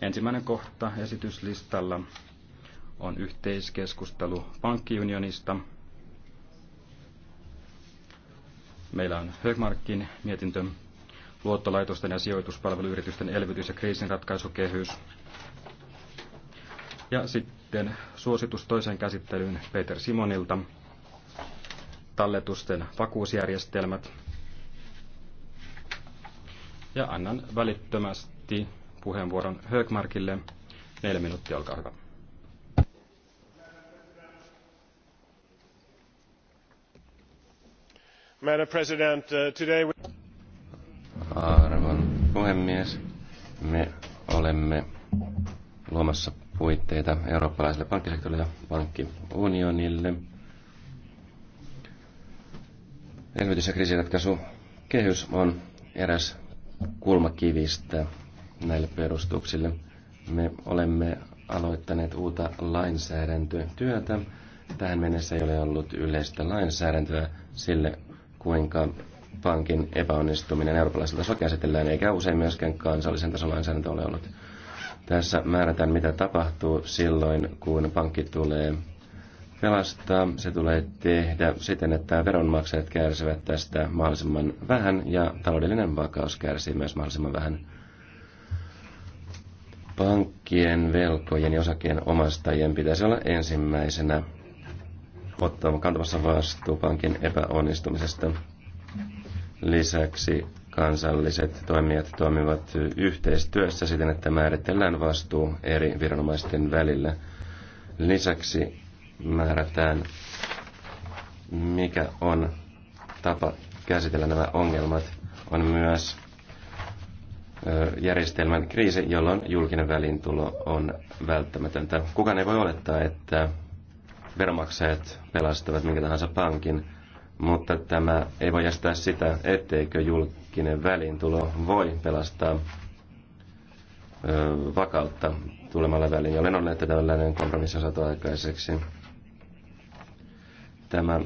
Ensimmäinen kohta esityslistalla on yhteiskeskustelu pankkiunionista. Meillä on Högmarkin mietintö luottolaitosten ja sijoituspalveluyritysten elvytys- ja kriisinratkaisukehys. Ja sitten suositus toiseen käsittelyyn Peter Simonilta, talletusten vakuusjärjestelmät. Ja annan välittömästi puheenvuoron Högmarkille. Neljä minuuttia, olkaa hyvä. Madam President, uh, today we... Arvon puhemies, me olemme luomassa puitteita eurooppalaiselle pankkisektorille ja pankkiunionille. Elvytys- ja kriisiratkaisu kehys on eräs kulmakivistä näille perustuksille. Me olemme aloittaneet uutta lainsäädäntötyötä. Tähän mennessä ei ole ollut yleistä lainsäädäntöä sille, kuinka pankin epäonnistuminen eurooppalaisella tasolla käsitellään, eikä usein myöskään kansallisen tason lainsäädäntö ole ollut. Tässä määrätään, mitä tapahtuu silloin, kun pankki tulee pelastaa. Se tulee tehdä siten, että veronmaksajat kärsivät tästä mahdollisimman vähän ja taloudellinen vakaus kärsii myös mahdollisimman vähän. Pankkien, velkojen ja osakien omastajien pitäisi olla ensimmäisenä ottaa kantamassa vastuu pankin epäonnistumisesta. Lisäksi kansalliset toimijat toimivat yhteistyössä siten, että määritellään vastuu eri viranomaisten välillä. Lisäksi määrätään, mikä on tapa käsitellä nämä ongelmat. On myös järjestelmän kriisi, jolloin julkinen välintulo on välttämätöntä. Kukaan ei voi olettaa, että veromaksajat pelastavat minkä tahansa pankin, mutta tämä ei voi estää sitä, etteikö julkinen välintulo voi pelastaa vakautta tulemalla väliin, Olen on, että tällainen kompromissi on saatu aikaiseksi. Tämä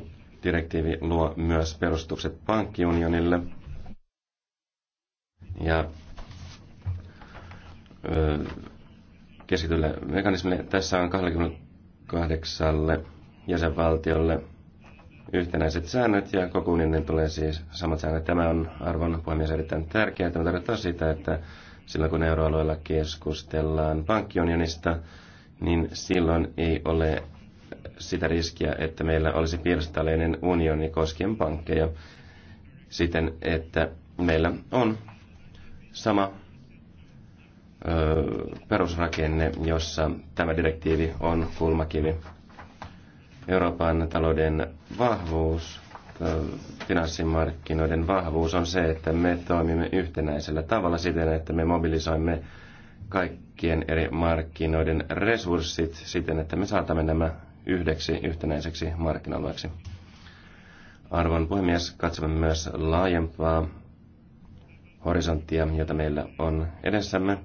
direktiivi luo myös perustukset pankkiunionille. Ja keskitylle mekanismille. Tässä on 28 jäsenvaltiolle yhtenäiset säännöt ja koko unionin tulee siis samat säännöt. Tämä on arvon puhemies erittäin tärkeää. Tämä tarkoittaa sitä, että silloin kun euroalueella keskustellaan pankkiunionista, niin silloin ei ole sitä riskiä, että meillä olisi pirstaleinen unioni koskien pankkeja siten, että meillä on sama perusrakenne, jossa tämä direktiivi on kulmakivi. Euroopan talouden vahvuus, finanssimarkkinoiden vahvuus on se, että me toimimme yhtenäisellä tavalla siten, että me mobilisoimme kaikkien eri markkinoiden resurssit siten, että me saatamme nämä yhdeksi yhtenäiseksi markkinalueeksi. Arvon puhemies, katsomme myös laajempaa horisonttia, jota meillä on edessämme.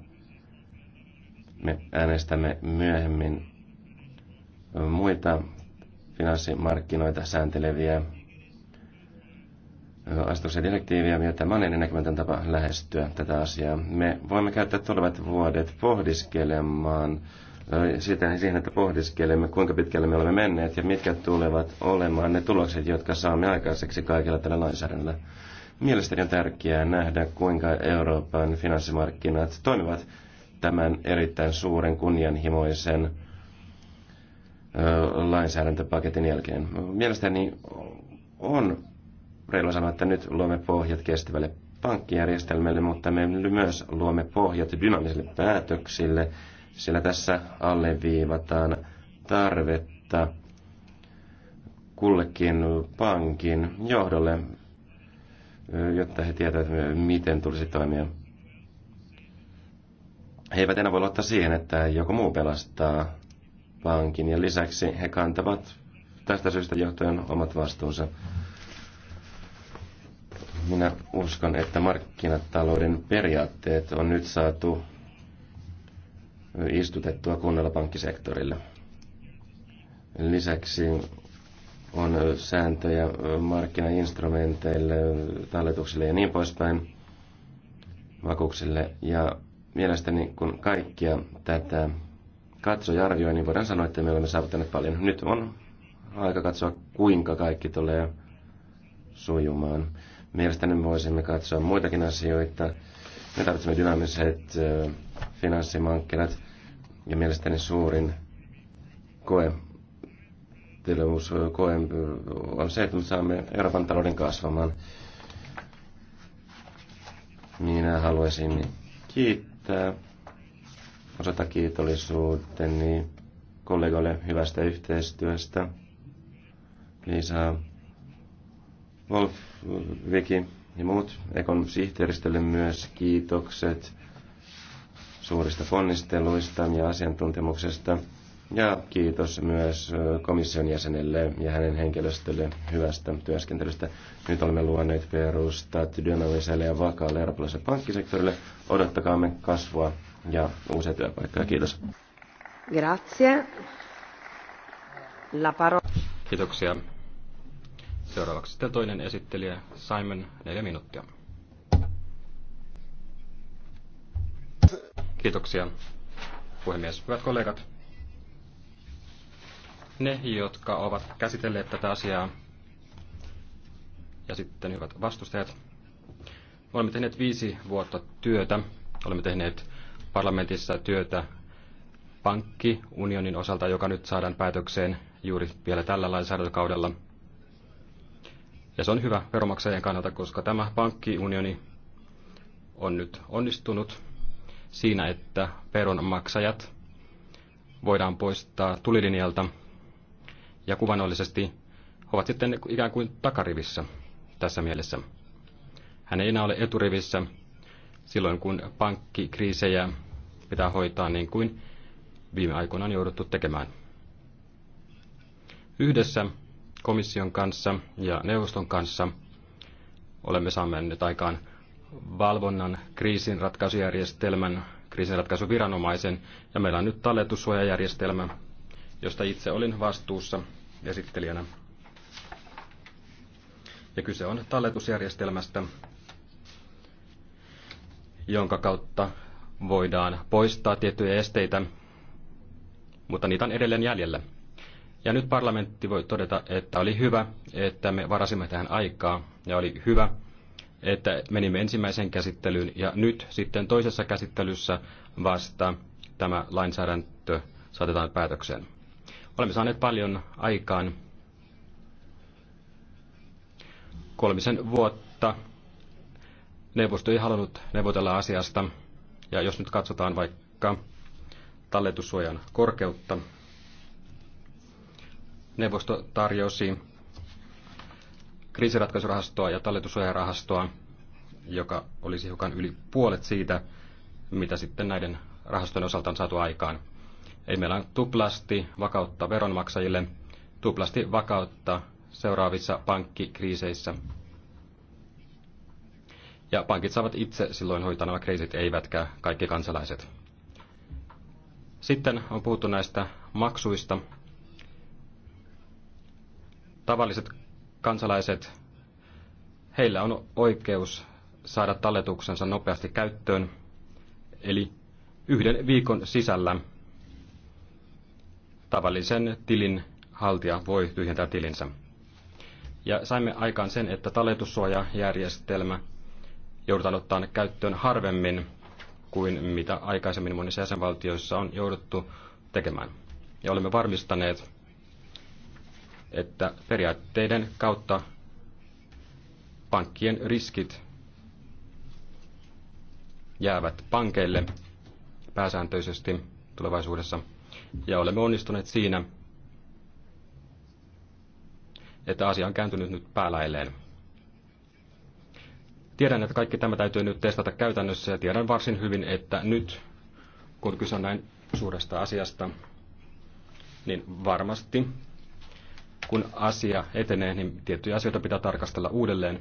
Me äänestämme myöhemmin muita finanssimarkkinoita säänteleviä asetuksen direktiiviä, joita tämä on ennennäkemätön tapa lähestyä tätä asiaa. Me voimme käyttää tulevat vuodet pohdiskelemaan sitä, siihen, että pohdiskelemme, kuinka pitkälle me olemme menneet ja mitkä tulevat olemaan ne tulokset, jotka saamme aikaiseksi kaikilla tällä lainsäädännöllä. Mielestäni on tärkeää nähdä, kuinka Euroopan finanssimarkkinat toimivat tämän erittäin suuren kunnianhimoisen lainsäädäntöpaketin jälkeen. Mielestäni on reilu sanoa, että nyt luomme pohjat kestävälle pankkijärjestelmälle, mutta me myös luomme pohjat dynaamisille päätöksille, sillä tässä alleviivataan tarvetta kullekin pankin johdolle, jotta he tietävät, miten tulisi toimia he eivät enää voi luottaa siihen, että joku muu pelastaa pankin ja lisäksi he kantavat tästä syystä johtuen omat vastuunsa. Minä uskon, että markkinatalouden periaatteet on nyt saatu istutettua kunnolla pankkisektorille. Lisäksi on sääntöjä markkinainstrumenteille, talletuksille ja niin poispäin, vakuuksille. Ja Mielestäni kun kaikkia tätä katsoja arvioi, niin voidaan sanoa, että me olemme saavuttaneet paljon. Nyt on aika katsoa, kuinka kaikki tulee sujumaan. Mielestäni me voisimme katsoa muitakin asioita. Me tarvitsemme dynaamiset finanssimankkinat ja mielestäni suurin koe koen on se, että me saamme Euroopan talouden kasvamaan. Minä haluaisin kiittää että osata kiitollisuuteni kollegoille hyvästä yhteistyöstä. Liisa, Wolf, Viki ja muut Ekon sihteeristölle myös kiitokset suurista ponnisteluista ja asiantuntemuksesta. Ja kiitos myös komission jäsenelle ja hänen henkilöstölle hyvästä työskentelystä. Nyt olemme luoneet perustat dynaamiselle ja vakaalle eurooppalaiselle pankkisektorille. Odottakaamme kasvua ja uusia työpaikkoja. Kiitos. Grazie. La paro... Kiitoksia. Seuraavaksi sitten toinen esittelijä Simon, neljä minuuttia. Kiitoksia, puhemies. Hyvät kollegat, ne, jotka ovat käsitelleet tätä asiaa, ja sitten hyvät vastustajat. Olemme tehneet viisi vuotta työtä. Olemme tehneet parlamentissa työtä pankkiunionin osalta, joka nyt saadaan päätökseen juuri vielä tällä lainsäädäntökaudella. Ja se on hyvä veromaksajien kannalta, koska tämä pankkiunioni on nyt onnistunut siinä, että veronmaksajat voidaan poistaa tulilinjalta ja kuvanollisesti, ovat sitten ikään kuin takarivissä tässä mielessä. Hän ei enää ole eturivissä silloin, kun pankkikriisejä pitää hoitaa niin kuin viime aikoina on jouduttu tekemään. Yhdessä komission kanssa ja neuvoston kanssa olemme saaneet aikaan valvonnan, kriisinratkaisujärjestelmän, kriisinratkaisuviranomaisen ja meillä on nyt talletussuojajärjestelmä, josta itse olin vastuussa esittelijänä. Ja kyse on talletusjärjestelmästä, jonka kautta voidaan poistaa tiettyjä esteitä, mutta niitä on edelleen jäljellä. Ja nyt parlamentti voi todeta, että oli hyvä, että me varasimme tähän aikaa, ja oli hyvä, että menimme ensimmäiseen käsittelyyn, ja nyt sitten toisessa käsittelyssä vasta tämä lainsäädäntö saatetaan päätökseen. Olemme saaneet paljon aikaan kolmisen vuotta. Neuvosto ei halunnut neuvotella asiasta. Ja jos nyt katsotaan vaikka talletussuojan korkeutta, neuvosto tarjosi kriisiratkaisurahastoa ja talletussuojarahastoa, joka olisi hiukan yli puolet siitä, mitä sitten näiden rahastojen osalta on saatu aikaan. Ei meillä on tuplasti vakautta veronmaksajille, tuplasti vakautta seuraavissa pankkikriiseissä. Ja pankit saavat itse silloin hoitaa nämä kriisit, eivätkä kaikki kansalaiset. Sitten on puhuttu näistä maksuista. Tavalliset kansalaiset, heillä on oikeus saada talletuksensa nopeasti käyttöön, eli yhden viikon sisällä tavallisen tilin haltija voi tyhjentää tilinsä. Ja saimme aikaan sen, että talletussuojajärjestelmä joudutaan ottaa käyttöön harvemmin kuin mitä aikaisemmin monissa jäsenvaltioissa on jouduttu tekemään. Ja olemme varmistaneet, että periaatteiden kautta pankkien riskit jäävät pankeille pääsääntöisesti tulevaisuudessa – ja olemme onnistuneet siinä, että asia on kääntynyt nyt päälailleen. Tiedän, että kaikki tämä täytyy nyt testata käytännössä ja tiedän varsin hyvin, että nyt kun kyse on näin suuresta asiasta, niin varmasti kun asia etenee, niin tiettyjä asioita pitää tarkastella uudelleen.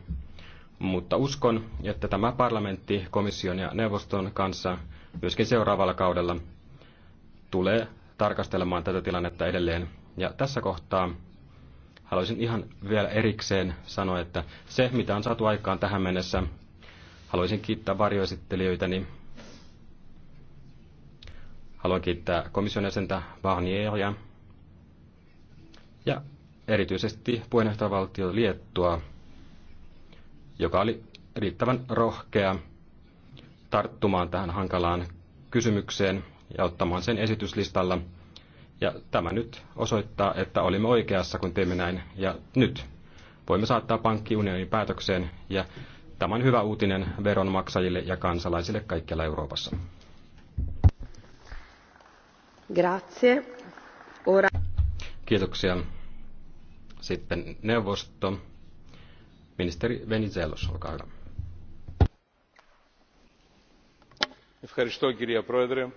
Mutta uskon, että tämä parlamentti komission ja neuvoston kanssa myöskin seuraavalla kaudella tulee tarkastelemaan tätä tilannetta edelleen. Ja tässä kohtaa haluaisin ihan vielä erikseen sanoa, että se, mitä on saatu aikaan tähän mennessä, haluaisin kiittää varjoesittelijöitäni. Haluan kiittää komission jäsentä Barnieria ja erityisesti puheenjohtajavaltio Liettua, joka oli riittävän rohkea tarttumaan tähän hankalaan kysymykseen ja ottamaan sen esityslistalla. Ja tämä nyt osoittaa, että olimme oikeassa, kun teimme näin. Ja nyt voimme saattaa pankkiunionin päätökseen ja tämä on hyvä uutinen veronmaksajille ja kansalaisille kaikkialla Euroopassa. Grazie. Ora... Kiitoksia. Sitten neuvosto. Ministeri Venizelos, olkaa hyvä. Ευχαριστώ κυρία Πρόεδρε.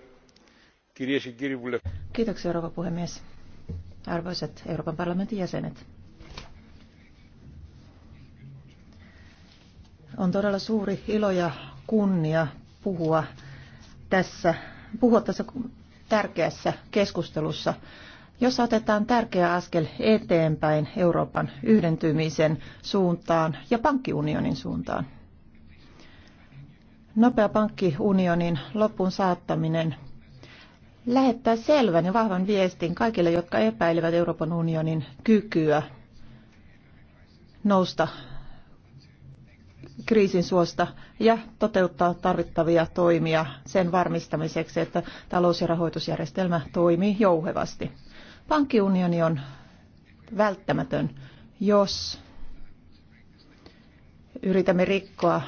Kiitoksia, Euroopan puhemies. Arvoisat Euroopan parlamentin jäsenet. On todella suuri ilo ja kunnia puhua tässä, puhua tässä tärkeässä keskustelussa, jossa otetaan tärkeä askel eteenpäin Euroopan yhdentymisen suuntaan ja pankkiunionin suuntaan. Nopea pankkiunionin loppuun saattaminen lähettää selvän ja vahvan viestin kaikille, jotka epäilevät Euroopan unionin kykyä nousta kriisin suosta ja toteuttaa tarvittavia toimia sen varmistamiseksi, että talous- ja rahoitusjärjestelmä toimii jouhevasti. Pankkiunioni on välttämätön, jos yritämme rikkoa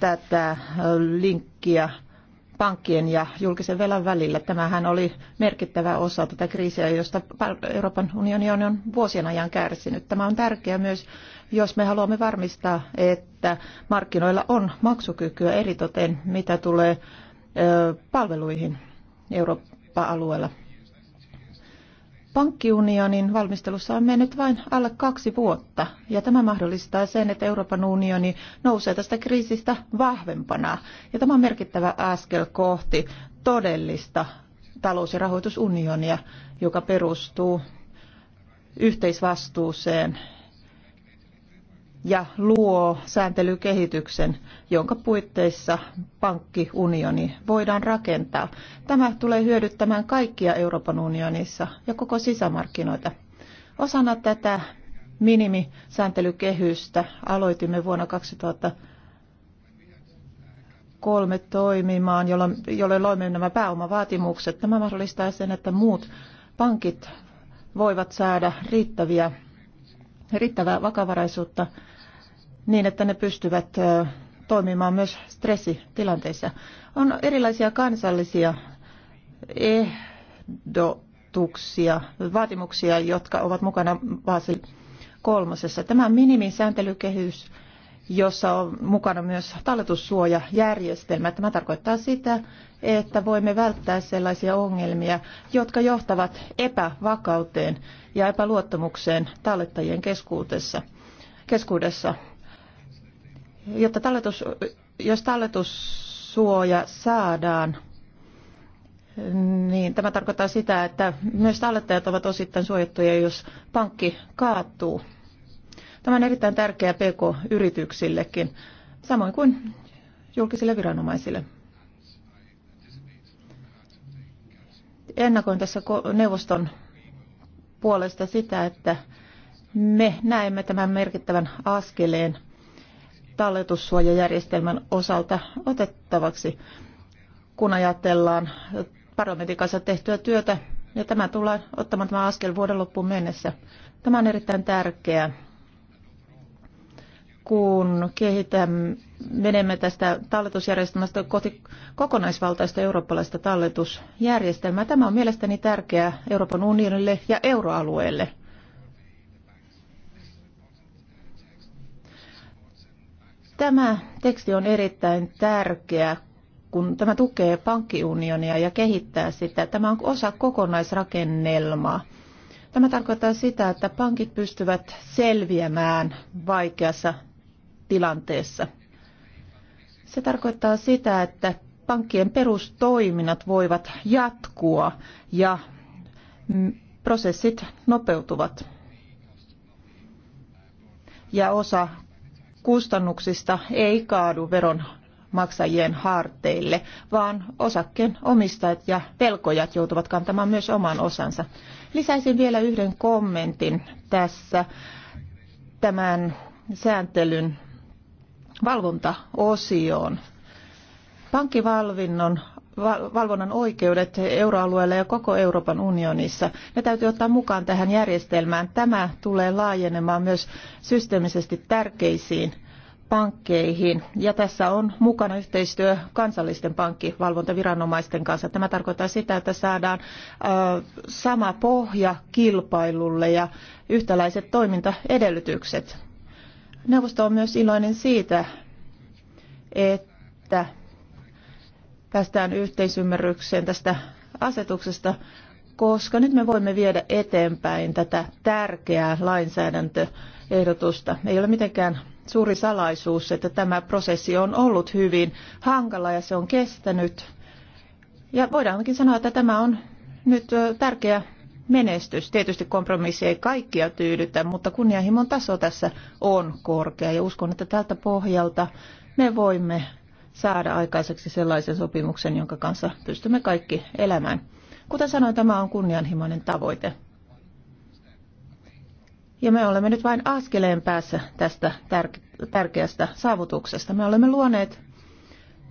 tätä linkkiä pankkien ja julkisen velan välillä. Tämähän oli merkittävä osa tätä kriisiä, josta Euroopan unioni on vuosien ajan kärsinyt. Tämä on tärkeää myös, jos me haluamme varmistaa, että markkinoilla on maksukykyä eritoten, mitä tulee palveluihin Eurooppa-alueella. Pankkiunionin valmistelussa on mennyt vain alle kaksi vuotta, ja tämä mahdollistaa sen, että Euroopan unioni nousee tästä kriisistä vahvempana. Ja tämä on merkittävä askel kohti todellista talous- ja rahoitusunionia, joka perustuu yhteisvastuuseen ja luo sääntelykehityksen, jonka puitteissa pankkiunioni voidaan rakentaa. Tämä tulee hyödyttämään kaikkia Euroopan unionissa ja koko sisämarkkinoita. Osana tätä minimisääntelykehystä aloitimme vuonna 2003 kolme toimimaan, jolloin, jolloin loimme nämä pääomavaatimukset. Tämä mahdollistaa sen, että muut pankit voivat saada riittäviä, riittävää vakavaraisuutta niin, että ne pystyvät toimimaan myös stressitilanteissa. On erilaisia kansallisia ehdotuksia, vaatimuksia, jotka ovat mukana Basel kolmosessa. Tämä on minimisääntelykehys, jossa on mukana myös talletussuojajärjestelmä. Tämä tarkoittaa sitä, että voimme välttää sellaisia ongelmia, jotka johtavat epävakauteen ja epäluottamukseen tallettajien keskuudessa. keskuudessa Jotta talletus, jos talletussuoja saadaan, niin tämä tarkoittaa sitä, että myös tallettajat ovat osittain suojattuja, jos pankki kaatuu. Tämä on erittäin tärkeää PK-yrityksillekin, samoin kuin julkisille viranomaisille. Ennakoin tässä neuvoston puolesta sitä, että me näemme tämän merkittävän askeleen – talletussuojajärjestelmän osalta otettavaksi, kun ajatellaan parlamentin kanssa tehtyä työtä. Ja tämä tullaan ottamaan tämä askel vuoden loppuun mennessä. Tämä on erittäin tärkeää, kun kehitämme, menemme tästä talletusjärjestelmästä kohti kokonaisvaltaista eurooppalaista talletusjärjestelmää. Tämä on mielestäni tärkeää Euroopan unionille ja euroalueelle. Tämä teksti on erittäin tärkeä, kun tämä tukee pankkiunionia ja kehittää sitä. Tämä on osa kokonaisrakennelmaa. Tämä tarkoittaa sitä, että pankit pystyvät selviämään vaikeassa tilanteessa. Se tarkoittaa sitä, että pankkien perustoiminnat voivat jatkua ja prosessit nopeutuvat. Ja osa kustannuksista ei kaadu veronmaksajien harteille, vaan osakkeen omistajat ja velkojat joutuvat kantamaan myös oman osansa. Lisäisin vielä yhden kommentin tässä tämän sääntelyn valvontaosioon. Pankkivalvinnon valvonnan oikeudet euroalueella ja koko Euroopan unionissa. Ne täytyy ottaa mukaan tähän järjestelmään. Tämä tulee laajenemaan myös systeemisesti tärkeisiin pankkeihin. Ja tässä on mukana yhteistyö kansallisten pankkivalvontaviranomaisten kanssa. Tämä tarkoittaa sitä, että saadaan sama pohja kilpailulle ja yhtäläiset toimintaedellytykset. Neuvosto on myös iloinen siitä, että päästään yhteisymmärrykseen tästä asetuksesta, koska nyt me voimme viedä eteenpäin tätä tärkeää lainsäädäntöehdotusta. Ei ole mitenkään suuri salaisuus, että tämä prosessi on ollut hyvin hankala ja se on kestänyt. Ja voidaankin sanoa, että tämä on nyt tärkeä menestys. Tietysti kompromissi ei kaikkia tyydytä, mutta kunnianhimon taso tässä on korkea ja uskon, että tältä pohjalta me voimme saada aikaiseksi sellaisen sopimuksen, jonka kanssa pystymme kaikki elämään. Kuten sanoin, tämä on kunnianhimoinen tavoite. Ja me olemme nyt vain askeleen päässä tästä tärkeästä saavutuksesta. Me olemme luoneet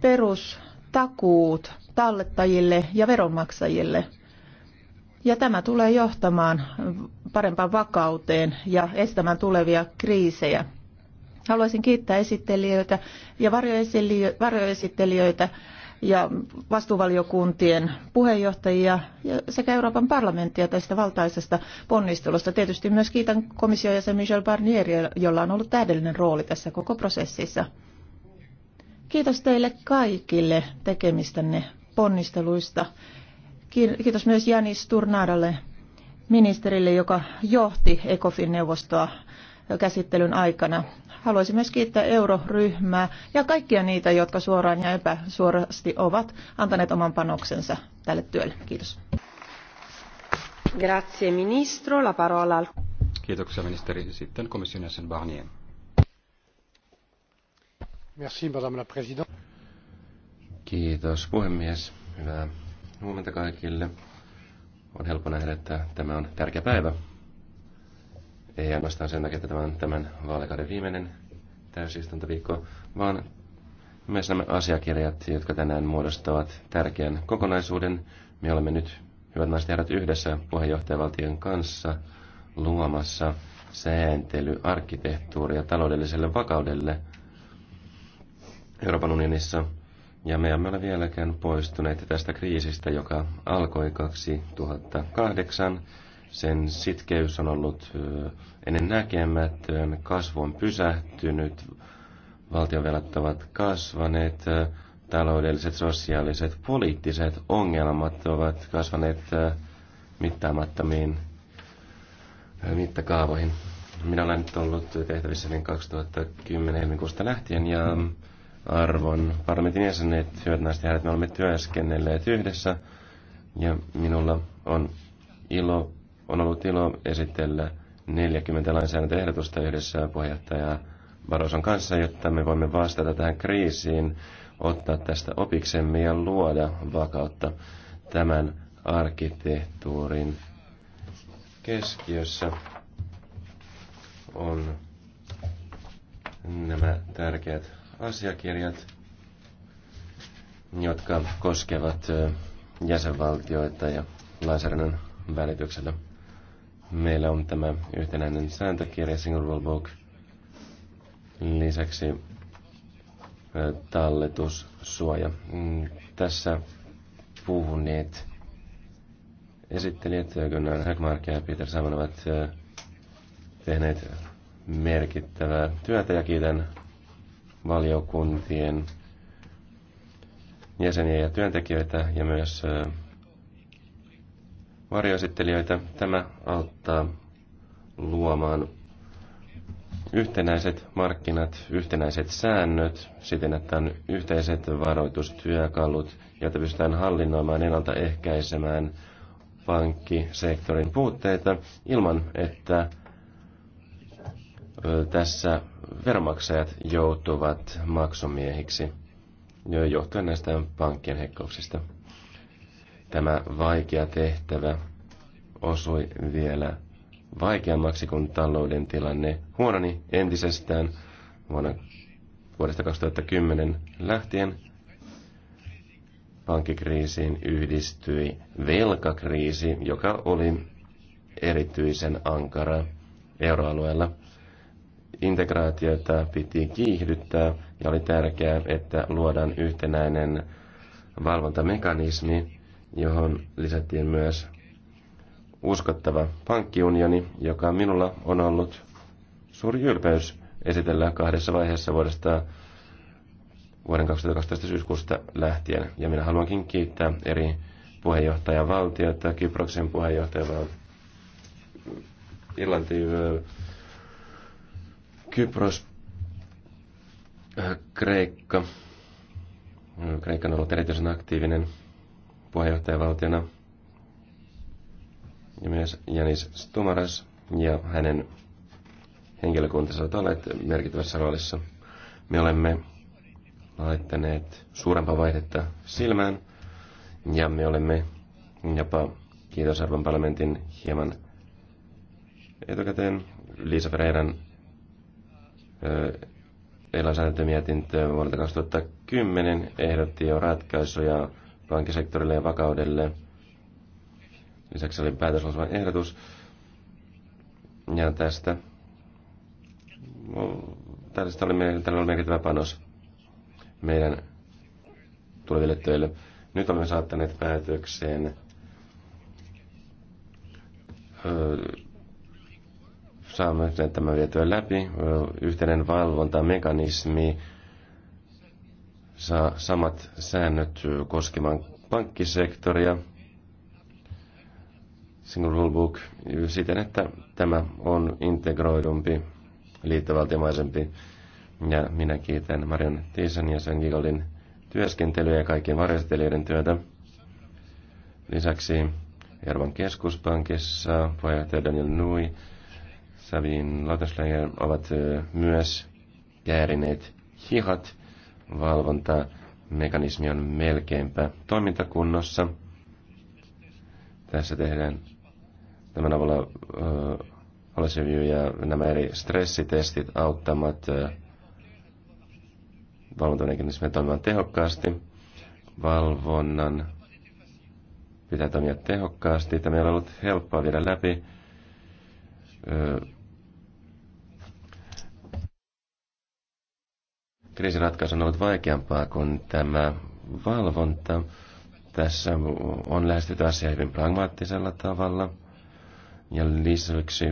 perustakuut tallettajille ja veronmaksajille. Ja tämä tulee johtamaan parempaan vakauteen ja estämään tulevia kriisejä. Haluaisin kiittää esittelijöitä ja varjoesittelijöitä ja vastuuvaliokuntien puheenjohtajia sekä Euroopan parlamenttia tästä valtaisesta ponnistelusta. Tietysti myös kiitän komission jäsen Michel Barnier jolla on ollut täydellinen rooli tässä koko prosessissa. Kiitos teille kaikille tekemistänne ponnisteluista. Kiitos myös Janis Turnadalle, ministerille, joka johti ECOFIN-neuvostoa käsittelyn aikana. Haluaisin myös kiittää euroryhmää ja kaikkia niitä, jotka suoraan ja epäsuorasti ovat antaneet oman panoksensa tälle työlle. Kiitos. Grazie, ministro. La parola... Kiitoksia, ministeri. Sitten komission jäsen Barnier. Merci, madame la présidente. Kiitos, puhemies. Hyvää huomenta kaikille. On helppo nähdä, että tämä on tärkeä päivä ei ainoastaan sen takia, että tämä on tämän vaalikauden viimeinen täysistuntoviikko, vaan myös nämä asiakirjat, jotka tänään muodostavat tärkeän kokonaisuuden. Me olemme nyt, hyvät naiset herrat, yhdessä puheenjohtajavaltion kanssa luomassa sääntelyarkkitehtuuria taloudelliselle vakaudelle Euroopan unionissa. Ja me emme ole vieläkään poistuneet tästä kriisistä, joka alkoi 2008 sen sitkeys on ollut ennen näkemätön, kasvu on pysähtynyt, valtiovelat ovat kasvaneet, taloudelliset, sosiaaliset, poliittiset ongelmat ovat kasvaneet mittaamattomiin mittakaavoihin. Minä olen nyt ollut tehtävissä niin 2010 helmikuusta lähtien ja arvon parlamentin jäsenet, hyvät naiset ja me olemme työskennelleet yhdessä ja minulla on ilo on ollut ilo esitellä 40 lainsäädäntöehdotusta yhdessä puheenjohtaja Baroson kanssa, jotta me voimme vastata tähän kriisiin, ottaa tästä opiksemme ja luoda vakautta tämän arkkitehtuurin keskiössä on nämä tärkeät asiakirjat, jotka koskevat jäsenvaltioita ja lainsäädännön välityksellä. Meillä on tämä yhtenäinen sääntökirja, Single Rule Book. Lisäksi talletussuoja. Mm, tässä puhuneet esittelijät, Gunnar Hagmark ja Peter Saman ovat tehneet merkittävää työtä ja kiitän valiokuntien jäseniä ja työntekijöitä ja myös varjoesittelijöitä. Tämä auttaa luomaan yhtenäiset markkinat, yhtenäiset säännöt, siten että on yhteiset varoitustyökalut, joita pystytään hallinnoimaan ennaltaehkäisemään pankkisektorin puutteita ilman, että tässä veronmaksajat joutuvat maksumiehiksi johtuen näistä pankkien heikkouksista. Tämä vaikea tehtävä osui vielä vaikeammaksi, kun talouden tilanne huononi entisestään vuonna vuodesta 2010 lähtien. Pankkikriisiin yhdistyi velkakriisi, joka oli erityisen ankara euroalueella. Integraatiota piti kiihdyttää ja oli tärkeää, että luodaan yhtenäinen valvontamekanismi, johon lisättiin myös uskottava pankkiunioni, joka minulla on ollut suuri ylpeys esitellä kahdessa vaiheessa vuodesta vuoden 2012 syyskuusta lähtien. Ja minä haluankin kiittää eri puheenjohtajavaltioita, Kyproksen puheenjohtajavaltioita, Irlanti, Kypros, Kreikka. Kreikka on ollut erityisen aktiivinen puheenjohtajavaltiona ja myös Janis Stumaras ja hänen henkilökuntansa ovat olleet merkittävässä roolissa. Me olemme laittaneet suurempaa vaihdetta silmään ja me olemme jopa kiitos Arvon parlamentin hieman etukäteen Liisa Ferreiran eläsääntömietintö vuodelta 2010 ehdotti jo ratkaisuja pankkisektorille ja vakaudelle. Lisäksi oli päätöslausuman ehdotus. Ja tästä, tästä oli, meillä, tällä oli merkittävä panos meidän tuleville töille. Nyt olemme saattaneet päätökseen saamme tämän vietyä läpi. Yhteinen valvontamekanismi saa samat säännöt koskemaan pankkisektoria, single Book siten, että tämä on integroidumpi, liittovaltiomaisempi. Ja minä kiitän Marion Tiisan ja sen Gigolin työskentelyä ja kaikkien varjostelijoiden työtä. Lisäksi Ervan keskuspankissa puheenjohtaja Daniel Nui, Savin Lautenschläger ovat myös käärineet hihat valvontamekanismi on melkeinpä toimintakunnossa. Tässä tehdään tämän avulla Oleseview ja nämä eri stressitestit auttamat valvontamekanismia toimimaan tehokkaasti. Valvonnan pitää toimia tehokkaasti. Tämä ei ole ollut helppoa viedä läpi kriisiratkaisu on ollut vaikeampaa kuin tämä valvonta. Tässä on lähestytty asiaa hyvin pragmaattisella tavalla. Ja lisäksi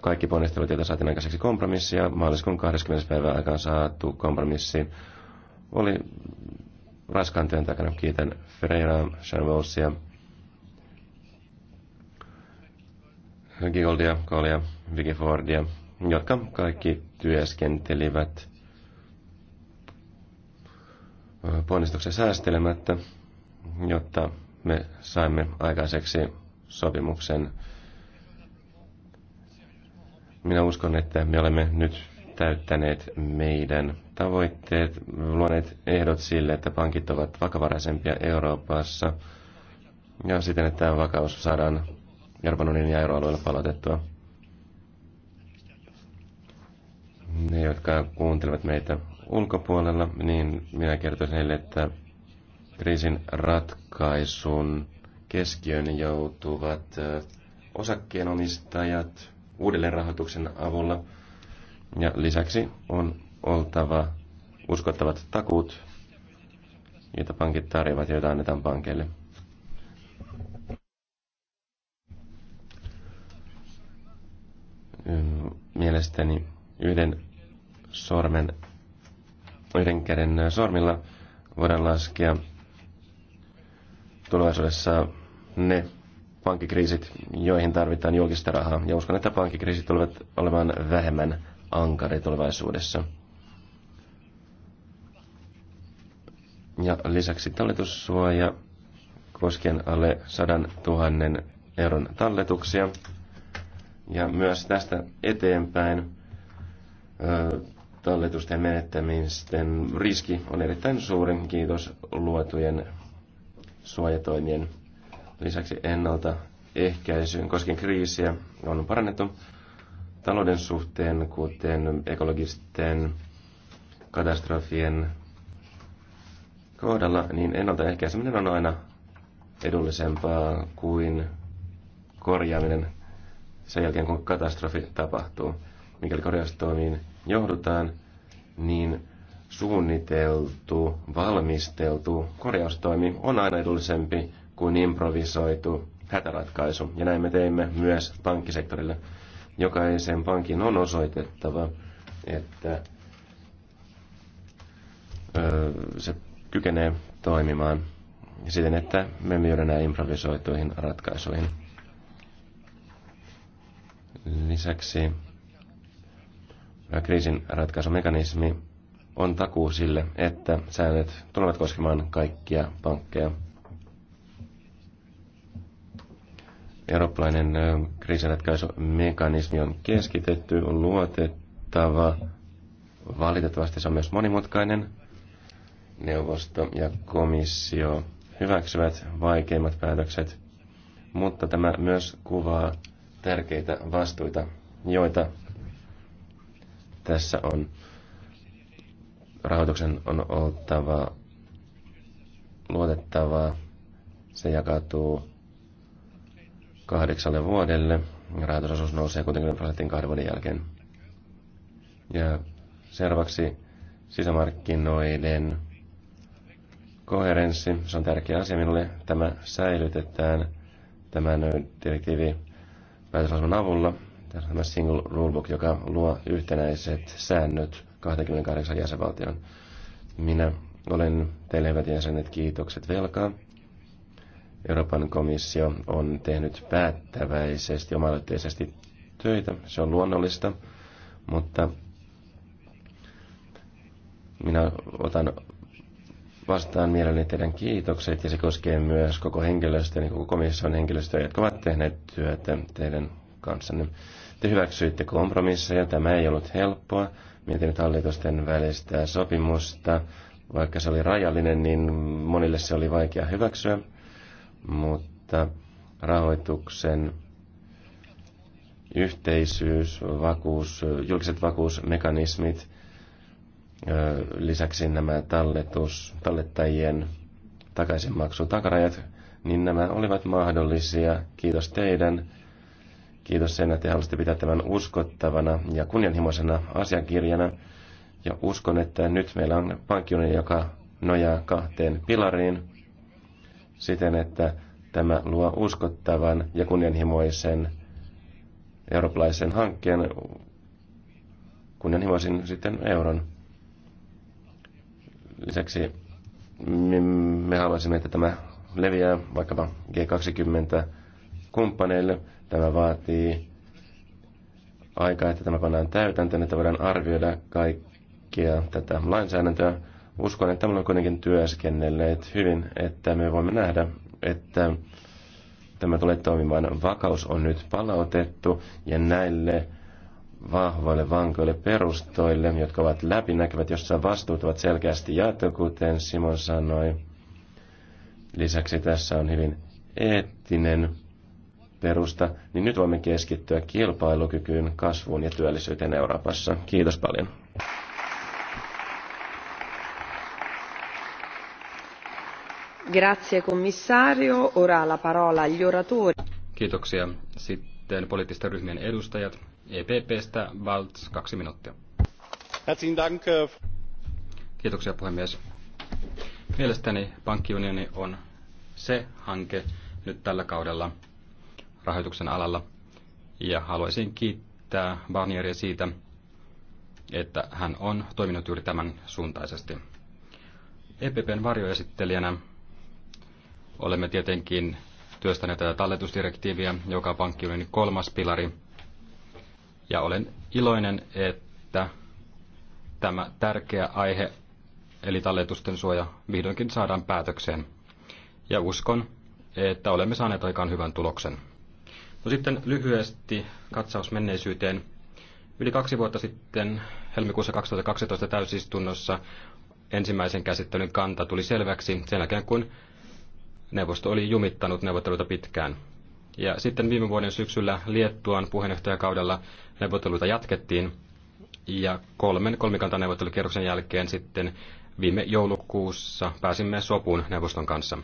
kaikki ponnistelut, joita saatiin aikaiseksi kompromissia, maaliskuun 20. päivän aikaan saatu kompromissi, oli raskaan työn takana. Kiitän Ferreira, Charmosia, Gigoldia, Kolia, Fordia, jotka kaikki työskentelivät ponnistuksen säästelemättä, jotta me saimme aikaiseksi sopimuksen. Minä uskon, että me olemme nyt täyttäneet meidän tavoitteet, luoneet ehdot sille, että pankit ovat vakavaraisempia Euroopassa ja siten, että vakaus saadaan Euroopan unionin ja euroalueella palautettua. ne, jotka kuuntelevat meitä ulkopuolella, niin minä kertoisin heille, että kriisin ratkaisun keskiöön joutuvat äh, osakkeenomistajat uudelleenrahoituksen avulla. Ja lisäksi on oltava uskottavat takuut, joita pankit tarjoavat joita annetaan pankeille. Mielestäni yhden sormen, yhden käden sormilla voidaan laskea tulevaisuudessa ne pankkikriisit, joihin tarvitaan julkista rahaa. Ja uskon, että pankkikriisit tulevat olemaan vähemmän ankari tulevaisuudessa. Ja lisäksi talletussuoja koskien alle 100 000 euron talletuksia. Ja myös tästä eteenpäin talletusten menettämisten riski on erittäin suuri. Kiitos luotujen suojatoimien lisäksi ennalta ehkäisyyn koskien kriisiä on parannettu talouden suhteen, kuten ekologisten katastrofien kohdalla, niin ennaltaehkäiseminen on aina edullisempaa kuin korjaaminen sen jälkeen, kun katastrofi tapahtuu. Mikäli korjaustoimiin johdutaan, niin suunniteltu, valmisteltu korjaustoimi on aina edullisempi kuin improvisoitu hätäratkaisu. Ja näin me teimme myös pankkisektorille. Jokaisen pankin on osoitettava, että se kykenee toimimaan siten, että me myydään nämä improvisoituihin ratkaisuihin. Lisäksi Kriisin ratkaisumekanismi on takuu sille, että säännöt tulevat koskemaan kaikkia pankkeja. Eurooppalainen kriisinratkaisumekanismi on keskitetty, on luotettava. Valitettavasti se on myös monimutkainen. Neuvosto ja komissio hyväksyvät vaikeimmat päätökset, mutta tämä myös kuvaa tärkeitä vastuita, joita tässä on. Rahoituksen on oltava luotettavaa. Se jakautuu kahdeksalle vuodelle. Rahoitusosuus nousee 60 prosentin kahden vuoden jälkeen. Ja seuraavaksi sisämarkkinoiden koherenssi. Se on tärkeä asia minulle. Tämä säilytetään tämän direktiivi päätöslausuman avulla tämä single rulebook, joka luo yhtenäiset säännöt 28 jäsenvaltion. Minä olen teille hyvät jäsenet kiitokset velkaa. Euroopan komissio on tehnyt päättäväisesti, oma töitä. Se on luonnollista, mutta minä otan vastaan mielelläni teidän kiitokset ja se koskee myös koko henkilöstöä, niin koko komission henkilöstöä, jotka ovat tehneet työtä teidän kanssanne. Te hyväksyitte kompromisseja, tämä ei ollut helppoa. Mietin nyt hallitusten välistä sopimusta. Vaikka se oli rajallinen, niin monille se oli vaikea hyväksyä. Mutta rahoituksen yhteisyys, vakuus, julkiset vakuusmekanismit, lisäksi nämä talletus, tallettajien takaisinmaksutakarajat, niin nämä olivat mahdollisia. Kiitos teidän Kiitos sen, että halusitte pitää tämän uskottavana ja kunnianhimoisena asiakirjana. Ja uskon, että nyt meillä on pankkiunioni, joka nojaa kahteen pilariin siten, että tämä luo uskottavan ja kunnianhimoisen eurooppalaisen hankkeen, kunnianhimoisin sitten euron. Lisäksi me haluaisimme, että tämä leviää vaikkapa G20 kumppaneille. Tämä vaatii aikaa, että tämä pannaan täytäntöön, että voidaan arvioida kaikkia tätä lainsäädäntöä. Uskon, että me on kuitenkin työskennelleet hyvin, että me voimme nähdä, että tämä tulee toimimaan. Vakaus on nyt palautettu ja näille vahvoille vankoille perustoille, jotka ovat läpinäkyvät, jossa vastuut ovat selkeästi jaettu, kuten Simon sanoi. Lisäksi tässä on hyvin eettinen perusta, niin nyt voimme keskittyä kilpailukykyyn, kasvuun ja työllisyyteen Euroopassa. Kiitos paljon. Grazie commissario. Ora la parola agli oratori. Kiitoksia. Sitten poliittisten ryhmien edustajat. EPPstä Valts, kaksi minuuttia. Herzlichen Dank. Äh, Kiitoksia puhemies. Mielestäni pankkiunioni on se hanke nyt tällä kaudella, rahoituksen alalla. Ja haluaisin kiittää Barnieria siitä, että hän on toiminut juuri tämän suuntaisesti. EPPn varjoesittelijänä olemme tietenkin työstäneet tätä talletusdirektiiviä, joka on pankkiunionin kolmas pilari. Ja olen iloinen, että tämä tärkeä aihe, eli talletusten suoja, vihdoinkin saadaan päätökseen. Ja uskon, että olemme saaneet aikaan hyvän tuloksen. No sitten lyhyesti katsaus menneisyyteen. Yli kaksi vuotta sitten helmikuussa 2012 täysistunnossa ensimmäisen käsittelyn kanta tuli selväksi sen jälkeen, kun neuvosto oli jumittanut neuvotteluita pitkään. Ja sitten viime vuoden syksyllä Liettuan puheenjohtajakaudella neuvotteluita jatkettiin ja kolmen kolmikantaneuvottelukierroksen jälkeen sitten viime joulukuussa pääsimme sopuun neuvoston kanssa.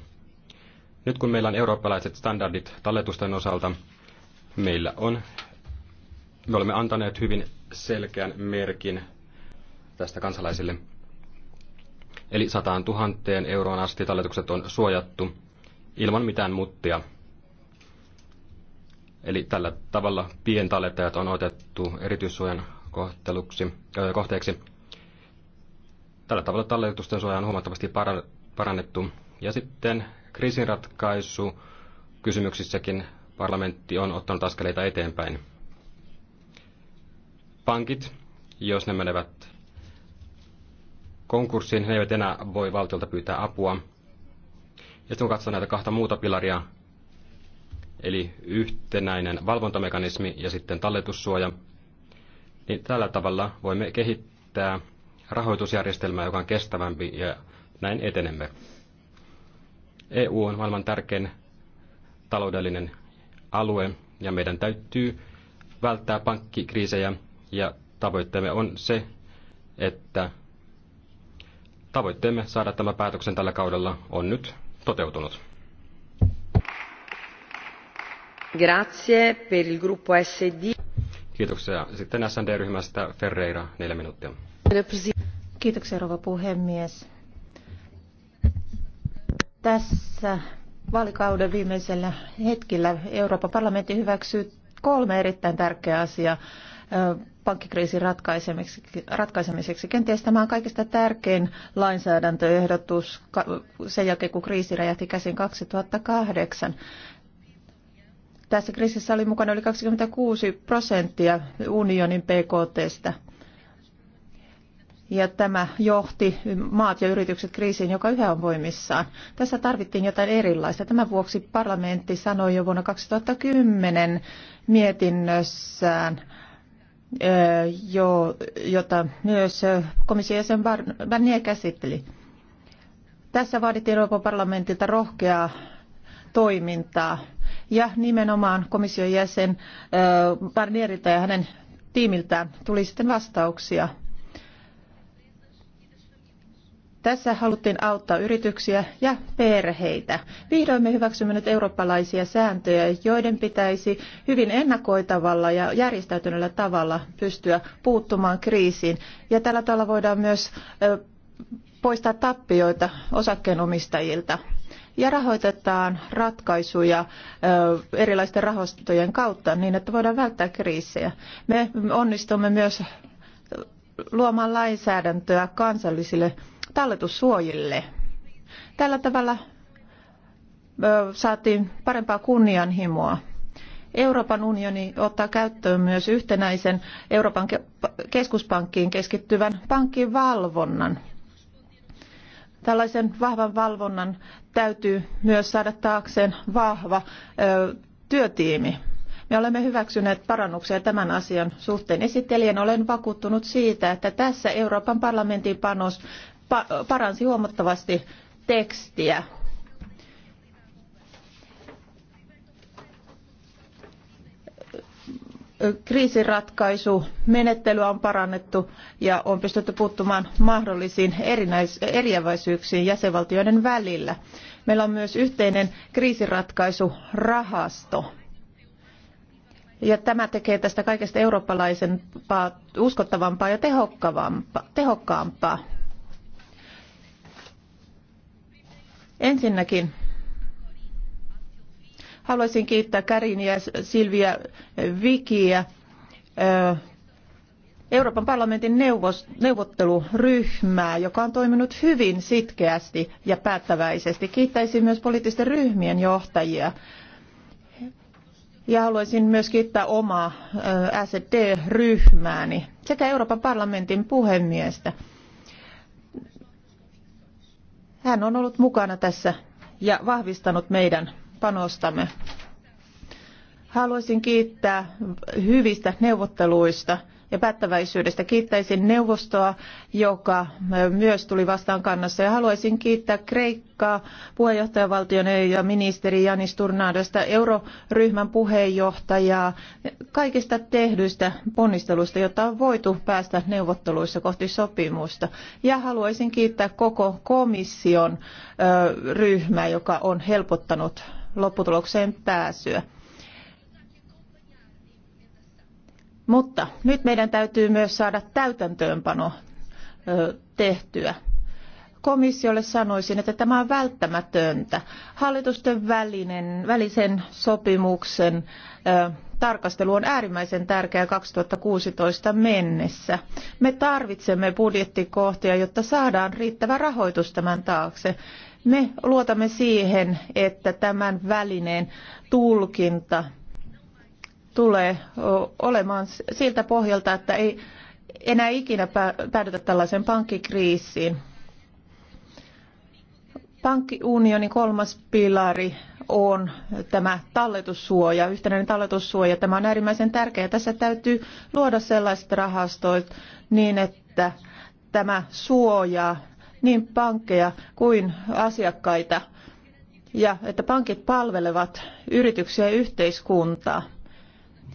Nyt kun meillä on eurooppalaiset standardit talletusten osalta, meillä on, me olemme antaneet hyvin selkeän merkin tästä kansalaisille. Eli 100 000 euroon asti talletukset on suojattu ilman mitään muttia. Eli tällä tavalla pientallettajat on otettu erityissuojan kohteluksi, kohteeksi. Tällä tavalla talletusten suoja on huomattavasti parannettu. Ja sitten kriisinratkaisu kysymyksissäkin parlamentti on ottanut askeleita eteenpäin. Pankit, jos ne menevät konkurssiin, ne eivät enää voi valtiolta pyytää apua. Ja sitten kun katsotaan näitä kahta muuta pilaria, eli yhtenäinen valvontamekanismi ja sitten talletussuoja, niin tällä tavalla voimme kehittää rahoitusjärjestelmää, joka on kestävämpi ja näin etenemme. EU on maailman tärkein taloudellinen alue ja meidän täytyy välttää pankkikriisejä ja tavoitteemme on se, että tavoitteemme saada tämä päätöksen tällä kaudella on nyt toteutunut. Grazie per il gruppo SD. Kiitoksia. Sitten SND-ryhmästä Ferreira, neljä minuuttia. Kiitoksia rouva puhemies. Tässä vaalikauden viimeisellä hetkellä Euroopan parlamentti hyväksyy kolme erittäin tärkeää asiaa pankkikriisin ratkaisemiseksi, ratkaisemiseksi. Kenties tämä on kaikista tärkein lainsäädäntöehdotus sen jälkeen, kun kriisi räjähti käsin 2008. Tässä kriisissä oli mukana yli 26 prosenttia unionin PKTstä ja tämä johti maat ja yritykset kriisiin, joka yhä on voimissaan. Tässä tarvittiin jotain erilaista. Tämän vuoksi parlamentti sanoi jo vuonna 2010 mietinnössään, jo, jota myös komission jäsen Barnier käsitteli. Tässä vaadittiin Euroopan parlamentilta rohkeaa toimintaa ja nimenomaan komission jäsen Barnierilta ja hänen tiimiltään tuli sitten vastauksia tässä haluttiin auttaa yrityksiä ja perheitä. Vihdoin me hyväksymme nyt eurooppalaisia sääntöjä, joiden pitäisi hyvin ennakoitavalla ja järjestäytyneellä tavalla pystyä puuttumaan kriisiin. Ja tällä tavalla voidaan myös poistaa tappioita osakkeenomistajilta ja rahoitetaan ratkaisuja erilaisten rahastojen kautta niin, että voidaan välttää kriisejä. Me onnistumme myös luomaan lainsäädäntöä kansallisille talletussuojille. Tällä tavalla saatiin parempaa kunnianhimoa. Euroopan unioni ottaa käyttöön myös yhtenäisen Euroopan keskuspankkiin keskittyvän valvonnan. Tällaisen vahvan valvonnan täytyy myös saada taakseen vahva ö, työtiimi. Me olemme hyväksyneet parannuksia tämän asian suhteen. Esittelijän olen vakuuttunut siitä, että tässä Euroopan parlamentin panos paransi huomattavasti tekstiä. kriisiratkaisu menettelyä on parannettu ja on pystytty puuttumaan mahdollisiin erinäis- eriäväisyyksiin jäsenvaltioiden välillä. Meillä on myös yhteinen kriisinratkaisurahasto. Ja tämä tekee tästä kaikesta eurooppalaisempaa, uskottavampaa ja tehokkaampaa. Ensinnäkin haluaisin kiittää Kariniä, Silvia, Vikiä, Euroopan parlamentin neuvotteluryhmää, joka on toiminut hyvin sitkeästi ja päättäväisesti. Kiittäisin myös poliittisten ryhmien johtajia. Ja haluaisin myös kiittää omaa SD-ryhmääni sekä Euroopan parlamentin puhemiestä. Hän on ollut mukana tässä ja vahvistanut meidän panostamme. Haluaisin kiittää hyvistä neuvotteluista ja päättäväisyydestä. Kiittäisin neuvostoa, joka myös tuli vastaan kannassa. Ja haluaisin kiittää Kreikkaa, puheenjohtajavaltion ja ministeri Janis Turnadosta, euroryhmän puheenjohtajaa, kaikista tehdyistä ponnisteluista, jotta on voitu päästä neuvotteluissa kohti sopimusta. Ja haluaisin kiittää koko komission ryhmää, joka on helpottanut lopputulokseen pääsyä. Mutta nyt meidän täytyy myös saada täytäntöönpano tehtyä. Komissiolle sanoisin, että tämä on välttämätöntä. Hallitusten välinen, välisen sopimuksen tarkastelu on äärimmäisen tärkeää 2016 mennessä. Me tarvitsemme budjettikohtia, jotta saadaan riittävä rahoitus tämän taakse. Me luotamme siihen, että tämän välineen tulkinta tulee olemaan siltä pohjalta, että ei enää ikinä päädytä tällaiseen pankkikriisiin. Pankkiunionin kolmas pilari on tämä talletussuoja, yhtenäinen talletussuoja. Tämä on äärimmäisen tärkeä Tässä täytyy luoda sellaiset rahastot niin, että tämä suojaa niin pankkeja kuin asiakkaita ja että pankit palvelevat yrityksiä ja yhteiskuntaa.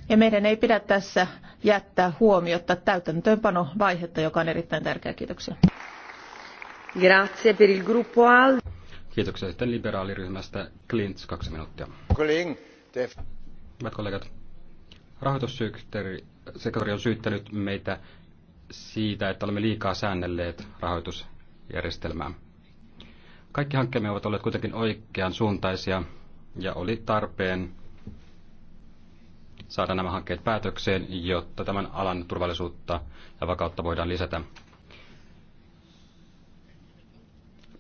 Ja meidän ei pidä tässä jättää huomiota täytäntöönpanovaihetta, joka on erittäin tärkeä. Kiitoksia. Grazie per il gruppo Al. Kiitoksia sitten liberaaliryhmästä. Klints, kaksi minuuttia. Kling, Hyvät kollegat, rahoitussektori on syyttänyt meitä siitä, että olemme liikaa säännelleet rahoitusjärjestelmää. Kaikki hankkeemme ovat olleet kuitenkin oikean suuntaisia ja oli tarpeen saada nämä hankkeet päätökseen, jotta tämän alan turvallisuutta ja vakautta voidaan lisätä.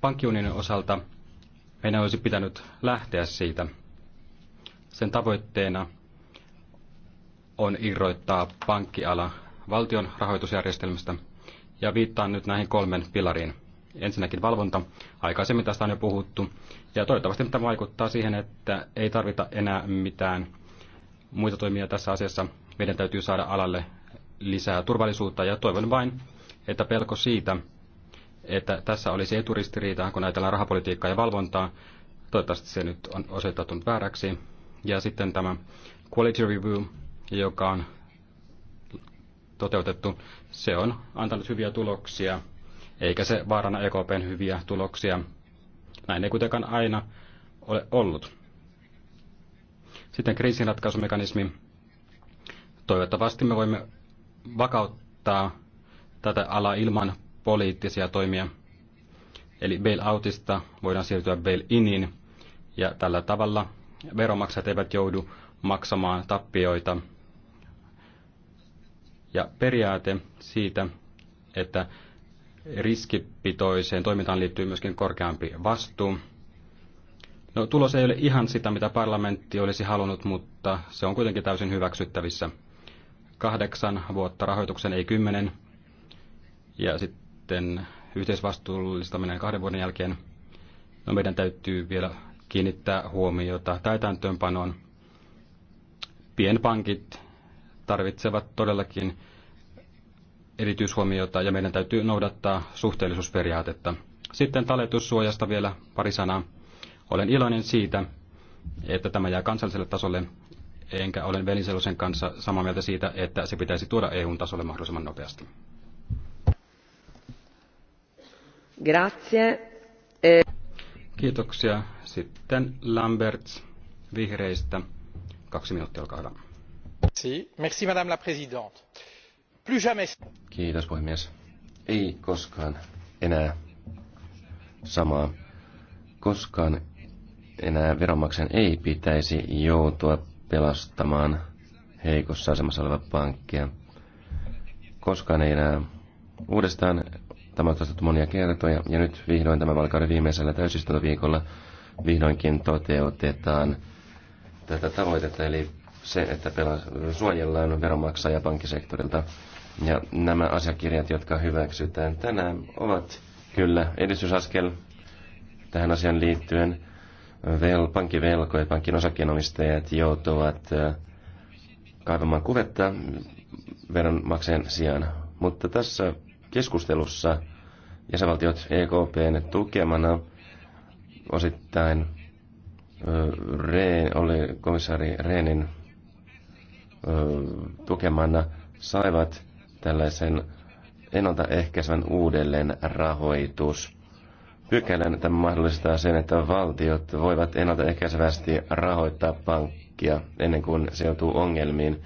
Pankkiunionin osalta meidän olisi pitänyt lähteä siitä. Sen tavoitteena on irroittaa pankkiala valtion rahoitusjärjestelmästä ja viittaan nyt näihin kolmen pilariin. Ensinnäkin valvonta. Aikaisemmin tästä on jo puhuttu. Ja toivottavasti tämä vaikuttaa siihen, että ei tarvita enää mitään muita toimia tässä asiassa. Meidän täytyy saada alalle lisää turvallisuutta ja toivon vain, että pelko siitä, että tässä olisi eturistiriita, kun ajatellaan rahapolitiikkaa ja valvontaa, toivottavasti se nyt on osoittautunut vääräksi. Ja sitten tämä quality review, joka on toteutettu, se on antanut hyviä tuloksia, eikä se vaarana EKPn hyviä tuloksia. Näin ei kuitenkaan aina ole ollut. Sitten kriisinratkaisumekanismi. Toivottavasti me voimme vakauttaa tätä alaa ilman poliittisia toimia. Eli bail-outista voidaan siirtyä bail-iniin, ja tällä tavalla veromaksajat eivät joudu maksamaan tappioita. Ja periaate siitä, että riskipitoiseen toimintaan liittyy myöskin korkeampi vastuu, No, tulos ei ole ihan sitä, mitä parlamentti olisi halunnut, mutta se on kuitenkin täysin hyväksyttävissä. Kahdeksan vuotta rahoituksen, ei kymmenen. Ja sitten yhteisvastuullistaminen kahden vuoden jälkeen. No, meidän täytyy vielä kiinnittää huomiota täytäntöönpanoon. Pienpankit tarvitsevat todellakin erityishuomiota ja meidän täytyy noudattaa suhteellisuusperiaatetta. Sitten talletussuojasta vielä pari sanaa. Olen iloinen siitä, että tämä jää kansalliselle tasolle, enkä olen Veniselosen kanssa samaa mieltä siitä, että se pitäisi tuoda EUn tasolle mahdollisimman nopeasti. Grazie. E- Kiitoksia. Sitten Lambert vihreistä. Kaksi minuuttia, olkaa hyvä. Merci, madame la présidente. Plus jamais. Kiitos, puhemies. Ei koskaan enää samaa. Koskaan enää veronmaksajan ei pitäisi joutua pelastamaan heikossa asemassa olevaa pankkia. Koskaan ei enää uudestaan. Tämä on toistettu monia kertoja ja nyt vihdoin tämän valkauden viimeisellä täysistuntoviikolla vihdoinkin toteutetaan tätä tavoitetta, eli se, että suojellaan veronmaksajia pankkisektorilta. Ja nämä asiakirjat, jotka hyväksytään tänään, ovat kyllä edistysaskel tähän asiaan liittyen vel, pankkivelko ja pankin osakkeenomistajat joutuvat äh, kaivamaan kuvetta veronmaksajan sijaan. Mutta tässä keskustelussa jäsenvaltiot EKPn tukemana osittain äh, Rehn, oli komissaari Rehnin äh, tukemana saivat tällaisen ennaltaehkäisevän uudelleen rahoitus pykälän. että mahdollistaa sen, että valtiot voivat ennaltaehkäisevästi rahoittaa pankkia ennen kuin se joutuu ongelmiin.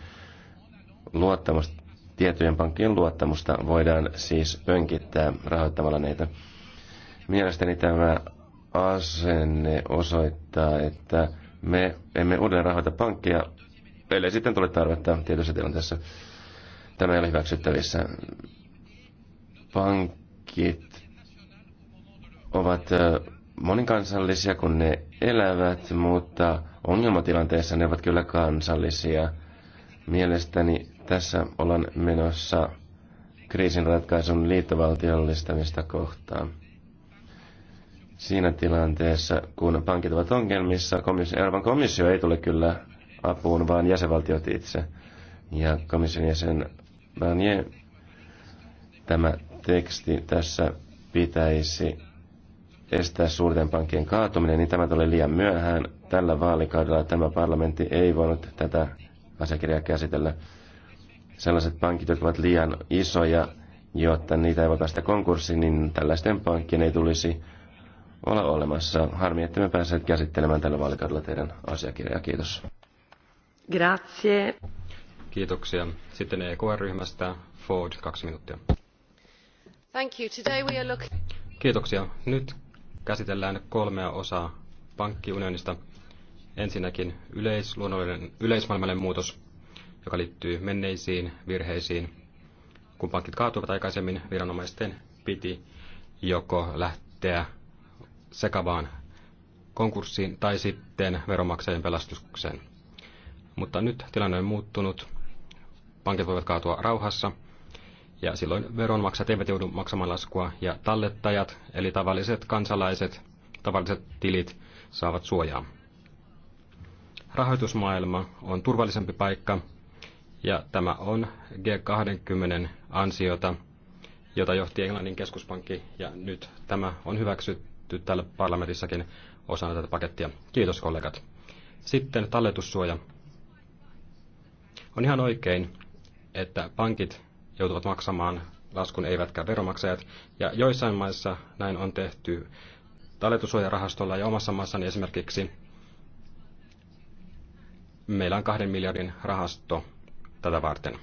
Luottamus, tietojen pankkien luottamusta voidaan siis pönkittää rahoittamalla näitä. Mielestäni tämä asenne osoittaa, että me emme uudelleen rahoita pankkia, ellei sitten tule tarvetta tietyissä tilanteissa. Tämä ei ole hyväksyttävissä. Pankit ovat monikansallisia, kun ne elävät, mutta ongelmatilanteessa ne ovat kyllä kansallisia. Mielestäni tässä ollaan menossa kriisinratkaisun liittovaltiollistamista kohtaan. Siinä tilanteessa, kun pankit ovat ongelmissa, komissio, Euroopan komissio ei tule kyllä apuun, vaan jäsenvaltiot itse. Ja komission jäsen Barnier, tämä teksti tässä pitäisi estää suurten pankkien kaatuminen, niin tämä tuli liian myöhään. Tällä vaalikaudella tämä parlamentti ei voinut tätä asiakirjaa käsitellä. Sellaiset pankit, jotka ovat liian isoja, jotta niitä ei voi päästä konkurssiin, niin tällaisten pankkien ei tulisi olla olemassa. Harmi, että me pääsemme käsittelemään tällä vaalikaudella teidän asiakirjaa. Kiitos. Grazie. Kiitoksia. Sitten EKR-ryhmästä Ford, kaksi minuuttia. Thank you. Today we are looking... Kiitoksia. Nyt käsitellään kolmea osaa pankkiunionista. Ensinnäkin yleisluonnollinen, yleismaailmallinen muutos, joka liittyy menneisiin virheisiin. Kun pankit kaatuivat aikaisemmin, viranomaisten piti joko lähteä sekavaan konkurssiin tai sitten veronmaksajien pelastukseen. Mutta nyt tilanne on muuttunut. Pankit voivat kaatua rauhassa – ja silloin veronmaksajat eivät joudu maksamaan laskua, ja tallettajat, eli tavalliset kansalaiset, tavalliset tilit, saavat suojaa. Rahoitusmaailma on turvallisempi paikka, ja tämä on G20 ansiota, jota johti Englannin keskuspankki, ja nyt tämä on hyväksytty täällä parlamentissakin osana tätä pakettia. Kiitos kollegat. Sitten talletussuoja. On ihan oikein, että pankit joutuvat maksamaan laskun eivätkä veromaksajat. Ja joissain maissa näin on tehty talletussuojarahastolla ja omassa maassani esimerkiksi meillä on kahden miljardin rahasto tätä varten.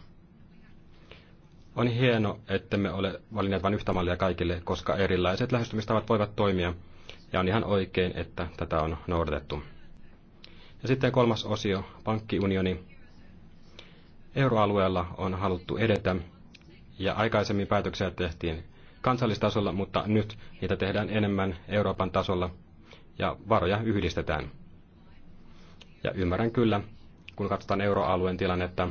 On hieno, että me ole valinneet vain yhtä mallia kaikille, koska erilaiset lähestymistavat voivat toimia, ja on ihan oikein, että tätä on noudatettu. Ja sitten kolmas osio, pankkiunioni. Euroalueella on haluttu edetä ja aikaisemmin päätöksiä tehtiin kansallistasolla, mutta nyt niitä tehdään enemmän Euroopan tasolla ja varoja yhdistetään. Ja ymmärrän kyllä, kun katsotaan euroalueen tilannetta,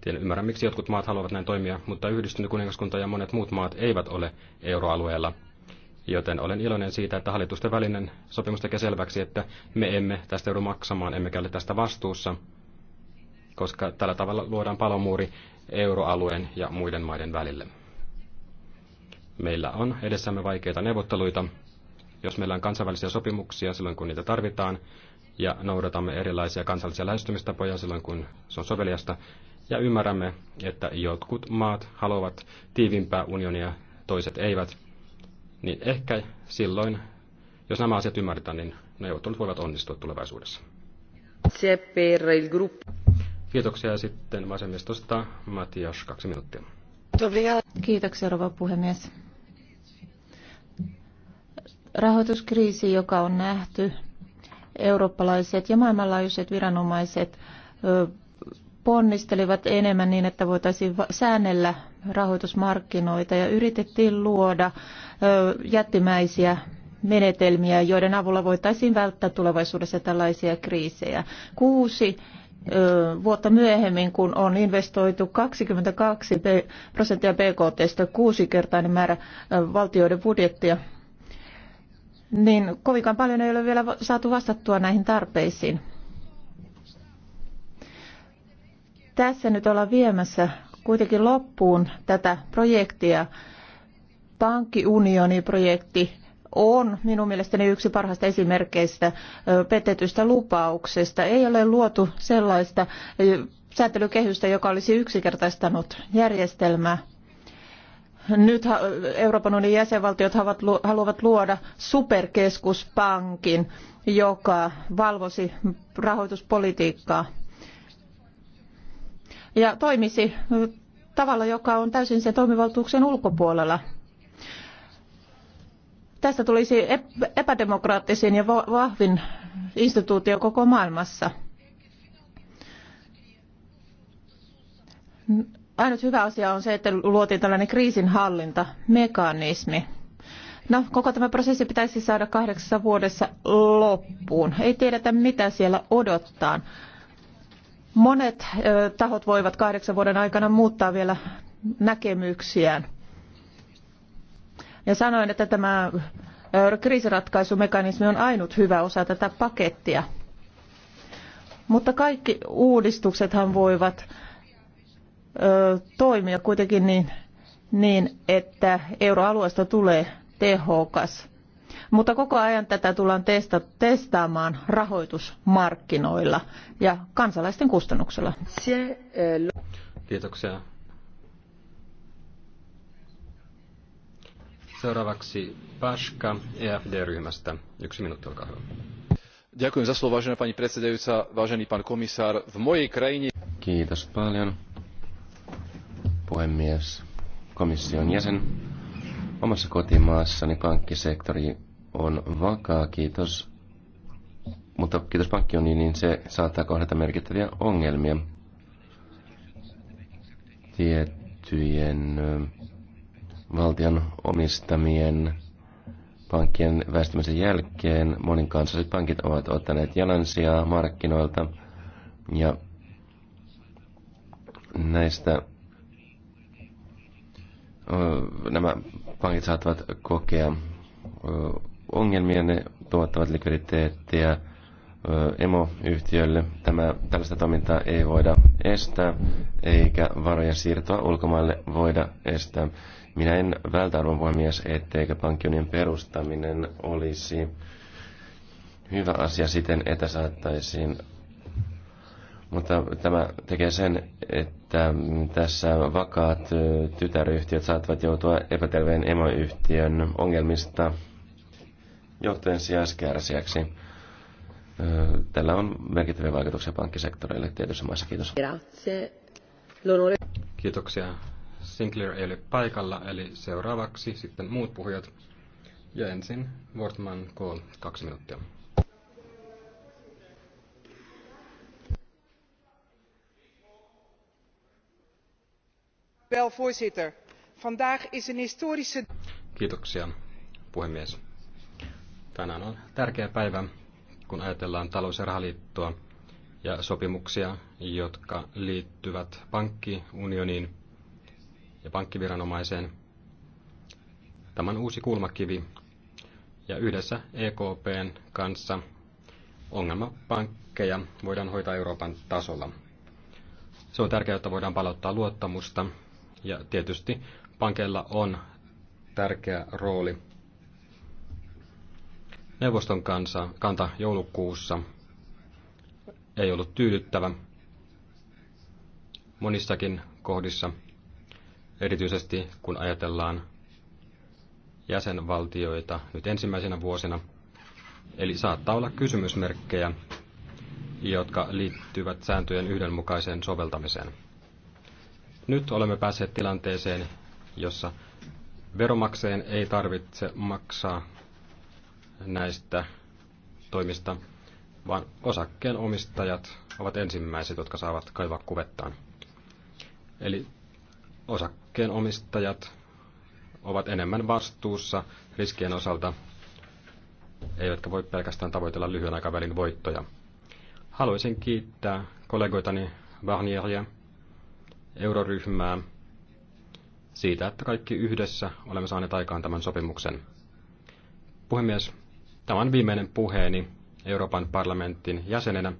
tiedän ymmärrän miksi jotkut maat haluavat näin toimia, mutta yhdistynyt kuningaskunta ja monet muut maat eivät ole euroalueella. Joten olen iloinen siitä, että hallitusten välinen sopimus tekee selväksi, että me emme tästä joudu maksamaan, emmekä ole tästä vastuussa, koska tällä tavalla luodaan palomuuri euroalueen ja muiden maiden välille. Meillä on edessämme vaikeita neuvotteluita. Jos meillä on kansainvälisiä sopimuksia silloin, kun niitä tarvitaan, ja noudatamme erilaisia kansallisia lähestymistapoja silloin, kun se on soveliasta, ja ymmärrämme, että jotkut maat haluavat tiivimpää unionia, toiset eivät, niin ehkä silloin, jos nämä asiat ymmärretään, niin neuvottelut voivat onnistua tulevaisuudessa. Kiitoksia sitten vasemmistosta Matias, kaksi minuuttia. Kiitoksia, rouva puhemies. Rahoituskriisi, joka on nähty, eurooppalaiset ja maailmanlaajuiset viranomaiset ponnistelivat enemmän niin, että voitaisiin säännellä rahoitusmarkkinoita ja yritettiin luoda jättimäisiä menetelmiä, joiden avulla voitaisiin välttää tulevaisuudessa tällaisia kriisejä. Kuusi vuotta myöhemmin, kun on investoitu 22 prosenttia BKTstä kuusikertainen määrä valtioiden budjettia, niin kovinkaan paljon ei ole vielä saatu vastattua näihin tarpeisiin. Tässä nyt ollaan viemässä kuitenkin loppuun tätä projektia. Pankkiunioniprojekti on minun mielestäni yksi parhaista esimerkkeistä petetystä lupauksesta. Ei ole luotu sellaista sääntelykehystä, joka olisi yksinkertaistanut järjestelmää. Nyt Euroopan unionin jäsenvaltiot haluavat luoda superkeskuspankin, joka valvosi rahoituspolitiikkaa ja toimisi tavalla, joka on täysin sen toimivaltuuksien ulkopuolella. Tästä tulisi epädemokraattisin ja vahvin instituutio koko maailmassa. Ainut hyvä asia on se, että luotiin tällainen kriisinhallintamekanismi. No, koko tämä prosessi pitäisi saada kahdeksassa vuodessa loppuun. Ei tiedetä, mitä siellä odottaa. Monet tahot voivat kahdeksan vuoden aikana muuttaa vielä näkemyksiään. Ja sanoin, että tämä kriisiratkaisumekanismi on ainut hyvä osa tätä pakettia. Mutta kaikki uudistuksethan voivat ö, toimia kuitenkin niin, niin, että euroalueesta tulee tehokas. Mutta koko ajan tätä tullaan testa, testaamaan rahoitusmarkkinoilla ja kansalaisten kustannuksella. Kiitoksia. Seuraavaksi Paška EFD-ryhmästä. Yksi minuutti, olkaa hyvä. Ďakujem za slovo, vážená pani predsedajúca, vážený pán komisár. V mojej krajine... Kiitos paljon, puhemies, komission jäsen. Omassa kotimaassani pankkisektori on vakaa, kiitos. Mutta kiitos pankkiuniin, niin se saattaa kohdata merkittäviä ongelmia tiettyjen valtion omistamien pankkien väistämisen jälkeen kansalliset pankit ovat ottaneet jalansijaa markkinoilta ja näistä nämä pankit saattavat kokea ongelmia, ne tuottavat likviditeettiä emoyhtiölle. Tämä, tällaista toimintaa ei voida estää, eikä varojen siirtoa ulkomaille voida estää. Minä en vältä arvon puhemies, etteikö pankkiunien perustaminen olisi hyvä asia siten, että saattaisiin. Mutta tämä tekee sen, että tässä vakaat tytäryhtiöt saattavat joutua epäterveen emoyhtiön ongelmista johtuen sijaiskärsijäksi. Tällä on merkittäviä vaikutuksia pankkisektoreille. tietyissä maissa. Kiitos. Kiitoksia. Sinclair ei ole paikalla, eli seuraavaksi sitten muut puhujat. Ja ensin Wortman Kohl, kaksi minuuttia. voorzitter vandaag is een historische. kiitoksia puhemies tänään on tärkeä päivä kun ajatellaan talous ja rahaliittoa ja sopimuksia jotka liittyvät pankkiunioniin ja pankkiviranomaiseen. Tämä on uusi kulmakivi ja yhdessä EKPn kanssa ongelmapankkeja voidaan hoitaa Euroopan tasolla. Se on tärkeää, että voidaan palauttaa luottamusta ja tietysti pankeilla on tärkeä rooli. Neuvoston kanssa kanta joulukuussa ei ollut tyydyttävä monissakin kohdissa erityisesti kun ajatellaan jäsenvaltioita nyt ensimmäisenä vuosina. Eli saattaa olla kysymysmerkkejä, jotka liittyvät sääntöjen yhdenmukaiseen soveltamiseen. Nyt olemme päässeet tilanteeseen, jossa veromakseen ei tarvitse maksaa näistä toimista, vaan osakkeen omistajat ovat ensimmäiset, jotka saavat kaivaa kuvettaan. Eli osakkeen osakkeenomistajat ovat enemmän vastuussa riskien osalta, eivätkä voi pelkästään tavoitella lyhyen aikavälin voittoja. Haluaisin kiittää kollegoitani Barnieria, euroryhmää, siitä, että kaikki yhdessä olemme saaneet aikaan tämän sopimuksen. Puhemies, tämä on viimeinen puheeni Euroopan parlamentin jäsenenä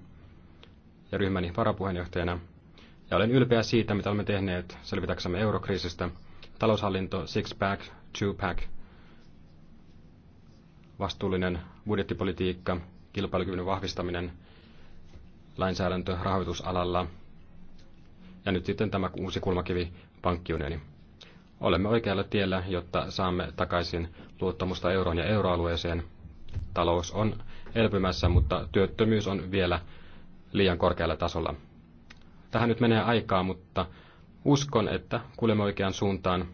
ja ryhmäni varapuheenjohtajana – ja olen ylpeä siitä, mitä olemme tehneet selvitäksemme eurokriisistä. Taloushallinto, six-pack, two-pack, vastuullinen budjettipolitiikka, kilpailukyvyn vahvistaminen, lainsäädäntö rahoitusalalla ja nyt sitten tämä uusi kulmakivi, pankkiunioni. Olemme oikealla tiellä, jotta saamme takaisin luottamusta euroon ja euroalueeseen. Talous on elpymässä, mutta työttömyys on vielä liian korkealla tasolla. Tähän nyt menee aikaa, mutta uskon, että kuljemme oikeaan suuntaan.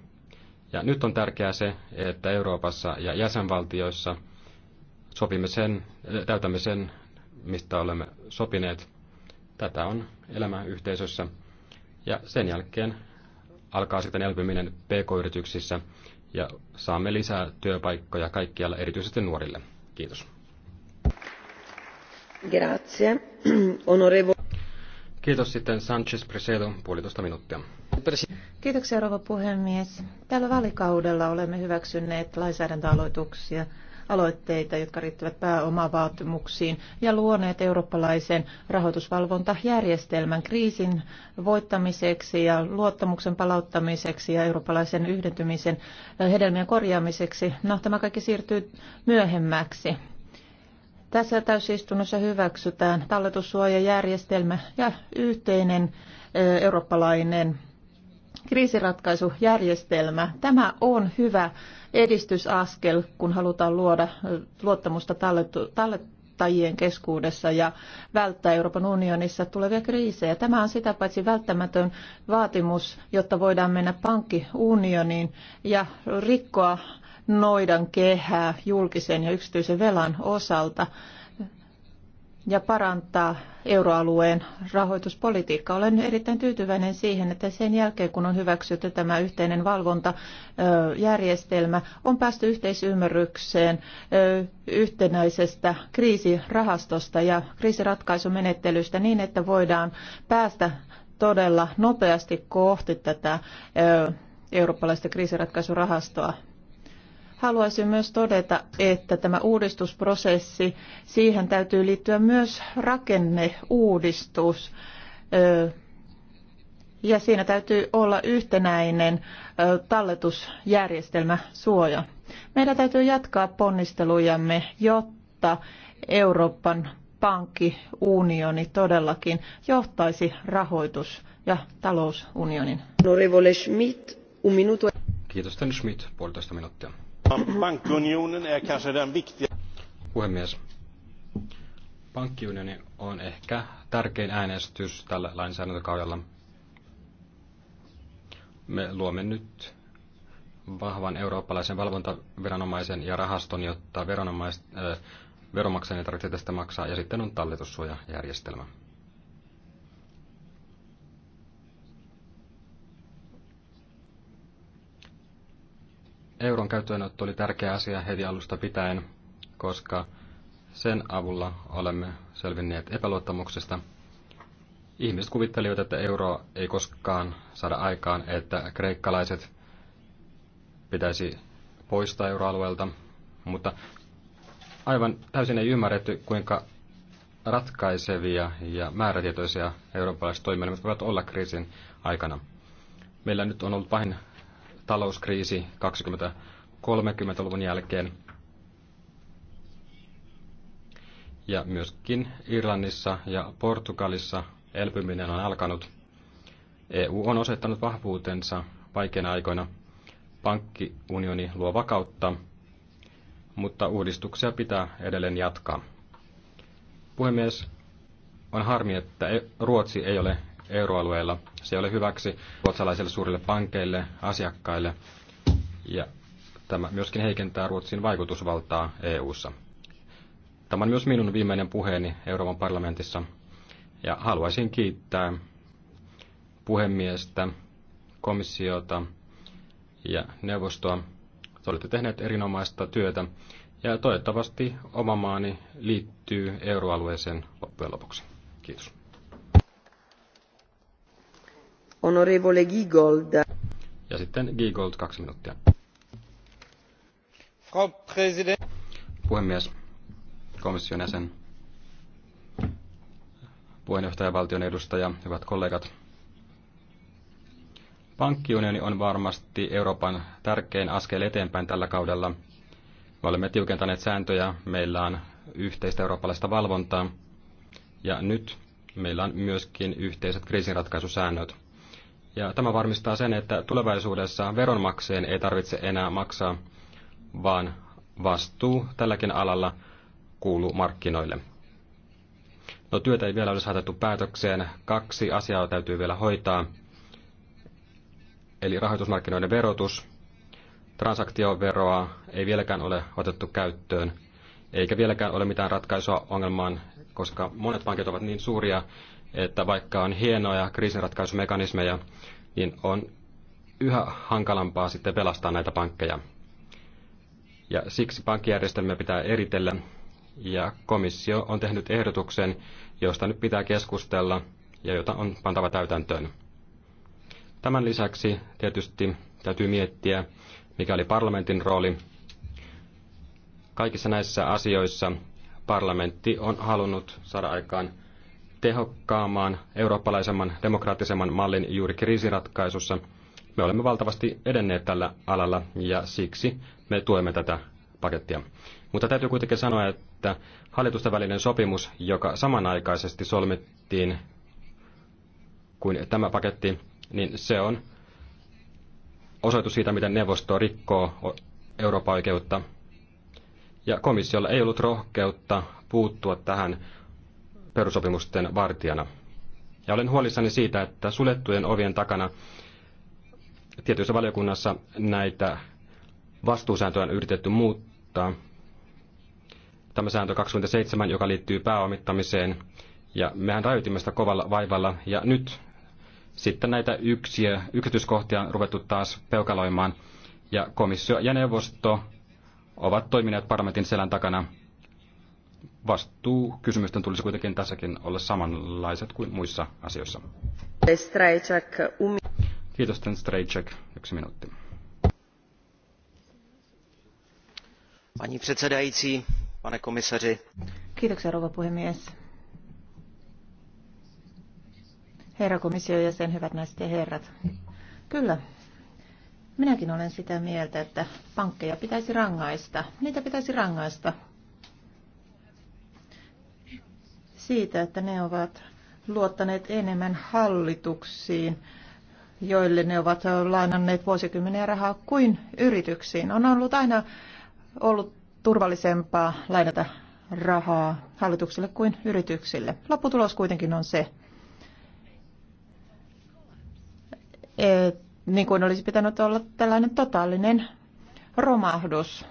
Ja nyt on tärkeää se, että Euroopassa ja jäsenvaltioissa sopimme sen, eh, täytämme sen, mistä olemme sopineet. Tätä on elämä yhteisössä. Ja sen jälkeen alkaa sitten elpyminen pk-yrityksissä ja saamme lisää työpaikkoja kaikkialla, erityisesti nuorille. Kiitos. Grazie. Onorevo... Kiitos sitten Sanchez Presedo, puolitoista minuuttia. Kiitoksia rouva puhemies. Tällä valikaudella olemme hyväksyneet lainsäädäntöaloituksia aloitteita, jotka riittävät pääomavaatimuksiin ja luoneet eurooppalaisen rahoitusvalvontajärjestelmän kriisin voittamiseksi ja luottamuksen palauttamiseksi ja eurooppalaisen yhdentymisen hedelmien korjaamiseksi. No, tämä kaikki siirtyy myöhemmäksi. Tässä täysistunnossa hyväksytään talletussuojajärjestelmä ja yhteinen eurooppalainen kriisiratkaisujärjestelmä. Tämä on hyvä edistysaskel, kun halutaan luoda luottamusta tallettajien keskuudessa ja välttää Euroopan unionissa tulevia kriisejä. Tämä on sitä paitsi välttämätön vaatimus, jotta voidaan mennä pankkiunioniin ja rikkoa noidan kehää julkisen ja yksityisen velan osalta ja parantaa euroalueen rahoituspolitiikkaa. Olen erittäin tyytyväinen siihen, että sen jälkeen kun on hyväksytty tämä yhteinen valvontajärjestelmä, on päästy yhteisymmärrykseen yhtenäisestä kriisirahastosta ja kriisiratkaisumenettelystä niin, että voidaan päästä todella nopeasti kohti tätä eurooppalaista kriisiratkaisurahastoa. Haluaisin myös todeta, että tämä uudistusprosessi, siihen täytyy liittyä myös rakenneuudistus. Ja siinä täytyy olla yhtenäinen talletusjärjestelmä Meidän täytyy jatkaa ponnistelujamme, jotta Euroopan pankkiunioni todellakin johtaisi rahoitus- ja talousunionin. Kiitos, Schmidt. Puolitoista minuuttia. Pankkiunionin är kanske den Puhemies. Pankkiunioni on ehkä tärkein äänestys tällä lainsäädäntökaudella. Me luomme nyt vahvan eurooppalaisen valvontaviranomaisen ja rahaston, jotta veronomais- äh, veronmaksajien tarvitsee tästä maksaa, ja sitten on talletussuojajärjestelmä. Euron käyttöönotto oli tärkeä asia heti alusta pitäen, koska sen avulla olemme selvinneet epäluottamuksesta. Ihmiset kuvittelivat, että euroa ei koskaan saada aikaan, että kreikkalaiset pitäisi poistaa euroalueelta, mutta aivan täysin ei ymmärretty, kuinka ratkaisevia ja määrätietoisia eurooppalaiset toimielimet voivat olla kriisin aikana. Meillä nyt on ollut pahin talouskriisi 2030-luvun jälkeen. Ja myöskin Irlannissa ja Portugalissa elpyminen on alkanut. EU on osoittanut vahvuutensa vaikeina aikoina. Pankkiunioni luo vakautta, mutta uudistuksia pitää edelleen jatkaa. Puhemies, on harmi, että Ruotsi ei ole euroalueella. Se ei ole hyväksi ruotsalaisille suurille pankeille, asiakkaille ja tämä myöskin heikentää Ruotsin vaikutusvaltaa EU:ssa. Tämä on myös minun viimeinen puheeni Euroopan parlamentissa ja haluaisin kiittää puhemiestä, komissiota ja neuvostoa. Te olette tehneet erinomaista työtä ja toivottavasti oma maani liittyy euroalueeseen loppujen lopuksi. Kiitos. Honorevole Giegold. Ja sitten Giegold kaksi minuuttia. Frau President. Puhemies, komission jäsen, puheenjohtajavaltion edustaja, hyvät kollegat. Pankkiunioni on varmasti Euroopan tärkein askel eteenpäin tällä kaudella. Me olemme tiukentaneet sääntöjä, meillä on yhteistä eurooppalaista valvontaa ja nyt meillä on myöskin yhteiset kriisinratkaisusäännöt. Ja tämä varmistaa sen, että tulevaisuudessa veronmaksajien ei tarvitse enää maksaa, vaan vastuu tälläkin alalla kuuluu markkinoille. No työtä ei vielä ole saatettu päätökseen. Kaksi asiaa täytyy vielä hoitaa. Eli rahoitusmarkkinoiden verotus. Transaktioveroa ei vieläkään ole otettu käyttöön. Eikä vieläkään ole mitään ratkaisua ongelmaan, koska monet pankit ovat niin suuria, että vaikka on hienoja kriisinratkaisumekanismeja, niin on yhä hankalampaa sitten pelastaa näitä pankkeja. Ja siksi pankkijärjestelmä pitää eritellä, ja komissio on tehnyt ehdotuksen, josta nyt pitää keskustella ja jota on pantava täytäntöön. Tämän lisäksi tietysti täytyy miettiä, mikä oli parlamentin rooli. Kaikissa näissä asioissa parlamentti on halunnut saada aikaan tehokkaamman, eurooppalaisemman, demokraattisemman mallin juuri kriisiratkaisussa. Me olemme valtavasti edenneet tällä alalla ja siksi me tuemme tätä pakettia. Mutta täytyy kuitenkin sanoa, että hallitusten välinen sopimus, joka samanaikaisesti solmittiin kuin tämä paketti, niin se on osoitus siitä, miten neuvosto rikkoo Euroopan oikeutta. Ja komissiolla ei ollut rohkeutta puuttua tähän perusopimusten vartijana. Ja olen huolissani siitä, että suljettujen ovien takana tietyissä valiokunnassa näitä vastuusääntöjä on yritetty muuttaa. Tämä sääntö 27, joka liittyy pääomittamiseen, ja mehän rajoitimme sitä kovalla vaivalla, ja nyt sitten näitä yksiä, yksityiskohtia on ruvettu taas peukaloimaan, ja komissio ja neuvosto ovat toimineet parlamentin selän takana, Vastuu kysymysten tulisi kuitenkin tässäkin olla samanlaiset kuin muissa asioissa. Um- Kiitos, Ten Strejček. Yksi minuutti. Pani předsedající, pane komisaři. Kiitoksia, rouva puhemies. Herra komission jäsen, hyvät naiset ja herrat. Kyllä, minäkin olen sitä mieltä, että pankkeja pitäisi rangaista. Niitä pitäisi rangaista siitä, että ne ovat luottaneet enemmän hallituksiin, joille ne ovat lainanneet vuosikymmeniä rahaa kuin yrityksiin. On ollut aina ollut turvallisempaa lainata rahaa hallituksille kuin yrityksille. Lopputulos kuitenkin on se, että niin kuin olisi pitänyt olla tällainen totaalinen romahdus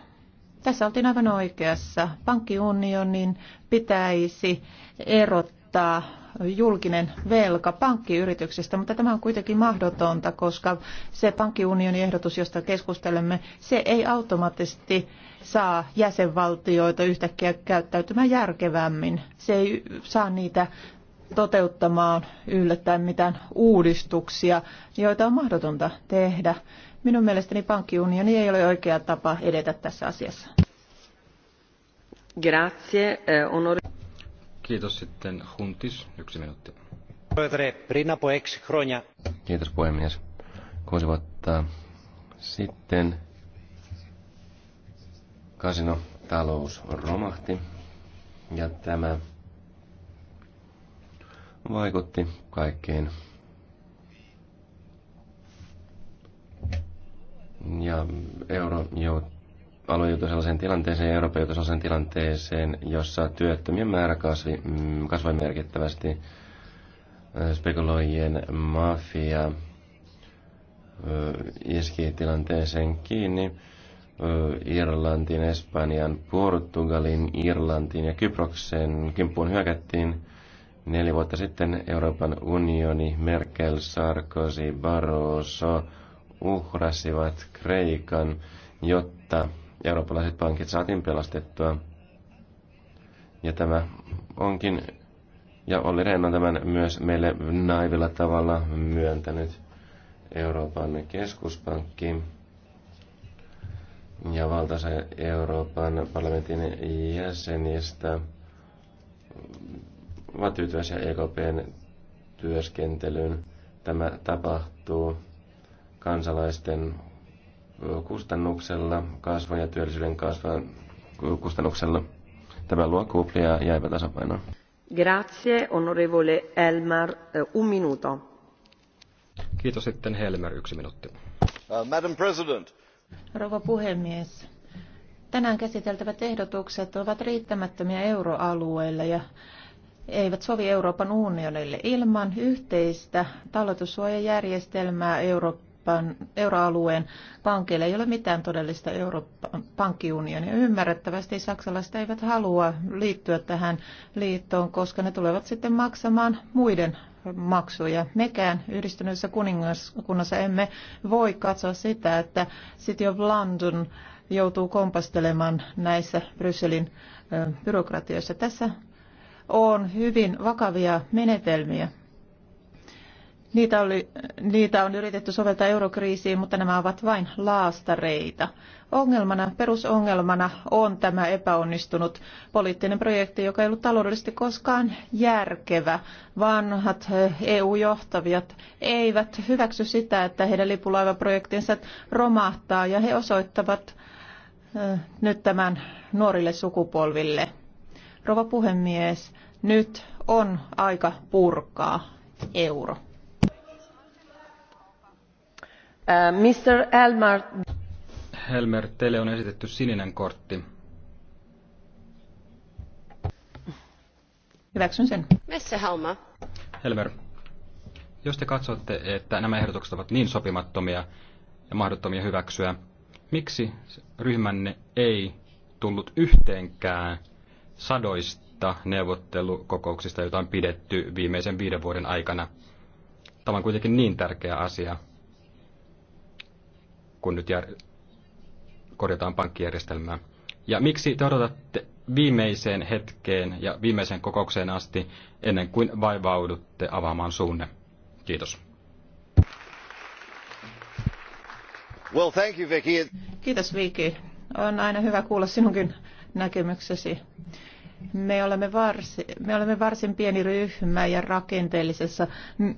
tässä oltiin aivan oikeassa. Pankkiunionin pitäisi erottaa julkinen velka pankkiyrityksestä, mutta tämä on kuitenkin mahdotonta, koska se pankkiunionin ehdotus, josta keskustelemme, se ei automaattisesti saa jäsenvaltioita yhtäkkiä käyttäytymään järkevämmin. Se ei saa niitä toteuttamaan yllättäen mitään uudistuksia, joita on mahdotonta tehdä Minun mielestäni pankkiunioni ei ole oikea tapa edetä tässä asiassa. Grazie, eh, onore... Kiitos sitten Huntis, yksi minuutti. Kiitos puhemies. Kuusi vuotta sitten kasinotalous romahti ja tämä vaikutti kaikkein ja euro aloin joutui sellaiseen tilanteeseen, Euroopan joutui sellaiseen tilanteeseen, jossa työttömien määrä kasvi, mm, kasvoi merkittävästi. Spekuloijien mafia iski tilanteeseen kiinni. Irlantiin, Espanjan, Portugalin, Irlantiin ja Kyproksen kimppuun hyökättiin neljä vuotta sitten Euroopan unioni, Merkel, Sarkozy, Barroso, uhrasivat Kreikan, jotta eurooppalaiset pankit saatiin pelastettua. Ja tämä onkin, ja Olli Rehn on tämän myös meille naivilla tavalla myöntänyt Euroopan keskuspankki ja valtaosa Euroopan parlamentin jäsenistä ovat tyytyväisiä EKPn työskentelyyn. Tämä tapahtuu kansalaisten kustannuksella, kasvun ja työllisyyden kasvun kustannuksella. Tämä luo kuplia ja epätasapainoa. Grazie, onorevole Elmar, un minuto. Kiitos sitten Helmer, yksi minuutti. Uh, Madam President. Rouva puhemies, tänään käsiteltävät ehdotukset ovat riittämättömiä Euroalueille ja eivät sovi Euroopan unionille ilman yhteistä talletussuojajärjestelmää Euro- Euroopan, euroalueen pankeille ei ole mitään todellista Euroopan pankkiunionia. Ymmärrettävästi saksalaiset eivät halua liittyä tähän liittoon, koska ne tulevat sitten maksamaan muiden maksuja. Mekään yhdistyneessä kuningaskunnassa emme voi katsoa sitä, että City of London joutuu kompastelemaan näissä Brysselin byrokratioissa. Tässä on hyvin vakavia menetelmiä Niitä, oli, niitä on yritetty soveltaa eurokriisiin, mutta nämä ovat vain laastareita. Ongelmana, perusongelmana on tämä epäonnistunut poliittinen projekti, joka ei ollut taloudellisesti koskaan järkevä. Vanhat EU-johtavat eh, e eivät hyväksy sitä, että heidän lipulaivaprojektinsa romahtaa ja he osoittavat eh, nyt tämän nuorille sukupolville. Rova puhemies, nyt on aika purkaa euro. Uh, Mr. Helmer, teille on esitetty sininen kortti. Hyväksyn sen. Messe Helmer. Helmer, jos te katsotte, että nämä ehdotukset ovat niin sopimattomia ja mahdottomia hyväksyä, miksi ryhmänne ei tullut yhteenkään sadoista neuvottelukokouksista, joita on pidetty viimeisen viiden vuoden aikana? Tämä on kuitenkin niin tärkeä asia kun nyt jär- korjataan pankkijärjestelmää. Ja miksi te odotatte viimeiseen hetkeen ja viimeiseen kokoukseen asti ennen kuin vaivaudutte avaamaan suunne? Kiitos. Well, thank you, Vicky. Kiitos Viki. On aina hyvä kuulla sinunkin näkemyksesi. Me olemme, varsin, me olemme varsin pieni ryhmä ja rakenteellisessa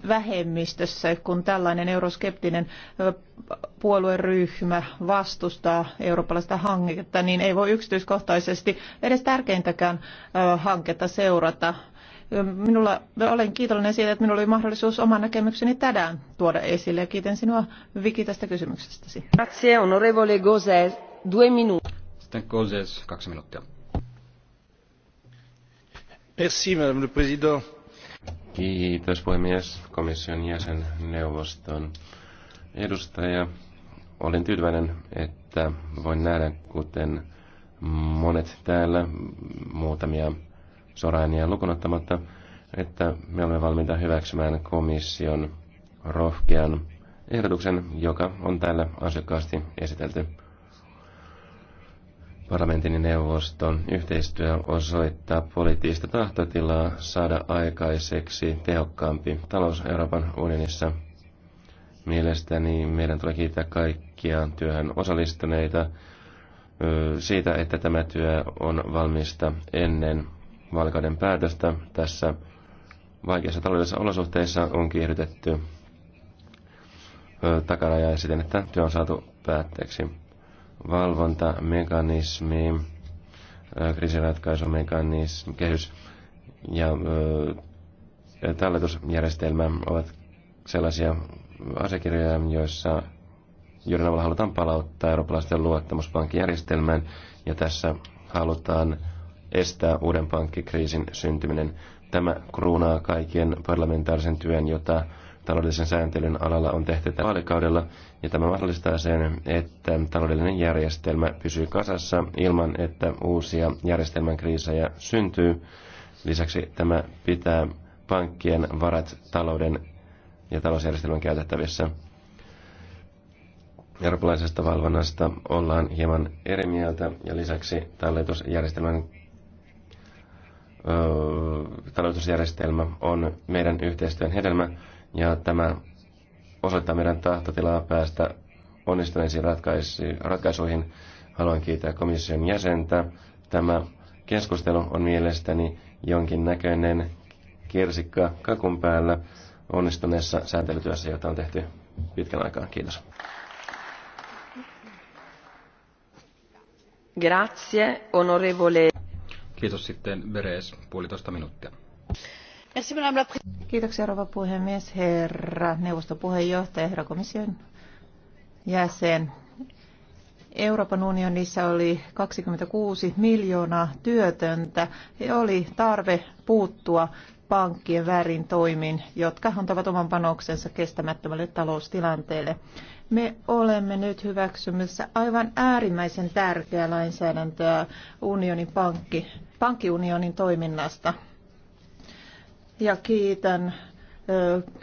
vähemmistössä, kun tällainen euroskeptinen puolueryhmä vastustaa eurooppalaista hanketta, niin ei voi yksityiskohtaisesti edes tärkeintäkään hanketta seurata. Minulla olen kiitollinen siitä, että minulla oli mahdollisuus oman näkemykseni tänään tuoda esille kiitän sinua Viki tästä kysymyksestäsi. Grazie, onorevole Gozes, due minuutti. Sitten Gozes, kaksi minuuttia. Madame le Président. Kiitos puhemies, komission jäsen, neuvoston edustaja. Olen tyytyväinen, että voin nähdä, kuten monet täällä, muutamia sorainia lukunottamatta, että me olemme valmiita hyväksymään komission rohkean ehdotuksen, joka on täällä asiakkaasti esitelty. Parlamentin ja neuvoston yhteistyö osoittaa poliittista tahtotilaa saada aikaiseksi tehokkaampi talous Euroopan unionissa. Mielestäni meidän tulee kiittää kaikkia työhön osallistuneita siitä, että tämä työ on valmista ennen vaalikauden päätöstä. Tässä vaikeassa taloudellisessa olosuhteissa on kiihdytetty ja siten, että työ on saatu päätteeksi valvontamekanismi, kriisiratkaisumekanismi, kehys ja talletusjärjestelmä ovat sellaisia asiakirjoja, joissa joiden avulla halutaan palauttaa eurooppalaisten luottamus pankkijärjestelmään ja tässä halutaan estää uuden pankkikriisin syntyminen. Tämä kruunaa kaiken parlamentaarisen työn, jota taloudellisen sääntelyn alalla on tehty tällä vaalikaudella, ja tämä mahdollistaa sen, että taloudellinen järjestelmä pysyy kasassa ilman, että uusia järjestelmän kriisejä syntyy. Lisäksi tämä pitää pankkien varat talouden ja talousjärjestelmän käytettävissä. Eurooppalaisesta valvonnasta ollaan hieman eri mieltä ja lisäksi talletusjärjestelmän öö, on meidän yhteistyön hedelmä. Ja tämä osoittaa meidän tahtotilaa päästä onnistuneisiin ratkaisuihin. Haluan kiittää komission jäsentä. Tämä keskustelu on mielestäni jonkin näköinen kirsikka kakun päällä onnistuneessa sääntelytyössä, jota on tehty pitkän aikaa. Kiitos. Grazie, onorevole. Kiitos sitten Beres, puolitoista minuuttia. Kiitoksia rouva puhemies, herra neuvoston puheenjohtaja, herra komission jäsen. Euroopan unionissa oli 26 miljoonaa työtöntä ja oli tarve puuttua pankkien väärin toimin, jotka antavat oman panoksensa kestämättömälle taloustilanteelle. Me olemme nyt hyväksymässä aivan äärimmäisen tärkeää lainsäädäntöä unionin pankki, pankkiunionin toiminnasta – ja kiitän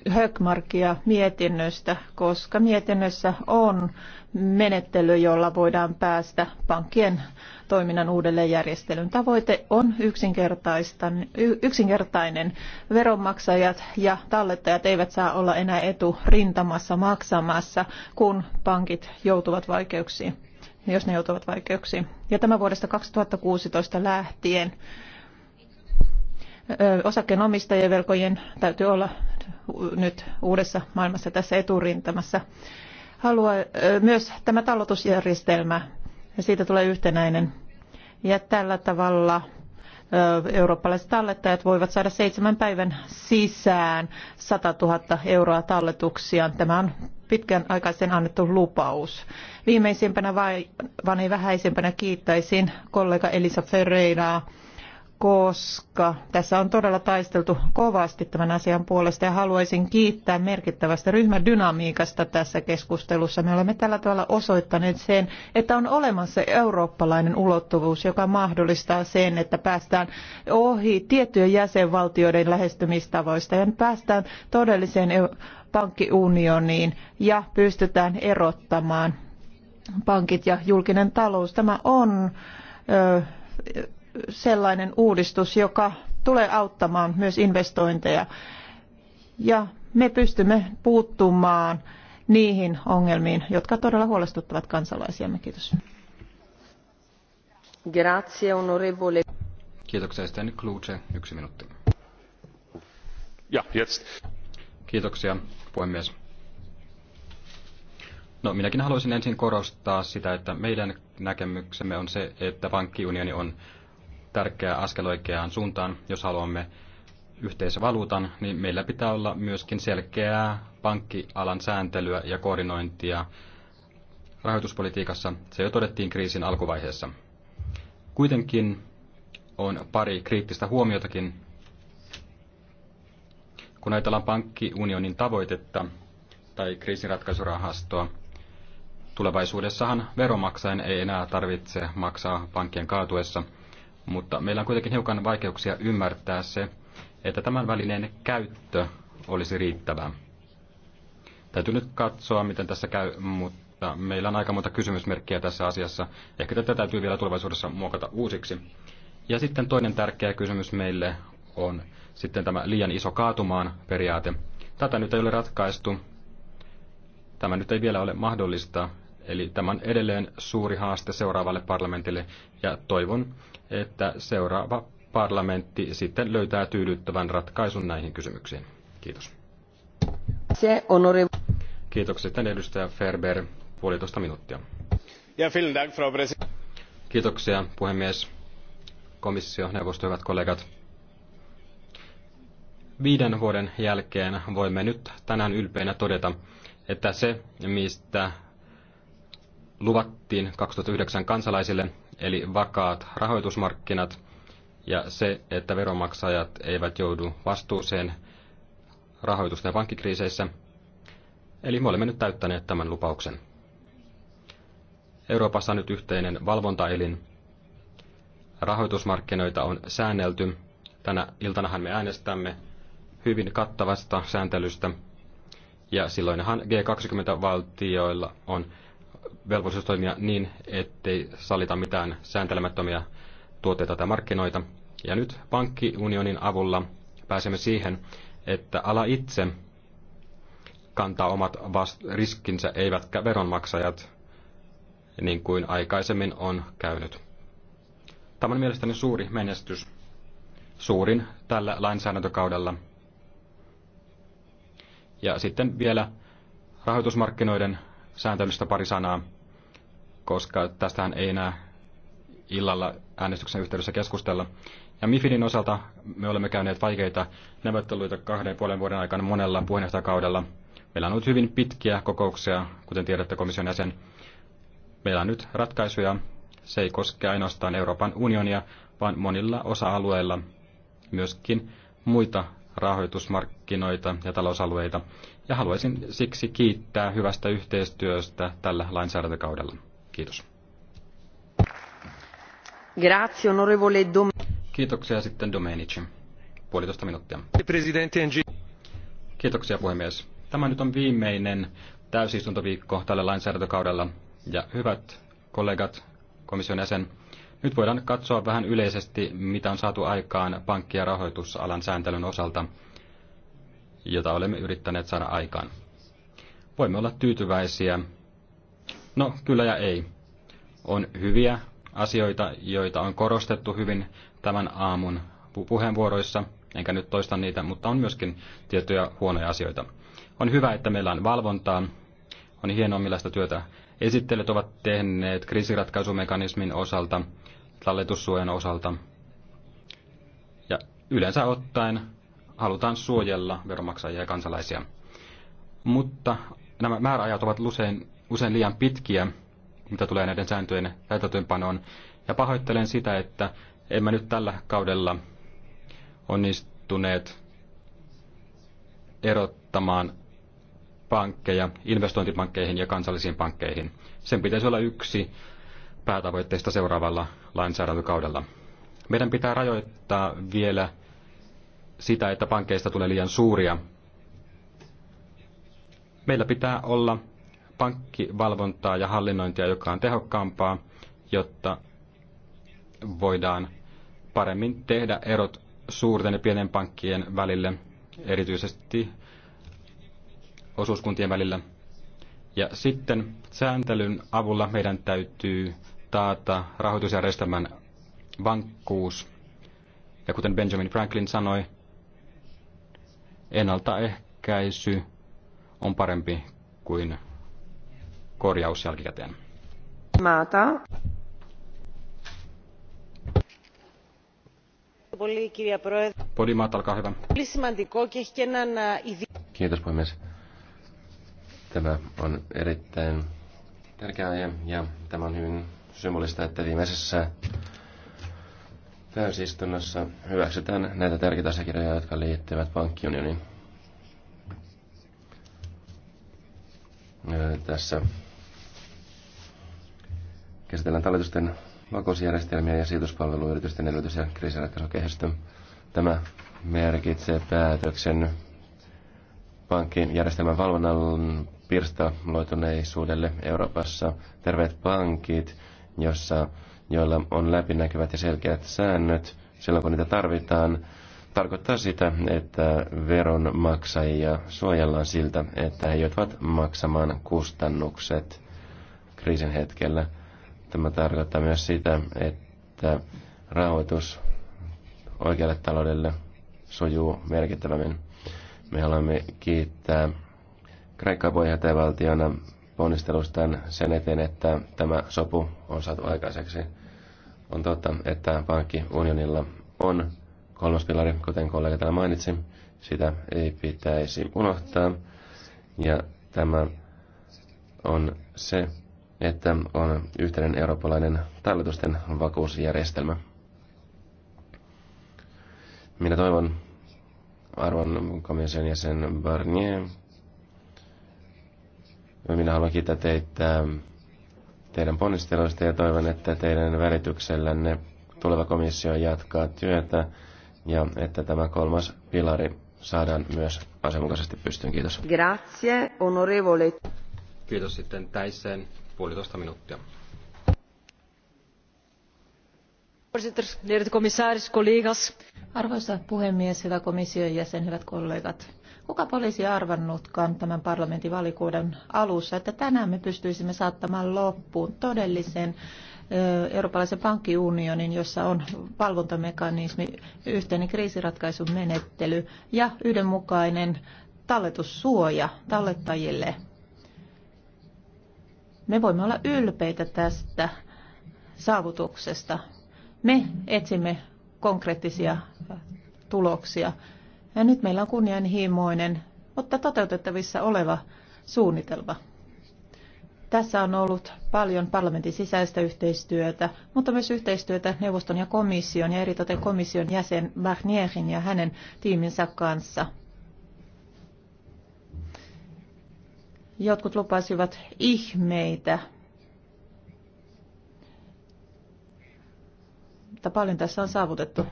Högmarkia mietinnöstä, koska mietinnössä on menettely, jolla voidaan päästä pankkien toiminnan uudelleenjärjestelyn. Tavoite on yksinkertainen. Veronmaksajat ja tallettajat eivät saa olla enää etu rintamassa maksamassa, kun pankit joutuvat vaikeuksiin, jos ne joutuvat vaikeuksiin. Ja tämä vuodesta 2016 lähtien osakkeenomistajien velkojen täytyy olla nyt uudessa maailmassa tässä eturintamassa. Halua, myös tämä ja siitä tulee yhtenäinen. Ja tällä tavalla eurooppalaiset tallettajat voivat saada seitsemän päivän sisään 100 000 euroa talletuksiaan. Tämä on pitkän aikaisen annettu lupaus. Viimeisimpänä vai, vaan ei vähäisimpänä kiittäisin kollega Elisa Ferreiraa koska tässä on todella taisteltu kovasti tämän asian puolesta ja haluaisin kiittää merkittävästä ryhmädynamiikasta tässä keskustelussa. Me olemme tällä tavalla osoittaneet sen, että on olemassa eurooppalainen ulottuvuus, joka mahdollistaa sen, että päästään ohi tiettyjen jäsenvaltioiden lähestymistavoista ja päästään todelliseen pankkiunioniin ja pystytään erottamaan pankit ja julkinen talous. Tämä on sellainen uudistus, joka tulee auttamaan myös investointeja. Ja me pystymme puuttumaan niihin ongelmiin, jotka todella huolestuttavat kansalaisiamme. Kiitos. Grazie, onorevole. Kiitoksia. Sitten Kluge, yksi minuutti. Ja, jetzt. Kiitoksia, puhemies. No, minäkin haluaisin ensin korostaa sitä, että meidän näkemyksemme on se, että pankkiunioni on tärkeä askel oikeaan suuntaan. Jos haluamme yhteisvaluutan, niin meillä pitää olla myöskin selkeää pankkialan sääntelyä ja koordinointia rahoituspolitiikassa. Se jo todettiin kriisin alkuvaiheessa. Kuitenkin on pari kriittistä huomiotakin. Kun ajatellaan pankkiunionin tavoitetta tai kriisinratkaisurahastoa, tulevaisuudessahan veromaksajan ei enää tarvitse maksaa pankkien kaatuessa – mutta meillä on kuitenkin hiukan vaikeuksia ymmärtää se, että tämän välineen käyttö olisi riittävää. Täytyy nyt katsoa, miten tässä käy, mutta meillä on aika monta kysymysmerkkiä tässä asiassa. Ehkä tätä täytyy vielä tulevaisuudessa muokata uusiksi. Ja sitten toinen tärkeä kysymys meille on sitten tämä liian iso kaatumaan periaate. Tätä nyt ei ole ratkaistu. Tämä nyt ei vielä ole mahdollista. Eli tämä on edelleen suuri haaste seuraavalle parlamentille ja toivon, että seuraava parlamentti sitten löytää tyydyttävän ratkaisun näihin kysymyksiin. Kiitos. Se on ori... Kiitokset sitten edustaja Ferber, puolitoista minuuttia. Ja dank, Frau Kiitoksia puhemies, komissio, neuvosto, hyvät kollegat. Viiden vuoden jälkeen voimme nyt tänään ylpeinä todeta, että se, mistä luvattiin 2009 kansalaisille, eli vakaat rahoitusmarkkinat ja se, että veronmaksajat eivät joudu vastuuseen rahoitusten ja pankkikriiseissä. Eli me olemme nyt täyttäneet tämän lupauksen. Euroopassa on nyt yhteinen valvontaelin. Rahoitusmarkkinoita on säännelty. Tänä iltanahan me äänestämme hyvin kattavasta sääntelystä. Ja silloinhan G20-valtioilla on velvollisuus toimia niin, ettei salita mitään sääntelemättömiä tuotteita tai markkinoita. Ja nyt pankkiunionin avulla pääsemme siihen, että ala itse kantaa omat riskinsä, eivätkä veronmaksajat, niin kuin aikaisemmin on käynyt. Tämä on mielestäni suuri menestys, suurin tällä lainsäädäntökaudella. Ja sitten vielä rahoitusmarkkinoiden sääntelystä pari sanaa, koska tästähän ei enää illalla äänestyksen yhteydessä keskustella. Ja MIFIDin osalta me olemme käyneet vaikeita neuvotteluita kahden puolen vuoden aikana monella puheenjohtajakaudella. Meillä on ollut hyvin pitkiä kokouksia, kuten tiedätte komission jäsen. Meillä on nyt ratkaisuja. Se ei koske ainoastaan Euroopan unionia, vaan monilla osa-alueilla myöskin muita rahoitusmarkkinoita ja talousalueita ja haluaisin siksi kiittää hyvästä yhteistyöstä tällä lainsäädäntökaudella. Kiitos. Grazie, onorevole Dom- Kiitoksia sitten Domenici. Puolitoista minuuttia. Kiitoksia puhemies. Tämä nyt on viimeinen täysistuntoviikko tällä lainsäädäntökaudella. Ja hyvät kollegat, komission jäsen, nyt voidaan katsoa vähän yleisesti, mitä on saatu aikaan pankki- ja rahoitusalan sääntelyn osalta – jota olemme yrittäneet saada aikaan. Voimme olla tyytyväisiä. No, kyllä ja ei. On hyviä asioita, joita on korostettu hyvin tämän aamun puheenvuoroissa, enkä nyt toista niitä, mutta on myöskin tiettyjä huonoja asioita. On hyvä, että meillä on valvontaa. On hienoa, millaista työtä esittelijät ovat tehneet kriisiratkaisumekanismin osalta, talletussuojan osalta. Ja yleensä ottaen halutaan suojella veronmaksajia ja kansalaisia. Mutta nämä määräajat ovat usein, usein liian pitkiä, mitä tulee näiden sääntöjen täytäntöönpanoon. Ja pahoittelen sitä, että emme nyt tällä kaudella onnistuneet erottamaan pankkeja investointipankkeihin ja kansallisiin pankkeihin. Sen pitäisi olla yksi päätavoitteista seuraavalla lainsäädäntökaudella. Meidän pitää rajoittaa vielä sitä, että pankeista tulee liian suuria. Meillä pitää olla pankkivalvontaa ja hallinnointia, joka on tehokkaampaa, jotta voidaan paremmin tehdä erot suurten ja pienen pankkien välille, erityisesti osuuskuntien välillä. Ja sitten sääntelyn avulla meidän täytyy taata rahoitusjärjestelmän vankkuus. Ja kuten Benjamin Franklin sanoi, ennaltaehkäisy on parempi kuin korjaus jälkikäteen. Maata. Podimaat, alkaa hyvä. Kiitos puhemies. Tämä on erittäin tärkeä aihe ja tämä on hyvin symbolista, että viimeisessä Täysistunnossa hyväksytään näitä tärkeitä asiakirjoja, jotka liittyvät pankkiunioniin. Öö, tässä käsitellään talletusten vakuusjärjestelmiä ja sijoituspalveluyritysten edellytys- ja kriisiratkaisukehitystä. Tämä merkitsee päätöksen pankin järjestelmän valvonnan pirstaloituneisuudelle Euroopassa. Terveet pankit, jossa joilla on läpinäkyvät ja selkeät säännöt silloin, kun niitä tarvitaan, tarkoittaa sitä, että veronmaksajia suojellaan siltä, että he joutuvat maksamaan kustannukset kriisin hetkellä. Tämä tarkoittaa myös sitä, että rahoitus oikealle taloudelle sujuu merkittävämmin. Me haluamme kiittää Kreikkaa puheenjohtajavaltiona ponnistelustaan sen eteen, että tämä sopu on saatu aikaiseksi. On totta, että pankkiunionilla on kolmas pilari, kuten kollega täällä mainitsi. Sitä ei pitäisi unohtaa. Ja tämä on se, että on yhteinen eurooppalainen talletusten vakuusjärjestelmä. Minä toivon arvon komission jäsen Barnier minä haluan kiittää teitä teidän ponnisteluista ja toivon, että teidän välityksellänne tuleva komissio jatkaa työtä ja että tämä kolmas pilari saadaan myös asianmukaisesti pystyyn. Kiitos. Grazie, onorevole. Kiitos sitten Täiseen puolitoista minuuttia. Arvoisa puhemies, hyvä komission jäsen, hyvät kollegat Kuka olisi arvannutkaan tämän parlamentin valikuuden alussa, että tänään me pystyisimme saattamaan loppuun todellisen eurooppalaisen pankkiunionin, jossa on valvontamekanismi, yhteinen kriisiratkaisun menettely ja yhdenmukainen talletussuoja tallettajille. Me voimme olla ylpeitä tästä saavutuksesta. Me etsimme konkreettisia tuloksia. Ja nyt meillä on kunnianhimoinen, mutta toteutettavissa oleva suunnitelma. Tässä on ollut paljon parlamentin sisäistä yhteistyötä, mutta myös yhteistyötä neuvoston ja komission ja eritoten komission jäsen Barnierin ja hänen tiiminsä kanssa. Jotkut lupasivat ihmeitä, mutta paljon tässä on saavutettu.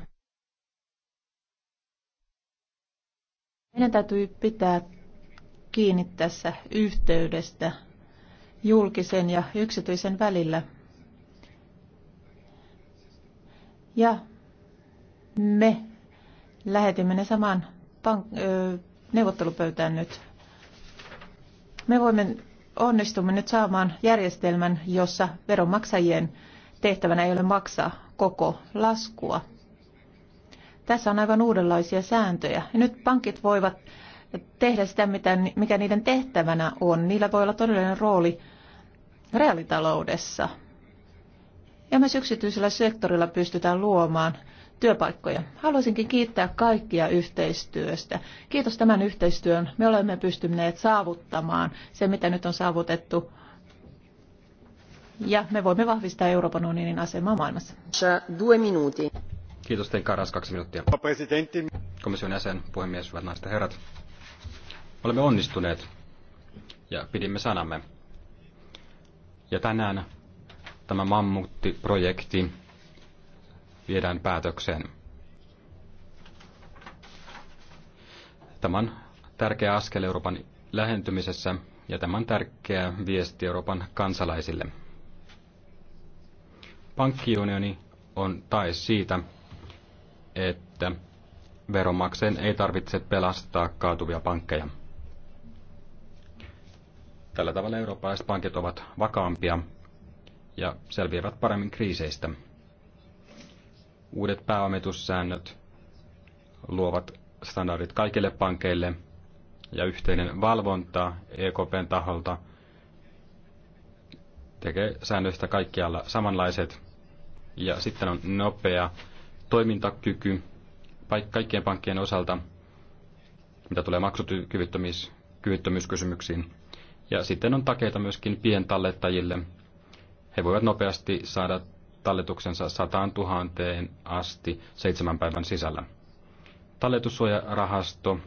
Meidän täytyy pitää kiinni tässä yhteydestä julkisen ja yksityisen välillä. Ja me lähetimme ne samaan pank- neuvottelupöytään nyt. Me voimme onnistumme nyt saamaan järjestelmän, jossa veronmaksajien tehtävänä ei ole maksaa koko laskua. Tässä on aivan uudenlaisia sääntöjä. Ja nyt pankit voivat tehdä sitä, mitä, mikä niiden tehtävänä on. Niillä voi olla todellinen rooli reaalitaloudessa. Ja myös yksityisellä sektorilla pystytään luomaan työpaikkoja. Haluaisinkin kiittää kaikkia yhteistyöstä. Kiitos tämän yhteistyön. Me olemme pystyneet saavuttamaan se, mitä nyt on saavutettu. Ja me voimme vahvistaa Euroopan unionin asemaa maailmassa. Due minuutin. Kiitos teille Karas, kaksi minuuttia. Komission jäsen, puhemies, hyvät naiset ja herrat. Olemme onnistuneet ja pidimme sanamme. Ja tänään tämä mammuttiprojekti viedään päätökseen. Tämä on tärkeä askel Euroopan lähentymisessä ja tämä on tärkeä viesti Euroopan kansalaisille. Pankkiunioni on tae siitä, että veronmaksajien ei tarvitse pelastaa kaatuvia pankkeja. Tällä tavalla eurooppalaiset pankit ovat vakaampia ja selviävät paremmin kriiseistä. Uudet pääomitussäännöt luovat standardit kaikille pankeille ja yhteinen valvonta EKPn taholta tekee säännöistä kaikkialla samanlaiset. Ja sitten on nopea toimintakyky kaikkien pankkien osalta, mitä tulee maksukyvyttömyyskysymyksiin. Ja sitten on takeita myöskin pientallettajille. He voivat nopeasti saada talletuksensa 100 tuhanteen asti seitsemän päivän sisällä. Talletussuojarahasto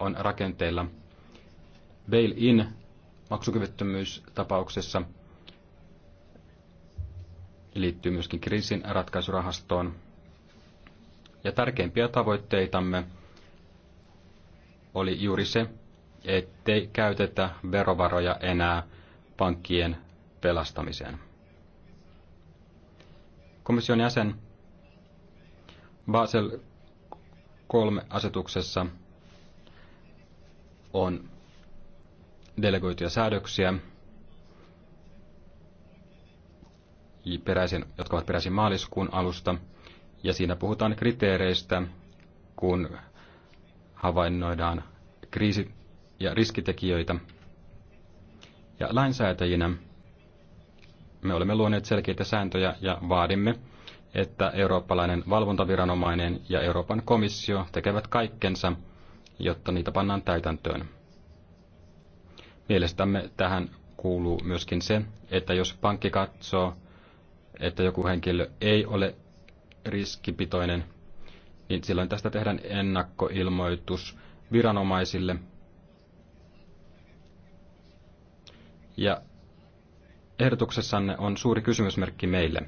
on rakenteilla bail-in maksukyvyttömyystapauksessa liittyy myöskin kriisin ratkaisurahastoon ja tärkeimpiä tavoitteitamme oli juuri se, ettei käytetä verovaroja enää pankkien pelastamiseen. Komission jäsen Basel 3-asetuksessa on delegoituja säädöksiä, peräisin, jotka ovat peräisin maaliskuun alusta – ja siinä puhutaan kriteereistä, kun havainnoidaan kriisi- ja riskitekijöitä. Ja lainsäätäjinä me olemme luoneet selkeitä sääntöjä ja vaadimme, että eurooppalainen valvontaviranomainen ja Euroopan komissio tekevät kaikkensa, jotta niitä pannaan täytäntöön. Mielestämme tähän kuuluu myöskin se, että jos pankki katsoo, että joku henkilö ei ole riskipitoinen, niin silloin tästä tehdään ennakkoilmoitus viranomaisille. Ja ehdotuksessanne on suuri kysymysmerkki meille.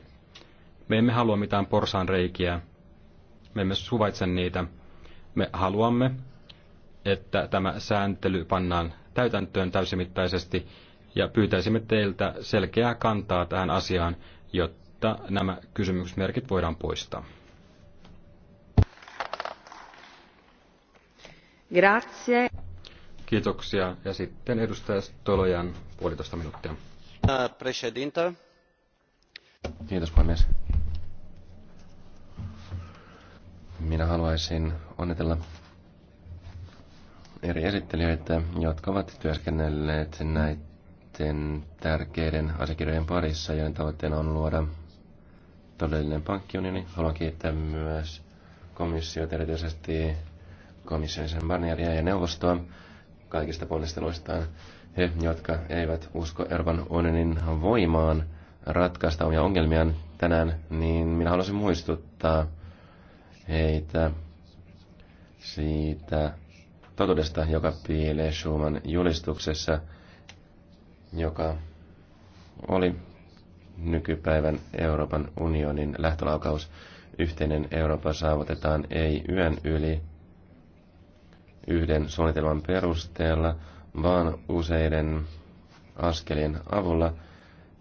Me emme halua mitään porsaanreikiä, me emme suvaitse niitä. Me haluamme, että tämä sääntely pannaan täytäntöön täysimittaisesti ja pyytäisimme teiltä selkeää kantaa tähän asiaan, jotta jotta nämä kysymysmerkit voidaan poistaa. Grazie. Kiitoksia. Ja sitten edustaja Stolojan puolitoista minuuttia. Kiitos puhemies. Minä haluaisin onnitella eri esittelijöitä, jotka ovat työskennelleet näiden tärkeiden asiakirjojen parissa, joiden tavoitteena on luoda todellinen pankkiunioni. Haluan kiittää myös komissiota, erityisesti komission sen Barnieria ja neuvostoa kaikista ponnisteluistaan. He, jotka eivät usko Euroopan unionin voimaan ratkaista omia ongelmiaan tänään, niin minä haluaisin muistuttaa heitä siitä totuudesta, joka piilee Schumann julistuksessa, joka oli nykypäivän Euroopan unionin lähtölaukaus yhteinen Eurooppa saavutetaan ei yön yli yhden suunnitelman perusteella, vaan useiden askelien avulla,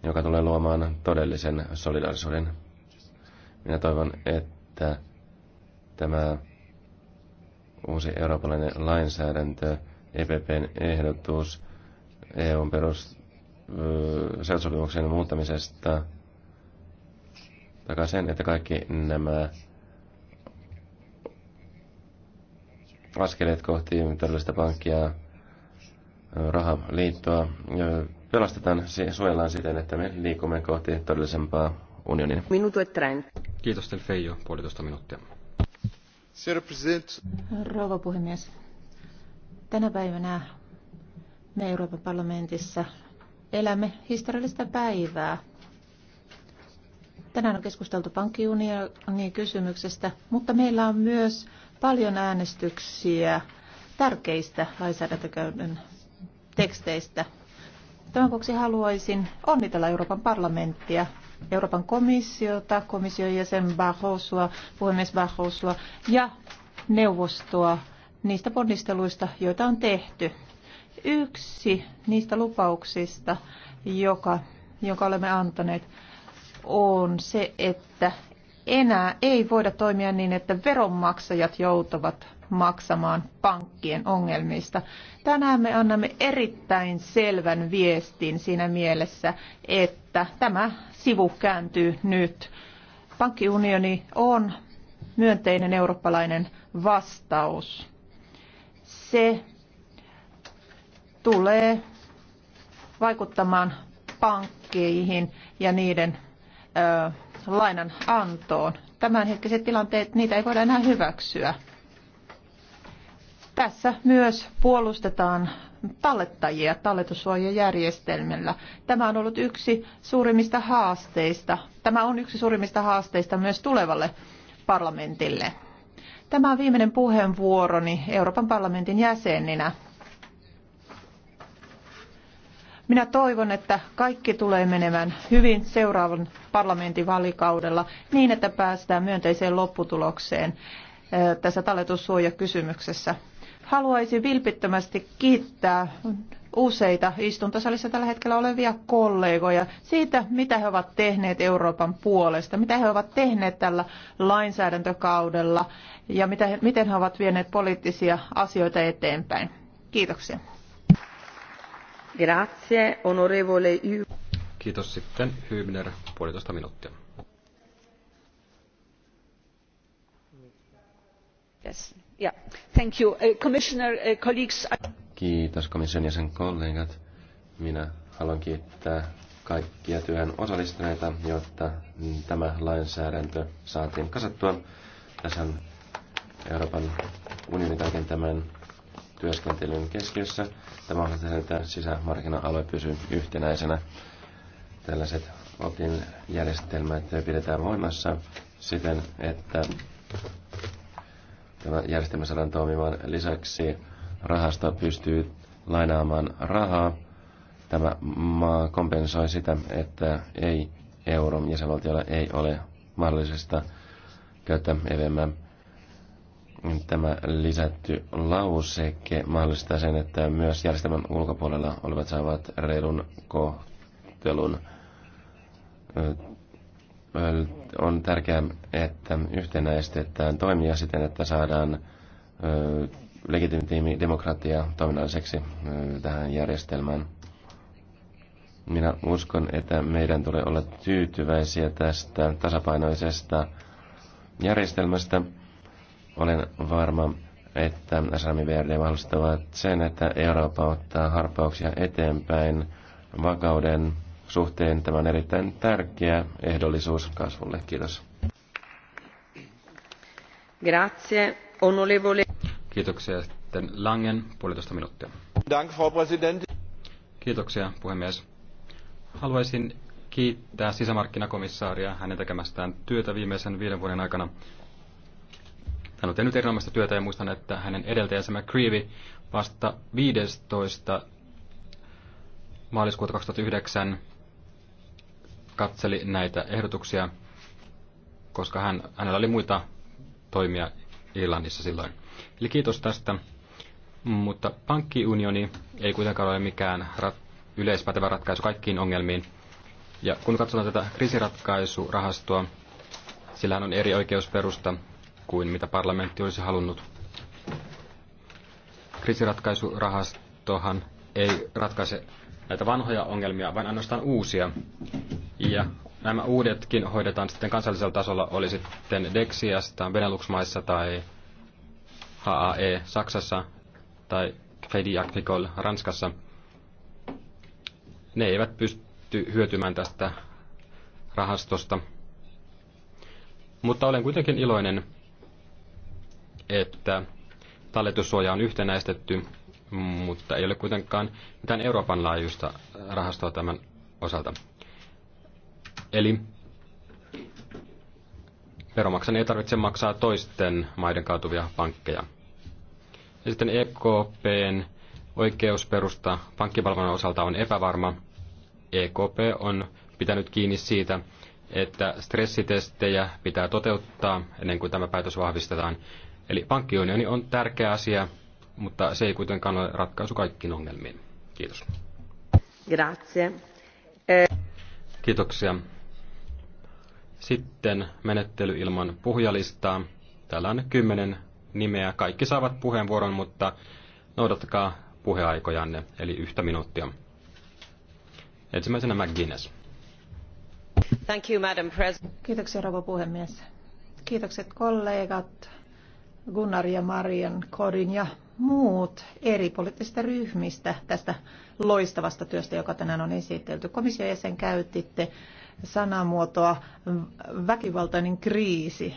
joka tulee luomaan todellisen solidarisuuden. Minä toivon, että tämä uusi eurooppalainen lainsäädäntö, EPPn ehdotus, EUn perus, seutsopimuksen muuttamisesta takaa sen, että kaikki nämä askeleet kohti todellista pankkia, rahaliittoa, pelastetaan, suojellaan siten, että me liikumme kohti todellisempaa unionin. Minuutu Kiitos teille Feijo, puolitoista minuuttia. Rouva puhemies, tänä päivänä me Euroopan parlamentissa Elämme historiallista päivää. Tänään on keskusteltu pankkiunionin kysymyksestä, mutta meillä on myös paljon äänestyksiä tärkeistä lainsäädäntökäynnön teksteistä. Tämän vuoksi haluaisin onnitella Euroopan parlamenttia, Euroopan komissiota, komission jäsen Barrosoa, puhemies Barrosoa ja neuvostoa niistä ponnisteluista, joita on tehty Yksi niistä lupauksista, joka, jonka olemme antaneet, on se, että enää ei voida toimia niin, että veronmaksajat joutuvat maksamaan pankkien ongelmista. Tänään me annamme erittäin selvän viestin siinä mielessä, että tämä sivu kääntyy nyt. Pankkiunioni on myönteinen eurooppalainen vastaus. Se tulee vaikuttamaan pankkeihin ja niiden ö, lainan antoon. Tämänhetkiset tilanteet, niitä ei voida enää hyväksyä. Tässä myös puolustetaan tallettajia talletussuojajärjestelmällä. Tämä on ollut yksi suurimmista haasteista. Tämä on yksi suurimmista haasteista myös tulevalle parlamentille. Tämä on viimeinen puheenvuoroni Euroopan parlamentin jäseninä. Minä toivon, että kaikki tulee menemään hyvin seuraavan parlamentin valikaudella niin, että päästään myönteiseen lopputulokseen tässä talletussuojakysymyksessä. Haluaisin vilpittömästi kiittää useita istuntosalissa tällä hetkellä olevia kollegoja siitä, mitä he ovat tehneet Euroopan puolesta, mitä he ovat tehneet tällä lainsäädäntökaudella ja miten he ovat vieneet poliittisia asioita eteenpäin. Kiitoksia. Grazie, onorevole y... Kiitos sitten Hybner, puolitoista minuuttia. Yes. Yeah. Thank you. Uh, Commissioner, uh, colleagues... Kiitos komission jäsen kollegat. Minä haluan kiittää kaikkia työhön osallistuneita, jotta tämä lainsäädäntö saatiin kasattua. Tässä Euroopan unionin kaiken tämän työskentelyn keskiössä. Tämä on se, että sisämarkkina-alue pysyy yhtenäisenä. Tällaiset opin järjestelmät pidetään voimassa siten, että tämä järjestelmä saadaan toimimaan. Lisäksi rahasta pystyy lainaamaan rahaa. Tämä maa kompensoi sitä, että ei euron jäsenvaltiolla ei ole mahdollisesta käyttää EVM niin tämä lisätty lauseke mahdollistaa sen, että myös järjestelmän ulkopuolella olivat saavat reilun kohtelun. On tärkeää, että yhtenäistetään toimia siten, että saadaan legitimitiimi demokratia toiminnalliseksi tähän järjestelmään. Minä uskon, että meidän tulee olla tyytyväisiä tästä tasapainoisesta järjestelmästä. Olen varma, että Sami Verde mahdollistavat sen, että Eurooppa ottaa harppauksia eteenpäin vakauden suhteen. Tämä on erittäin tärkeä ehdollisuus kasvulle. Kiitos. Grazie, onolevole. Kiitoksia. Sitten Langen, puolitoista minuuttia. Dank, Frau Präsident. Kiitoksia, puhemies. Haluaisin kiittää sisämarkkinakomissaaria hänen tekemästään työtä viimeisen viiden vuoden aikana hän on tehnyt erinomaista työtä ja muistan, että hänen edeltäjänsä McCreevy vasta 15. maaliskuuta 2009 katseli näitä ehdotuksia, koska hän, hänellä oli muita toimia Irlannissa silloin. Eli kiitos tästä. Mutta pankkiunioni ei kuitenkaan ole mikään rat, yleispätevä ratkaisu kaikkiin ongelmiin. Ja kun katsotaan tätä kriisiratkaisurahastoa, sillä on eri oikeusperusta kuin mitä parlamentti olisi halunnut. Kriisiratkaisurahastohan ei ratkaise näitä vanhoja ongelmia, vaan ainoastaan uusia. Ja nämä uudetkin hoidetaan sitten kansallisella tasolla, oli sitten Dexiasta, Benelux-maissa tai HAE Saksassa tai Crédit Agricole Ranskassa. Ne eivät pysty hyötymään tästä rahastosta. Mutta olen kuitenkin iloinen, että talletussuoja on yhtenäistetty, mutta ei ole kuitenkaan mitään Euroopan laajuista rahastoa tämän osalta. Eli veromaksan ei tarvitse maksaa toisten maiden kaatuvia pankkeja. Ja sitten EKPn oikeusperusta pankkivalvonnan osalta on epävarma. EKP on pitänyt kiinni siitä, että stressitestejä pitää toteuttaa ennen kuin tämä päätös vahvistetaan. Eli pankkiunioni on tärkeä asia, mutta se ei kuitenkaan ole ratkaisu kaikkiin ongelmiin. Kiitos. Grazie. Kiitoksia. Sitten menettely ilman puhujalistaa. Täällä on kymmenen nimeä. Kaikki saavat puheenvuoron, mutta noudattakaa puheaikojanne, eli yhtä minuuttia. Ensimmäisenä McGuinness. Thank you, Madam President. Kiitoksia, rouva puhemies. Kiitokset kollegat Gunnar ja Marian, Kodin ja muut eri poliittisista ryhmistä tästä loistavasta työstä, joka tänään on esitelty. Komission jäsen käytitte sanamuotoa väkivaltainen kriisi.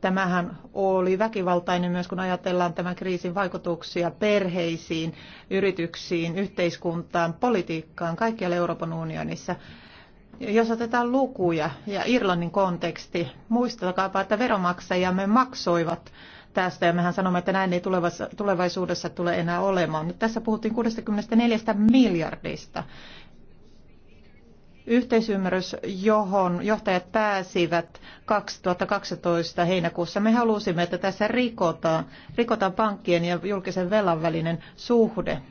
Tämähän oli väkivaltainen myös, kun ajatellaan tämän kriisin vaikutuksia perheisiin, yrityksiin, yhteiskuntaan, politiikkaan, kaikkialla Euroopan unionissa. Jos otetaan lukuja ja Irlannin konteksti, muistakaapa, että veromaksajamme maksoivat tästä ja mehän sanomme, että näin ei tulevaisuudessa tule enää olemaan. Nyt tässä puhuttiin 64 miljardista. Yhteisymmärrys, johon johtajat pääsivät 2012 heinäkuussa. Me halusimme, että tässä rikotaan, rikotaan pankkien ja julkisen velan välinen suhde.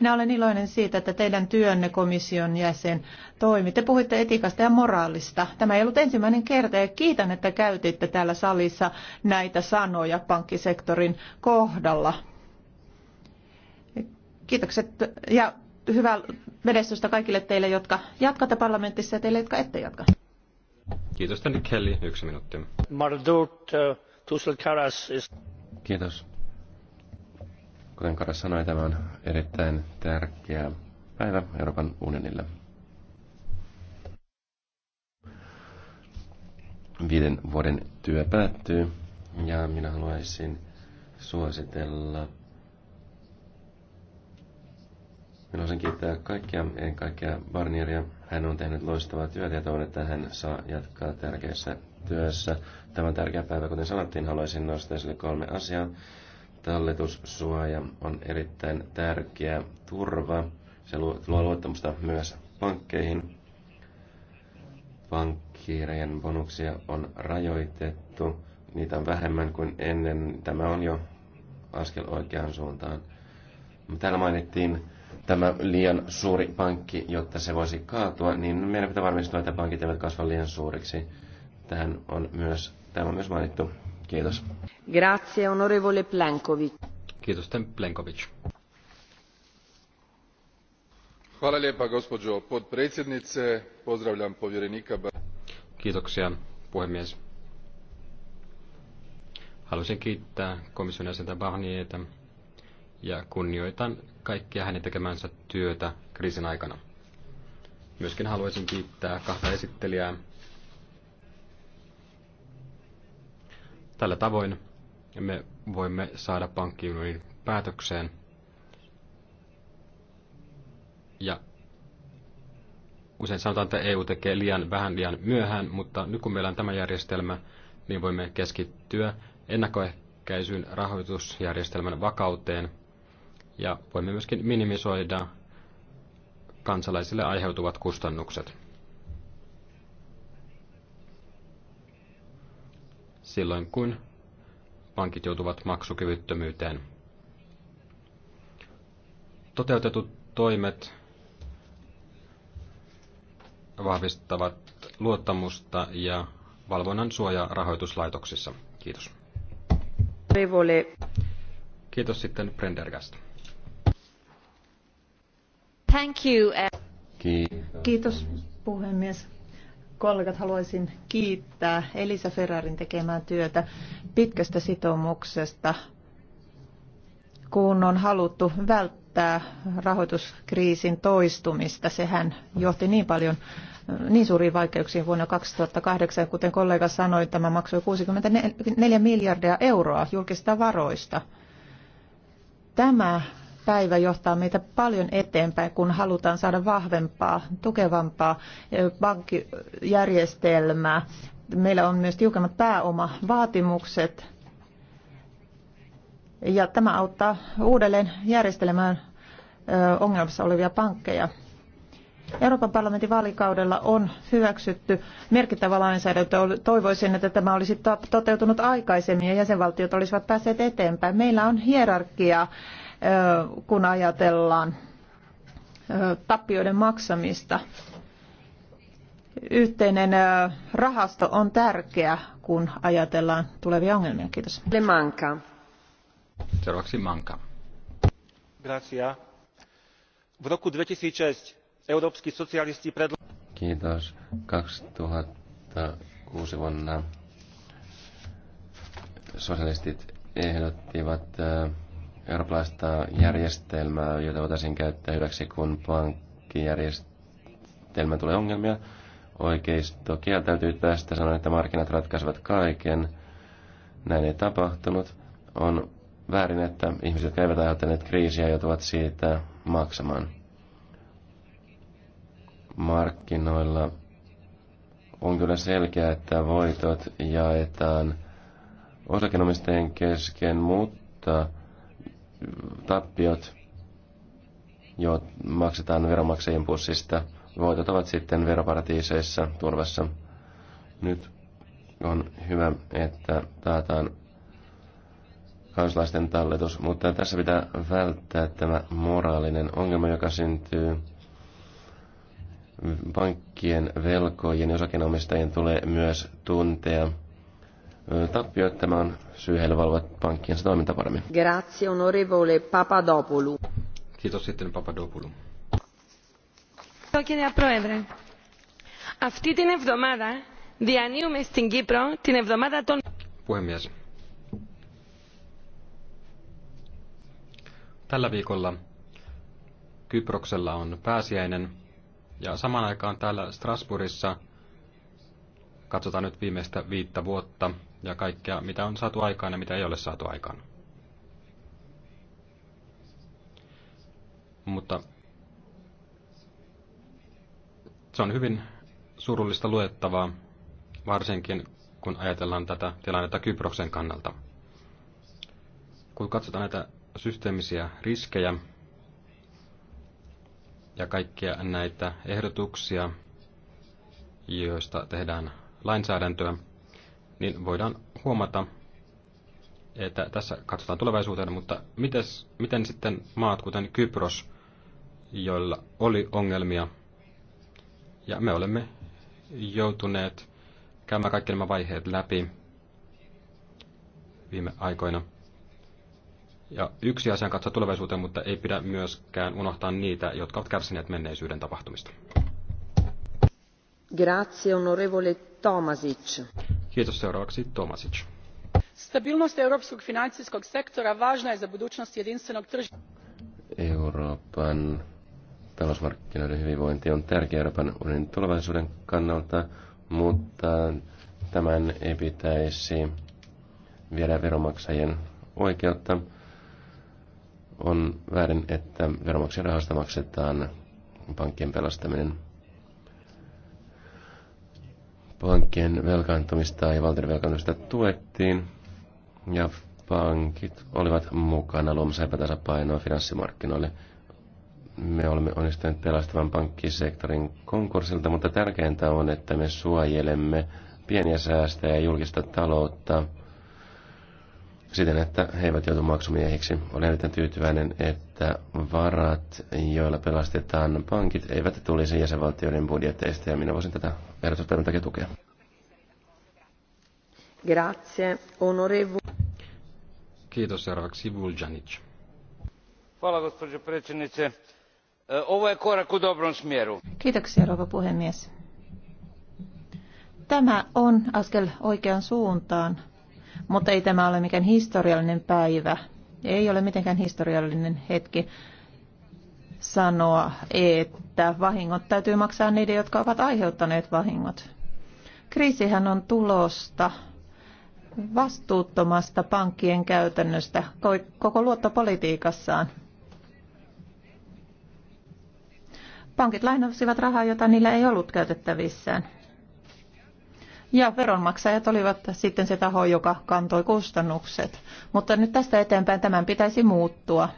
Minä olen iloinen siitä, että teidän työnne komission jäsen toimi. Te puhuitte etiikasta ja moraalista. Tämä ei ollut ensimmäinen kerta ja kiitän, että käytitte täällä salissa näitä sanoja pankkisektorin kohdalla. Kiitokset ja hyvää vedestystä kaikille teille, jotka jatkatte parlamentissa ja teille, jotka ette jatka. Kiitos, Tänne Kelly. Yksi minuutti. Uh, Kiitos Kuten Kara sanoi, tämä on erittäin tärkeä päivä Euroopan unionille. Viiden vuoden työ päättyy ja minä haluaisin suositella. Minä haluaisin kiittää kaikkia, en kaikkia Barnieria. Hän on tehnyt loistavaa työtä ja toivon, että hän saa jatkaa tärkeässä työssä. Tämä on tärkeä päivä, kuten sanottiin, haluaisin nostaa esille kolme asiaa talletussuoja on erittäin tärkeä turva. Se luo luottamusta myös pankkeihin. Pankkiirien bonuksia on rajoitettu. Niitä on vähemmän kuin ennen. Tämä on jo askel oikeaan suuntaan. Täällä mainittiin tämä liian suuri pankki, jotta se voisi kaatua, niin meidän pitää varmistua, että pankit eivät kasva liian suuriksi. Tähän on myös, tämä on myös mainittu Kiitos. Grazie, onorevole Plenković. Kiitos, Plenković. Hvala lijepa, gospođo potpredsjednice. Pozdravljam povjerenika. Kiitoksia, puhemies. Haluaisin kiittää komission jäsentä Barnierta ja kunnioitan kaikkia hänen tekemänsä työtä kriisin aikana. Myöskin haluaisin kiittää kahta esittelijää, Tällä tavoin me voimme saada pankkiunionin päätökseen. Ja usein sanotaan, että EU tekee liian vähän liian myöhään, mutta nyt kun meillä on tämä järjestelmä, niin voimme keskittyä ennakkoehkäisyyn rahoitusjärjestelmän vakauteen ja voimme myöskin minimisoida kansalaisille aiheutuvat kustannukset. silloin, kun pankit joutuvat maksukyvyttömyyteen. Toteutetut toimet vahvistavat luottamusta ja valvonnan suojaa rahoituslaitoksissa. Kiitos. Kiitos sitten Prendergast. Thank you. Eh. Kiitos. Kiitos puhemies kollegat, haluaisin kiittää Elisa Ferrarin tekemää työtä pitkästä sitoumuksesta, kun on haluttu välttää rahoituskriisin toistumista. Sehän johti niin paljon niin suuriin vaikeuksiin vuonna 2008, kuten kollega sanoi, tämä maksoi 64 miljardia euroa julkista varoista. Tämä päivä johtaa meitä paljon eteenpäin, kun halutaan saada vahvempaa, tukevampaa pankkijärjestelmää. Meillä on myös tiukemmat pääomavaatimukset ja tämä auttaa uudelleen järjestelemään ongelmassa olevia pankkeja. Euroopan parlamentin vaalikaudella on hyväksytty merkittävä lainsäädäntö. Toivoisin, että tämä olisi toteutunut aikaisemmin ja jäsenvaltiot olisivat päässeet eteenpäin. Meillä on hierarkia kun ajatellaan tappioiden maksamista. Yhteinen rahasto on tärkeä, kun ajatellaan tulevia ongelmia. Kiitos. Le manca. Seuraavaksi manka. Grazie. W roku 2006 europski predla... Kiitos. 2006 vuonna sosialistit ehdottivat äh, eurooppalaista järjestelmää, jota voitaisiin käyttää hyväksi, kun pankkijärjestelmä tulee ongelmia. Oikeisto kieltäytyy tästä, sanoi, että markkinat ratkaisevat kaiken. Näin ei tapahtunut. On väärin, että ihmiset, jotka eivät aiheuttaneet kriisiä, joutuvat siitä maksamaan. Markkinoilla on kyllä selkeää, että voitot jaetaan osakenomistajien kesken, mutta tappiot, jo maksetaan veromaksajien pussista. Voitot ovat sitten veroparatiiseissa turvassa. Nyt on hyvä, että taataan kansalaisten talletus, mutta tässä pitää välttää tämä moraalinen ongelma, joka syntyy pankkien velkojen ja osakenomistajien tulee myös tuntea tappiot. Tämä on syy heille valvoa pankkiensa toiminta paremmin. Grazie, onorevole Papadopoulou. Kiitos sitten Papadopoulou. Κύριε Πρόεδρε, αυτή την εβδομάδα διανύουμε στην Κύπρο την εβδομάδα των... Puhemies. Tällä viikolla Kyproksella on pääsiäinen ja samaan aikaan täällä Strasbourgissa katsotaan nyt viimeistä viittä vuotta – ja kaikkea, mitä on saatu aikaan ja mitä ei ole saatu aikaan. Mutta se on hyvin surullista luettavaa, varsinkin kun ajatellaan tätä tilannetta Kyproksen kannalta. Kun katsotaan näitä systeemisiä riskejä ja kaikkia näitä ehdotuksia, joista tehdään lainsäädäntöä, niin voidaan huomata, että tässä katsotaan tulevaisuuteen, mutta mites, miten sitten maat, kuten Kypros, joilla oli ongelmia, ja me olemme joutuneet käymään kaikki nämä vaiheet läpi viime aikoina. Ja yksi asia on katsoa tulevaisuuteen, mutta ei pidä myöskään unohtaa niitä, jotka ovat kärsineet menneisyyden tapahtumista. Grazie, onorevole Tomasic. Kiitos seuraavaksi Tomasic. Stabilnost europskog financijskog sektora važna je za budućnost jedinstvenog tržišta. Euroopan talousmarkkinoiden hyvinvointi on tärkeä Euroopan unionin tulevaisuuden kannalta, mutta tämän ei pitäisi viedä veronmaksajien oikeutta. On väärin, että veronmaksajien rahasta maksetaan pankkien pelastaminen pankkien velkaantumista ja valtion velkaantumista tuettiin ja pankit olivat mukana luomassa epätasapainoa finanssimarkkinoille. Me olemme onnistuneet pelastamaan pankkisektorin konkurssilta, mutta tärkeintä on, että me suojelemme pieniä säästöjä ja julkista taloutta – siten, että he eivät joutu maksumiehiksi. Olen erittäin tyytyväinen, että varat, joilla pelastetaan pankit, eivät tulisi jäsenvaltioiden budjetteista, ja minä voisin tätä ehdotusta takia tukea. Grazie. Onorevo. Kiitos. Seuraavaksi Vuljanic. Hvala, gospođo predsjednice. E, ovo je korak u dobrom smjeru. Kiitoksia, rouva puhemies. Tämä on askel oikeaan suuntaan mutta ei tämä ole mikään historiallinen päivä. Ei ole mitenkään historiallinen hetki sanoa, että vahingot täytyy maksaa niiden, jotka ovat aiheuttaneet vahingot. Kriisihän on tulosta vastuuttomasta pankkien käytännöstä koko luottopolitiikassaan. Pankit lainasivat rahaa, jota niillä ei ollut käytettävissään ja veronmaksajat olivat sitten se taho, joka kantoi kustannukset. Mutta nyt tästä eteenpäin tämän pitäisi muuttua.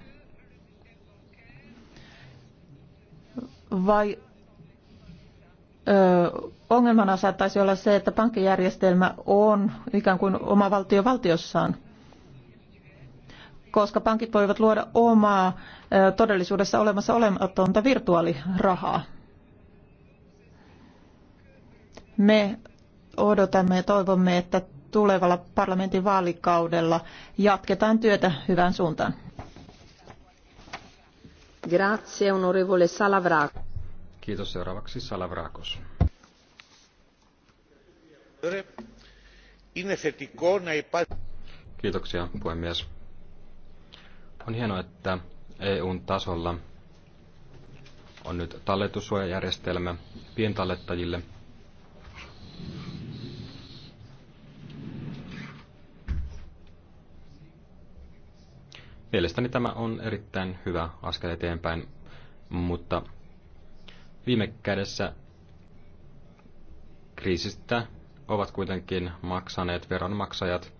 Vai ö, ongelmana saattaisi olla se, että pankkijärjestelmä on ikään kuin oma valtio valtiossaan, koska pankit voivat luoda omaa ö, todellisuudessa olemassa olematonta virtuaalirahaa. Me odotamme ja toivomme, että tulevalla parlamentin vaalikaudella jatketaan työtä hyvään suuntaan. Grazie, onorevole Salavrakos. Kiitos. Seuraavaksi Salavrakos. Kiitoksia, puhemies. On hienoa, että EUn tasolla on nyt talletussuojajärjestelmä pientallettajille. Mielestäni tämä on erittäin hyvä askel eteenpäin, mutta viime kädessä kriisistä ovat kuitenkin maksaneet veronmaksajat,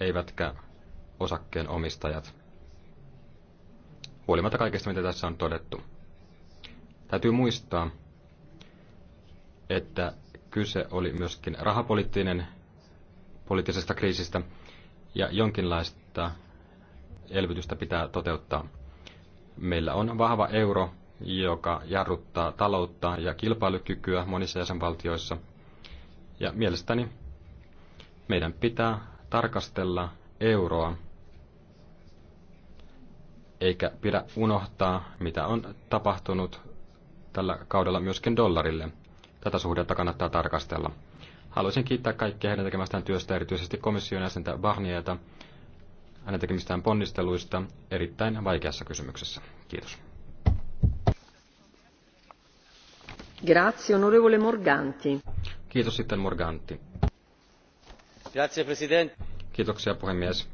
eivätkä osakkeen omistajat. Huolimatta kaikesta, mitä tässä on todettu. Täytyy muistaa, että kyse oli myöskin rahapoliittinen poliittisesta kriisistä ja jonkinlaista elvytystä pitää toteuttaa. Meillä on vahva euro, joka jarruttaa taloutta ja kilpailukykyä monissa jäsenvaltioissa. Ja mielestäni meidän pitää tarkastella euroa, eikä pidä unohtaa, mitä on tapahtunut tällä kaudella myöskin dollarille. Tätä suhdetta kannattaa tarkastella. Haluaisin kiittää kaikkia heidän tekemästään työstä, erityisesti komission jäsentä Barnierta, hänen tekemistään ponnisteluista erittäin vaikeassa kysymyksessä. Kiitos. Grazie, onorevole Morganti. Kiitos sitten Morganti. Grazie, president. Kiitoksia puhemies.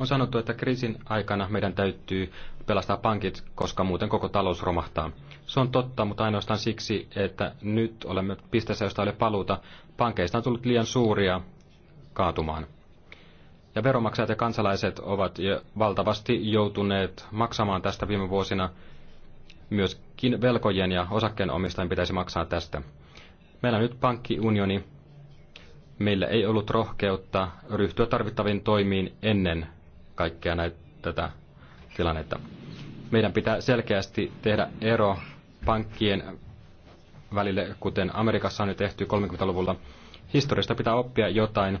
On sanottu, että kriisin aikana meidän täytyy pelastaa pankit, koska muuten koko talous romahtaa. Se on totta, mutta ainoastaan siksi, että nyt olemme pisteessä, josta ei ole paluuta. Pankeista on tullut liian suuria kaatumaan. Ja veromaksajat ja kansalaiset ovat valtavasti joutuneet maksamaan tästä viime vuosina. Myöskin velkojen ja osakkeenomistajien pitäisi maksaa tästä. Meillä on nyt pankkiunioni. Meillä ei ollut rohkeutta ryhtyä tarvittaviin toimiin ennen kaikkea näitä, tätä tilannetta. Meidän pitää selkeästi tehdä ero pankkien välille, kuten Amerikassa on nyt tehty 30-luvulla. Historiasta pitää oppia jotain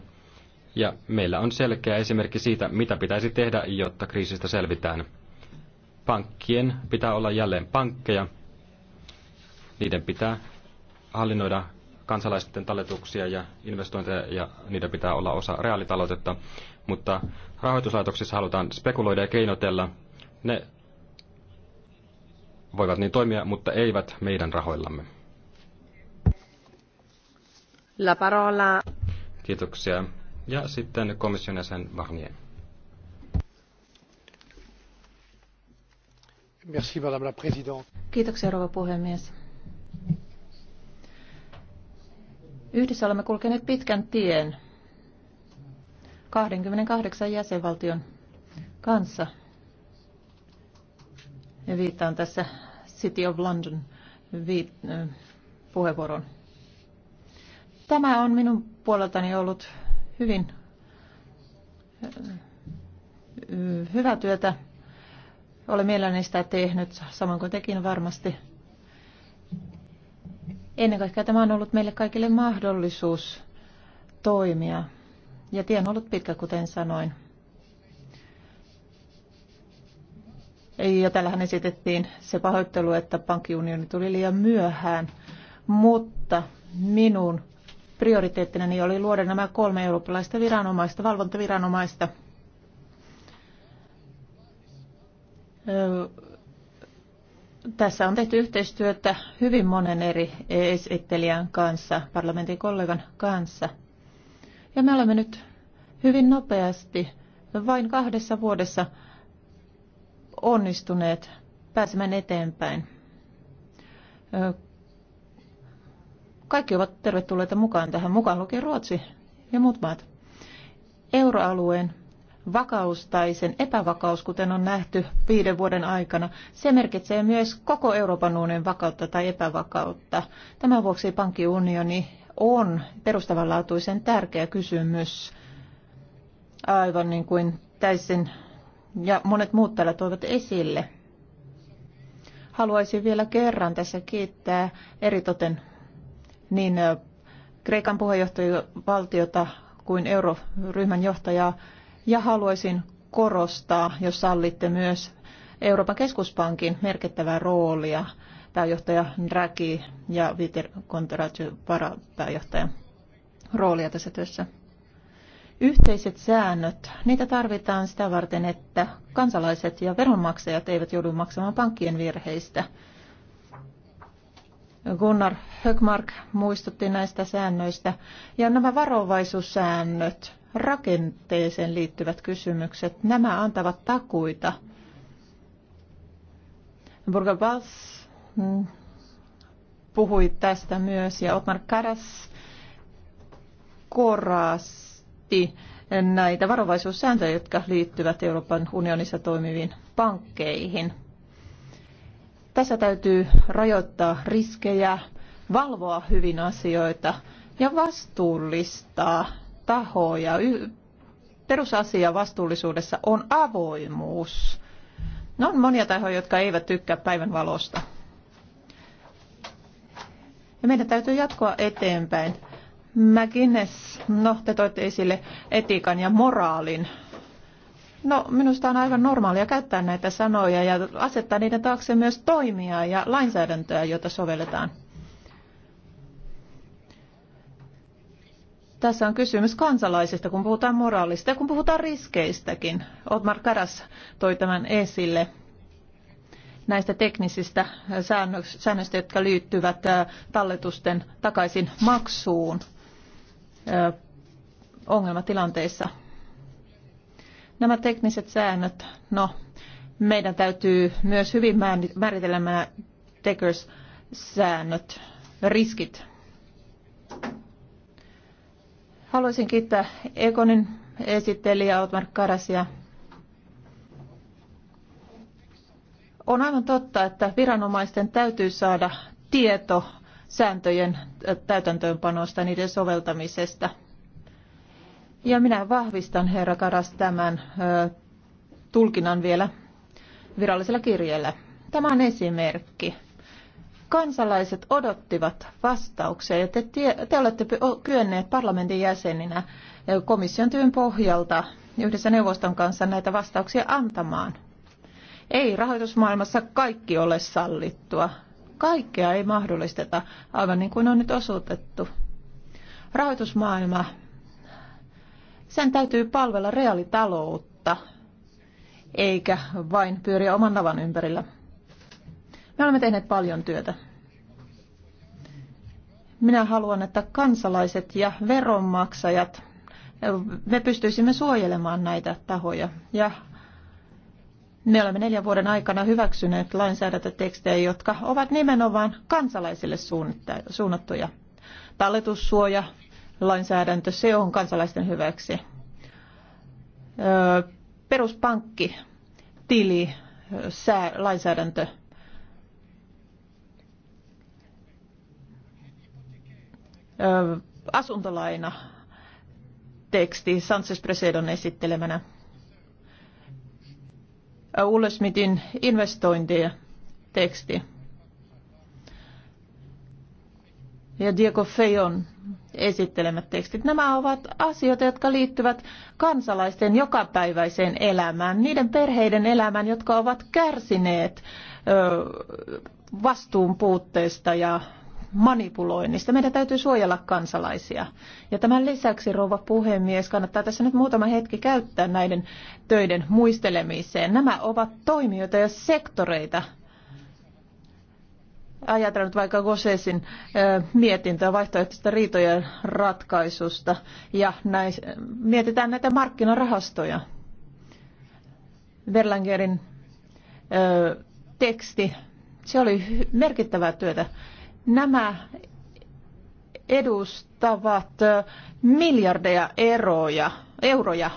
ja meillä on selkeä esimerkki siitä, mitä pitäisi tehdä, jotta kriisistä selvitään. Pankkien pitää olla jälleen pankkeja. Niiden pitää hallinnoida kansalaisten talletuksia ja investointeja ja niiden pitää olla osa reaalitaloutetta, mutta rahoituslaitoksissa halutaan spekuloida ja keinotella. Ne voivat niin toimia, mutta eivät meidän rahoillamme. La parola. Kiitoksia. Ja sitten komission jäsen Barnier. Merci, madame la présidente. Kiitoksia, rouva puhemies. Yhdessä olemme kulkeneet pitkän tien 28 jäsenvaltion kanssa. Ja viittaan tässä City of London viit- äh, puheenvuoron. Tämä on minun puoleltani ollut hyvin hyvää työtä. Olen mielelläni sitä tehnyt, samoin kuin tekin varmasti. Ennen kaikkea tämä on ollut meille kaikille mahdollisuus toimia. Ja tie on ollut pitkä, kuten sanoin. Ja tällähän esitettiin se pahoittelu, että pankkiunioni tuli liian myöhään, mutta minun prioriteettina niin oli luoda nämä kolme eurooppalaista viranomaista, valvontaviranomaista. Tässä on tehty yhteistyötä hyvin monen eri esittelijän kanssa, parlamentin kollegan kanssa. Ja me olemme nyt hyvin nopeasti, vain kahdessa vuodessa onnistuneet pääsemään eteenpäin kaikki ovat tervetulleita mukaan tähän, mukaan lukien Ruotsi ja muut maat. Euroalueen vakaus tai sen epävakaus, kuten on nähty viiden vuoden aikana, se merkitsee myös koko Euroopan unionin vakautta tai epävakautta. Tämän vuoksi pankkiunioni on perustavanlaatuisen tärkeä kysymys, aivan niin kuin täysin ja monet muut täällä toivat esille. Haluaisin vielä kerran tässä kiittää eritoten niin Kreikan puheenjohtajavaltiota kuin euroryhmän johtajaa ja haluaisin korostaa, jos sallitte myös Euroopan keskuspankin merkittävää roolia, pääjohtaja Draghi ja Viter Kontaraju varapääjohtajan roolia tässä työssä. Yhteiset säännöt, niitä tarvitaan sitä varten, että kansalaiset ja veronmaksajat eivät joudu maksamaan pankkien virheistä – Gunnar Högmark muistutti näistä säännöistä. Ja nämä varovaisuussäännöt, rakenteeseen liittyvät kysymykset, nämä antavat takuita. Burger Bals mm, puhui tästä myös ja Otmar Karas korasti näitä varovaisuussääntöjä, jotka liittyvät Euroopan unionissa toimiviin pankkeihin. Tässä täytyy rajoittaa riskejä, valvoa hyvin asioita ja vastuullistaa tahoja. Perusasia vastuullisuudessa on avoimuus. No on monia tahoja, jotka eivät tykkää päivän valosta. Ja meidän täytyy jatkoa eteenpäin. McGuinness, no te toitte esille etiikan ja moraalin. No minusta on aivan normaalia käyttää näitä sanoja ja asettaa niiden taakse myös toimia ja lainsäädäntöä, jota sovelletaan. Tässä on kysymys kansalaisista, kun puhutaan moraalista ja kun puhutaan riskeistäkin. Otmar Karas toi tämän esille näistä teknisistä säännöistä, jotka liittyvät talletusten takaisin maksuun ongelmatilanteissa – Nämä tekniset säännöt, no meidän täytyy myös hyvin määritellä nämä Tekers-säännöt, riskit. Haluaisin kiittää Ekonin esittelijä Otmar Karasia. On aivan totta, että viranomaisten täytyy saada tieto sääntöjen täytäntöönpanosta niiden soveltamisesta – ja minä vahvistan, herra Karas, tämän ö, tulkinnan vielä virallisella kirjeellä. Tämä on esimerkki. Kansalaiset odottivat vastauksia ja te, tie, te olette kyenneet parlamentin jäseninä komission työn pohjalta yhdessä neuvoston kanssa näitä vastauksia antamaan. Ei rahoitusmaailmassa kaikki ole sallittua. Kaikkea ei mahdollisteta, aivan niin kuin on nyt osoitettu. Rahoitusmaailma sen täytyy palvella reaalitaloutta, eikä vain pyöriä oman navan ympärillä. Me olemme tehneet paljon työtä. Minä haluan, että kansalaiset ja veronmaksajat, me pystyisimme suojelemaan näitä tahoja. Ja me olemme neljän vuoden aikana hyväksyneet lainsäädäntötekstejä, jotka ovat nimenomaan kansalaisille suunnattuja. Talletussuoja, lainsäädäntö, se on kansalaisten hyväksi. Peruspankki, tili, sää, lainsäädäntö. Asuntolaina, teksti Sanchez Presedon esittelemänä. Ulle Smithin investointeja teksti. Ja Diego Feijon esittelemät tekstit. Nämä ovat asioita, jotka liittyvät kansalaisten jokapäiväiseen elämään, niiden perheiden elämään, jotka ovat kärsineet vastuun puutteesta ja manipuloinnista. Meidän täytyy suojella kansalaisia. Ja tämän lisäksi, rouva puhemies, kannattaa tässä nyt muutama hetki käyttää näiden töiden muistelemiseen. Nämä ovat toimijoita ja sektoreita, Ajatellut vaikka Gosesin mietintöä vaihtoehtoista riitojen ratkaisusta ja näis, mietitään näitä markkinarahastoja. Verlangerin ö, teksti, se oli merkittävää työtä. Nämä edustavat miljardeja eroja, euroja.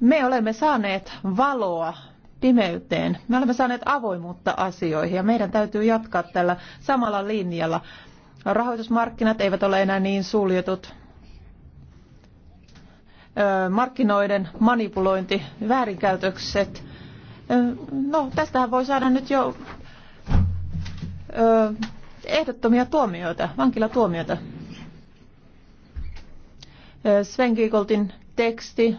Me olemme saaneet valoa pimeyteen. Me olemme saaneet avoimuutta asioihin ja meidän täytyy jatkaa tällä samalla linjalla. Rahoitusmarkkinat eivät ole enää niin suljetut. Markkinoiden manipulointi, väärinkäytökset. No, tästähän voi saada nyt jo ehdottomia tuomioita, vankilatuomioita. Sven Giegoldin teksti,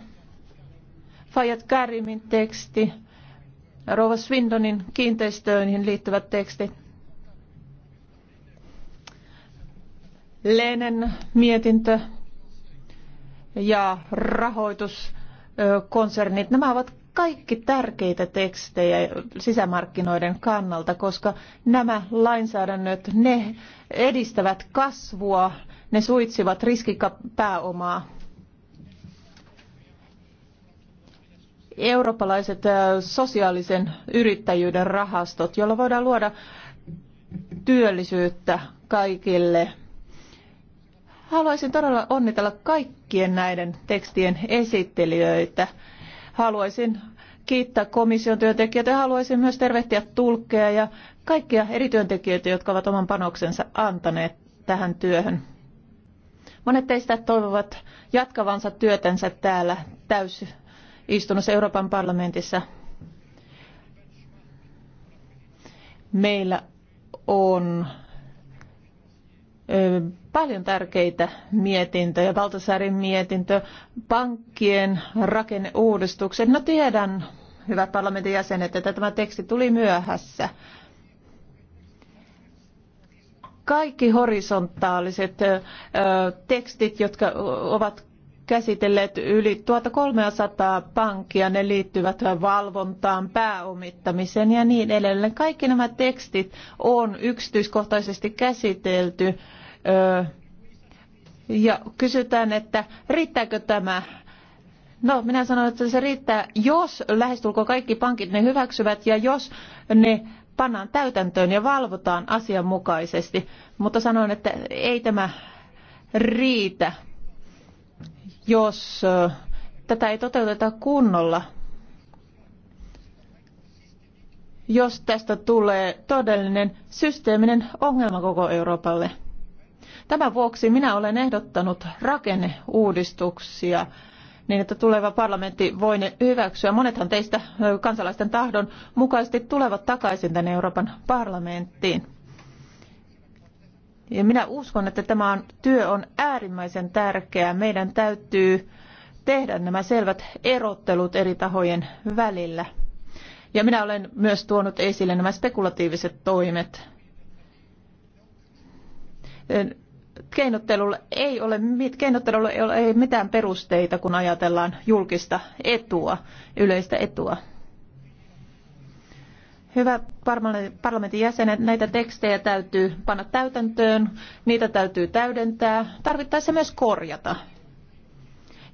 Fajat Karimin teksti, Rova Swindonin kiinteistöihin liittyvät tekstit. Lenen mietintö ja rahoituskonsernit, nämä ovat kaikki tärkeitä tekstejä sisämarkkinoiden kannalta, koska nämä lainsäädännöt, ne edistävät kasvua, ne suitsivat riskipääomaa. eurooppalaiset äh, sosiaalisen yrittäjyyden rahastot, joilla voidaan luoda työllisyyttä kaikille. Haluaisin todella onnitella kaikkien näiden tekstien esittelijöitä. Haluaisin kiittää komission työntekijöitä ja haluaisin myös tervehtiä tulkkeja ja kaikkia eri työntekijöitä, jotka ovat oman panoksensa antaneet tähän työhön. Monet teistä toivovat jatkavansa työtänsä täällä täysin istunnossa Euroopan parlamentissa meillä on paljon tärkeitä mietintöjä. Valtasarin mietintö, pankkien rakenneuudistukset. No tiedän, hyvät parlamentin jäsenet, että tämä teksti tuli myöhässä. Kaikki horisontaaliset tekstit, jotka ovat käsitelleet yli 1300 pankkia. Ne liittyvät valvontaan, pääomittamiseen ja niin edelleen. Kaikki nämä tekstit on yksityiskohtaisesti käsitelty. Ja kysytään, että riittääkö tämä No, minä sanon, että se riittää, jos lähestulkoon kaikki pankit ne hyväksyvät ja jos ne pannaan täytäntöön ja valvotaan asianmukaisesti. Mutta sanon, että ei tämä riitä jos tätä ei toteuteta kunnolla, jos tästä tulee todellinen systeeminen ongelma koko Euroopalle. Tämän vuoksi minä olen ehdottanut rakenneuudistuksia niin, että tuleva parlamentti voi ne hyväksyä. Monethan teistä kansalaisten tahdon mukaisesti tulevat takaisin tänne Euroopan parlamenttiin. Ja minä uskon, että tämä on, työ on äärimmäisen tärkeää. Meidän täytyy tehdä nämä selvät erottelut eri tahojen välillä. Ja minä olen myös tuonut esille nämä spekulatiiviset toimet. Keinottelulla ei ole, keinottelulla ei ole mitään perusteita, kun ajatellaan julkista etua, yleistä etua. Hyvät parlamentin jäsenet, näitä tekstejä täytyy panna täytäntöön, niitä täytyy täydentää, tarvittaessa myös korjata.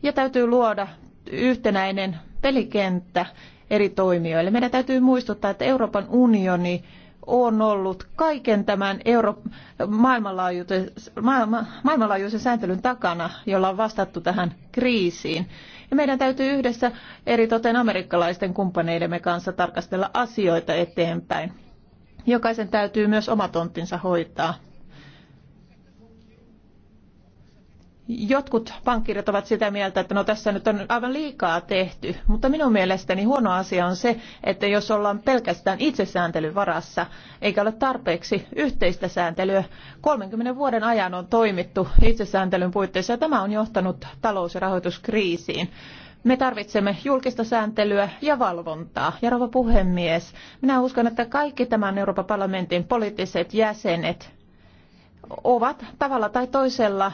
Ja täytyy luoda yhtenäinen pelikenttä eri toimijoille. Meidän täytyy muistuttaa, että Euroopan unioni on ollut kaiken tämän euro- maailmanlaajuisen, maailmanlaajuisen sääntelyn takana, jolla on vastattu tähän kriisiin. Ja meidän täytyy yhdessä eri toten amerikkalaisten kumppaneidemme kanssa tarkastella asioita eteenpäin. Jokaisen täytyy myös oma tonttinsa hoitaa. Jotkut pankkirit ovat sitä mieltä, että no tässä nyt on aivan liikaa tehty, mutta minun mielestäni huono asia on se, että jos ollaan pelkästään itsesääntelyn varassa, eikä ole tarpeeksi yhteistä sääntelyä, 30 vuoden ajan on toimittu itsesääntelyn puitteissa ja tämä on johtanut talous- ja rahoituskriisiin. Me tarvitsemme julkista sääntelyä ja valvontaa. Ja rouva puhemies, minä uskon, että kaikki tämän Euroopan parlamentin poliittiset jäsenet ovat tavalla tai toisella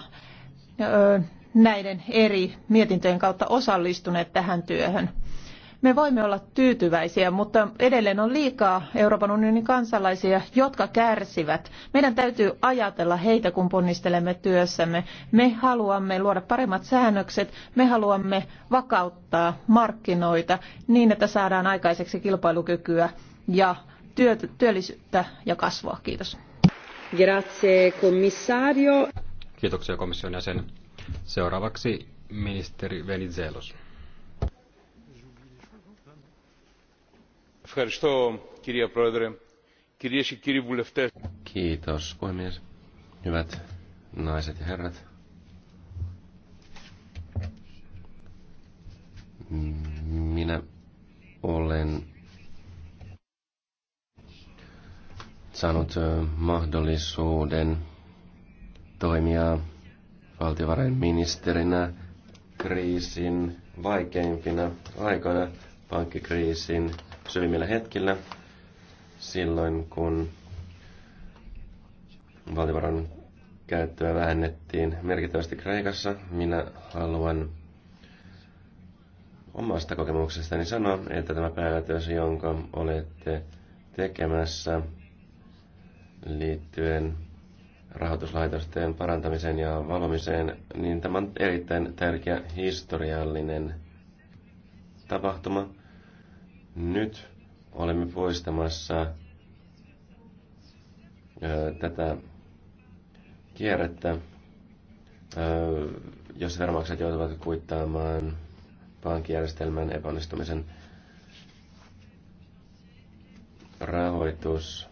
näiden eri mietintöjen kautta osallistuneet tähän työhön. Me voimme olla tyytyväisiä, mutta edelleen on liikaa Euroopan unionin kansalaisia, jotka kärsivät. Meidän täytyy ajatella heitä, kun ponnistelemme työssämme. Me haluamme luoda paremmat säännökset, me haluamme vakauttaa markkinoita niin, että saadaan aikaiseksi kilpailukykyä ja työllisyyttä ja kasvua. Kiitos. Grazie, commissario. Kiitoksia komission jäsen. Seuraavaksi ministeri Venizelos. Kiitos puhemies. Hyvät naiset ja herrat. Minä olen saanut mahdollisuuden toimia valtiovarainministerinä kriisin vaikeimpina aikoina, pankkikriisin syvimmillä hetkillä, silloin kun valtivaran käyttöä vähennettiin merkittävästi Kreikassa. Minä haluan omasta kokemuksestani sanoa, että tämä päätös, jonka olette tekemässä liittyen rahoituslaitosten parantamiseen ja valomiseen, niin tämä on erittäin tärkeä historiallinen tapahtuma. Nyt olemme poistamassa ö, tätä kierrettä, ö, jos veronmaksajat joutuvat kuittaamaan pankkijärjestelmän epäonnistumisen rahoitus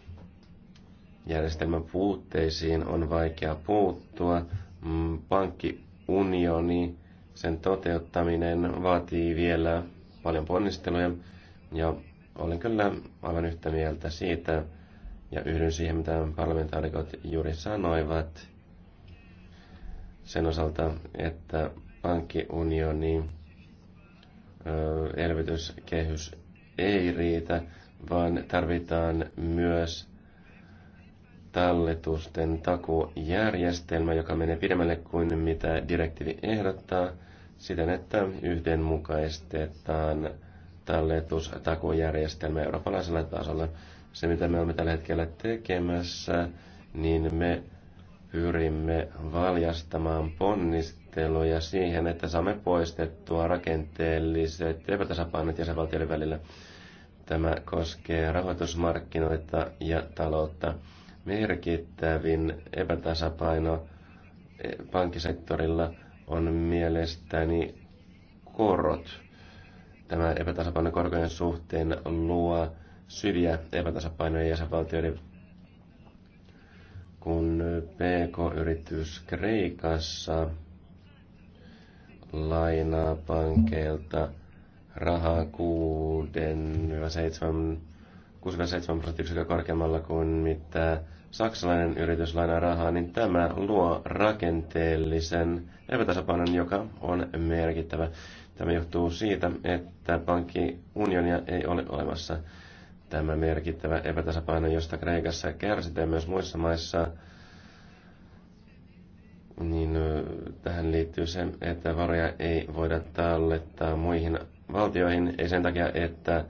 järjestelmän puutteisiin on vaikea puuttua. Mm, pankkiunioni, sen toteuttaminen vaatii vielä paljon ponnisteluja ja olen kyllä aivan yhtä mieltä siitä ja yhdyn siihen, mitä parlamentaarikot juuri sanoivat sen osalta, että pankkiunioni elvytyskehys ei riitä, vaan tarvitaan myös talletusten takujärjestelmä, joka menee pidemmälle kuin mitä direktiivi ehdottaa, siten että yhdenmukaistetaan talletustakuujärjestelmä eurooppalaisella tasolla. Se, mitä me olemme tällä hetkellä tekemässä, niin me pyrimme valjastamaan ponnisteluja siihen, että saamme poistettua rakenteelliset epätasapainot jäsenvaltioiden välillä. Tämä koskee rahoitusmarkkinoita ja taloutta. Merkittävin epätasapaino e, pankkisektorilla on mielestäni korot. Tämä epätasapaino korkojen suhteen luo syviä epätasapainoja jäsenvaltioiden kun PK-yritys Kreikassa lainaa pankeilta rahaa 6-7 67 prosenttiyksikköä korkeammalla kuin mitä saksalainen yritys lainaa rahaa, niin tämä luo rakenteellisen epätasapainon, joka on merkittävä. Tämä johtuu siitä, että pankkiunionia ei ole olemassa. Tämä merkittävä epätasapaino, josta Kreikassa kärsitään myös muissa maissa, niin tähän liittyy se, että varoja ei voida tallettaa muihin valtioihin, ei sen takia, että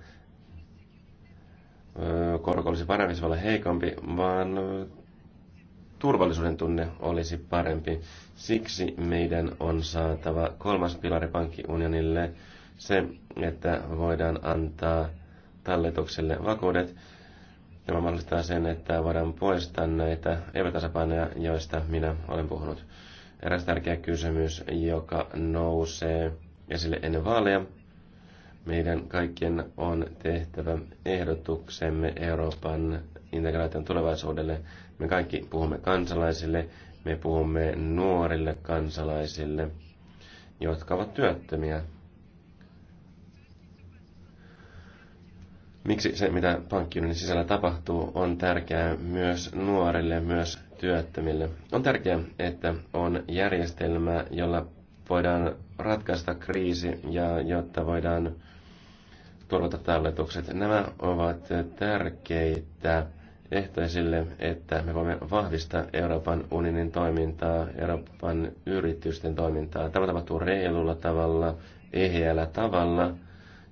korko olisi parempi, se voi olla heikompi, vaan turvallisuuden tunne olisi parempi. Siksi meidän on saatava kolmas pilari pankkiunionille se, että voidaan antaa talletukselle vakuudet. Tämä mahdollistaa sen, että voidaan poistaa näitä epätasapainoja, joista minä olen puhunut. Eräs tärkeä kysymys, joka nousee esille ennen vaaleja, meidän kaikkien on tehtävä ehdotuksemme Euroopan integraation tulevaisuudelle. Me kaikki puhumme kansalaisille, me puhumme nuorille kansalaisille, jotka ovat työttömiä. Miksi se, mitä pankkiunionin sisällä tapahtuu, on tärkeää myös nuorille, myös työttömille? On tärkeää, että on järjestelmä, jolla voidaan ratkaista kriisi ja jotta voidaan korvata talletukset. Nämä ovat tärkeitä ehtoja sille, että me voimme vahvistaa Euroopan unionin toimintaa, Euroopan yritysten toimintaa. Tämä tapahtuu reilulla tavalla, eheällä tavalla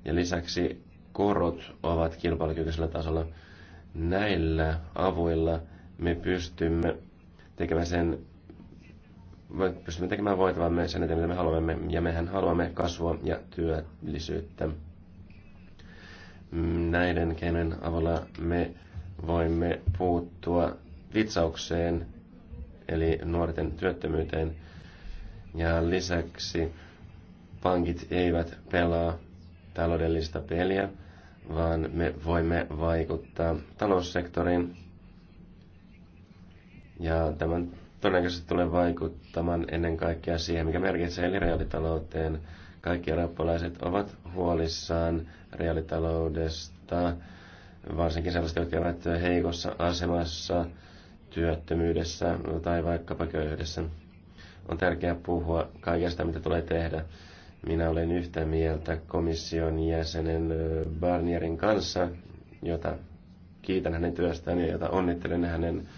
ja lisäksi korot ovat kilpailukykyisellä tasolla. Näillä avuilla me pystymme tekemään sen pystymme tekemään voitavamme sen eteen, mitä me haluamme, ja mehän haluamme kasvua ja työllisyyttä. Näiden kenen avulla me voimme puuttua vitsaukseen, eli nuorten työttömyyteen. Ja lisäksi pankit eivät pelaa taloudellista peliä, vaan me voimme vaikuttaa taloussektoriin. Ja tämän todennäköisesti tulee vaikuttamaan ennen kaikkea siihen, mikä merkitsee eli reaalitalouteen. Kaikki eurooppalaiset ovat huolissaan reaalitaloudesta, varsinkin sellaista, jotka ovat heikossa asemassa, työttömyydessä tai vaikkapa köyhyydessä. On tärkeää puhua kaikesta, mitä tulee tehdä. Minä olen yhtä mieltä komission jäsenen Barnierin kanssa, jota kiitän hänen työstään ja jota onnittelen hänen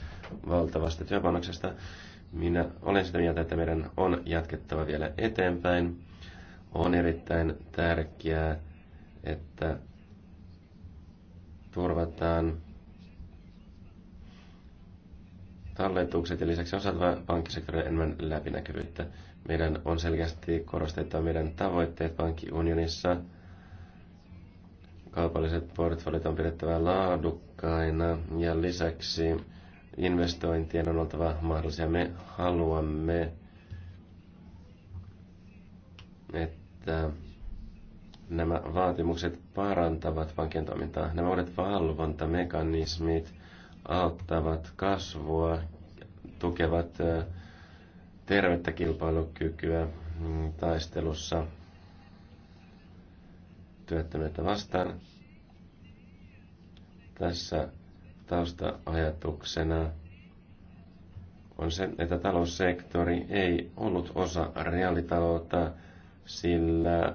valtavasta työpanoksesta. Minä olen sitä mieltä, että meidän on jatkettava vielä eteenpäin. On erittäin tärkeää että turvataan talletukset ja lisäksi on saatava pankkisektorin enemmän läpinäkyvyyttä. Meidän on selkeästi korostettava meidän tavoitteet pankkiunionissa. Kaupalliset portfolit on pidettävä laadukkaina ja lisäksi investointien on oltava mahdollisia. Me haluamme, että nämä vaatimukset parantavat pankkien toimintaa. Nämä uudet valvontamekanismit auttavat kasvua, tukevat tervettä kilpailukykyä mm, taistelussa työttömyyttä vastaan. Tässä tausta-ajatuksena on se, että taloussektori ei ollut osa reaalitaloutta, sillä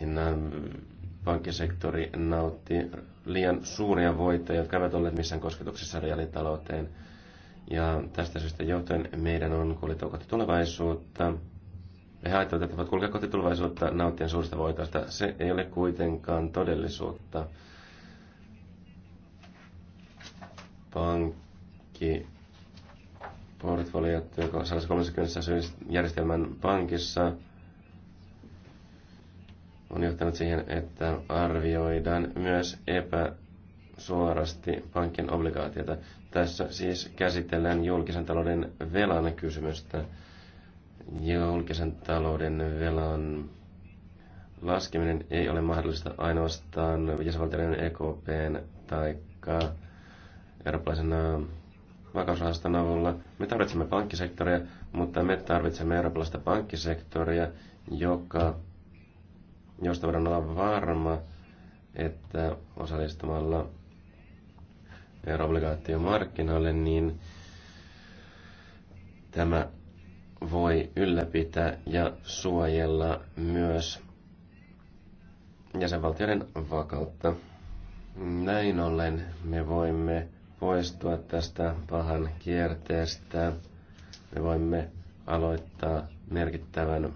hinnan pankkisektori nautti liian suuria voittoja, jotka eivät olleet missään kosketuksessa reaalitalouteen. Ja tästä syystä johtuen meidän on kuljettava kohti tulevaisuutta. He ajattelevat, että voivat kulkea kohti tulevaisuutta nauttien suurista voitoista. Se ei ole kuitenkaan todellisuutta. Pankki portfoliot, joka 130 järjestelmän pankissa, on johtanut siihen, että arvioidaan myös epäsuorasti pankin obligaatiota. Tässä siis käsitellään julkisen talouden velan kysymystä. Julkisen talouden velan laskeminen ei ole mahdollista ainoastaan jäsenvaltioiden EKPn tai eurooppalaisen vakausrahaston avulla. Me tarvitsemme pankkisektoria, mutta me tarvitsemme eurooppalaista pankkisektoria, joka josta voidaan olla varma, että osallistumalla euroobligaatiomarkkinoille, niin tämä voi ylläpitää ja suojella myös jäsenvaltioiden vakautta. Näin ollen me voimme poistua tästä pahan kierteestä. Me voimme aloittaa merkittävän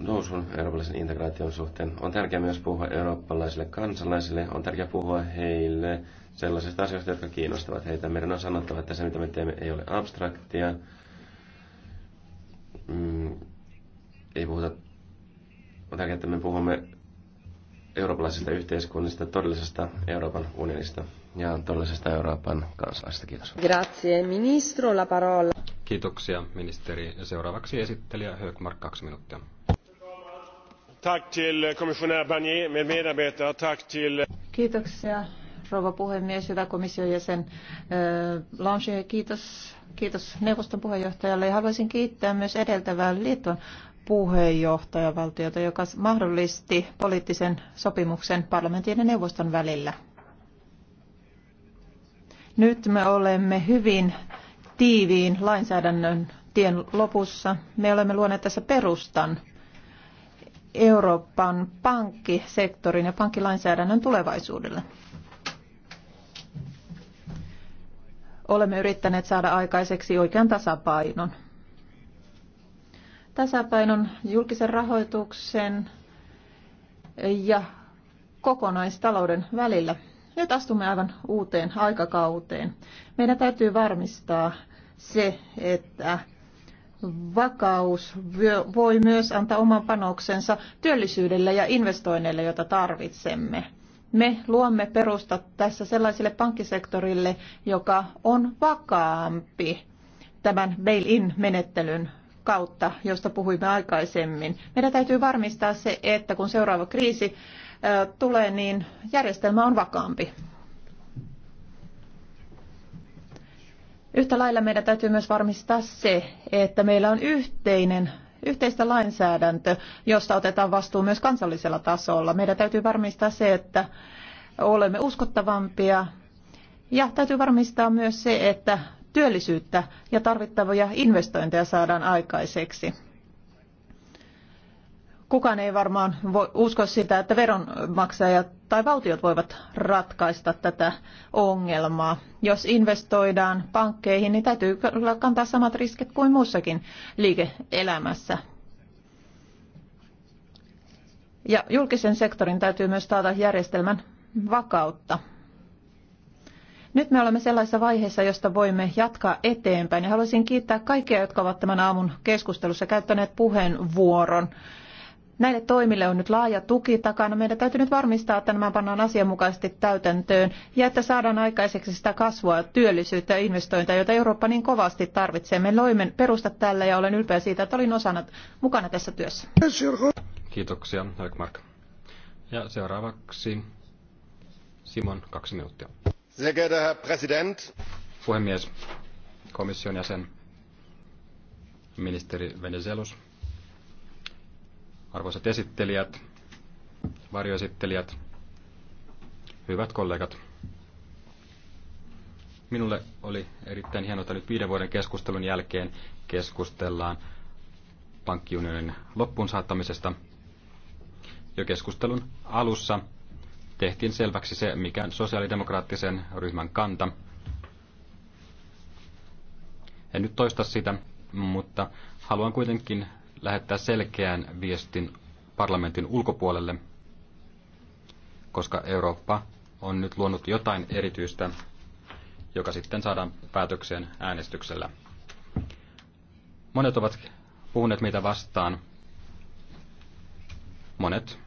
nousun eurooppalaisen integraation suhteen. On tärkeää myös puhua eurooppalaisille kansalaisille, on tärkeää puhua heille sellaisista asioista, jotka kiinnostavat heitä. Meidän on sanottava, että se mitä me teemme ei ole abstraktia. Mm, ei puhuta, on tärkeää, että me puhumme eurooppalaisista yhteiskunnista, todellisesta Euroopan unionista ja todellisesta Euroopan kansalaisista. Kiitos. Grazie, ministro. La parola. Kiitoksia ministeri. Seuraavaksi esittelijä Högmark kaksi minuuttia. Tack till kommissionär Barnier med medarbetare. Tack till... Kiitoksia rouva puhemies, hyvä komission jäsen Lange, kiitos, kiitos neuvoston puheenjohtajalle. Ja haluaisin kiittää myös edeltävää liiton puheenjohtajavaltiota, joka mahdollisti poliittisen sopimuksen parlamentin ja neuvoston välillä. Nyt me olemme hyvin tiiviin lainsäädännön tien lopussa. Me olemme luoneet tässä perustan Euroopan pankkisektorin ja pankkilainsäädännön tulevaisuudelle. Olemme yrittäneet saada aikaiseksi oikean tasapainon. Tasapainon julkisen rahoituksen ja kokonaistalouden välillä nyt astumme aivan uuteen aikakauteen. Meidän täytyy varmistaa se, että vakaus voi myös antaa oman panoksensa työllisyydelle ja investoinneille, joita tarvitsemme. Me luomme perusta tässä sellaiselle pankkisektorille, joka on vakaampi tämän bail-in-menettelyn kautta, josta puhuimme aikaisemmin. Meidän täytyy varmistaa se, että kun seuraava kriisi tulee, niin järjestelmä on vakaampi. Yhtä lailla meidän täytyy myös varmistaa se, että meillä on yhteinen yhteistä lainsäädäntö, josta otetaan vastuu myös kansallisella tasolla. Meidän täytyy varmistaa se, että olemme uskottavampia ja täytyy varmistaa myös se, että työllisyyttä ja tarvittavia investointeja saadaan aikaiseksi. Kukaan ei varmaan voi usko sitä, että veronmaksajat tai valtiot voivat ratkaista tätä ongelmaa. Jos investoidaan pankkeihin, niin täytyy kantaa samat riskit kuin muussakin liike-elämässä. Ja julkisen sektorin täytyy myös taata järjestelmän vakautta. Nyt me olemme sellaisessa vaiheessa, josta voimme jatkaa eteenpäin. Ja haluaisin kiittää kaikkia, jotka ovat tämän aamun keskustelussa käyttäneet puheenvuoron. Näille toimille on nyt laaja tuki takana. Meidän täytyy nyt varmistaa, että nämä pannaan asianmukaisesti täytäntöön ja että saadaan aikaiseksi sitä kasvua, työllisyyttä ja investointeja, joita Eurooppa niin kovasti tarvitsee. Me loimme perusta tällä ja olen ylpeä siitä, että olin osana, mukana tässä työssä. Kiitoksia, Mark. Ja seuraavaksi Simon, kaksi minuuttia. President. Puhemies, komission jäsen, ministeri Venizelos. Arvoisat esittelijät, varjoesittelijät, hyvät kollegat. Minulle oli erittäin hienoa, että nyt viiden vuoden keskustelun jälkeen keskustellaan pankkiunionin loppuun saattamisesta. Jo keskustelun alussa tehtiin selväksi se, mikä sosiaalidemokraattisen ryhmän kanta. En nyt toista sitä, mutta haluan kuitenkin lähettää selkeän viestin parlamentin ulkopuolelle, koska Eurooppa on nyt luonut jotain erityistä, joka sitten saadaan päätökseen äänestyksellä. Monet ovat puhuneet meitä vastaan. Monet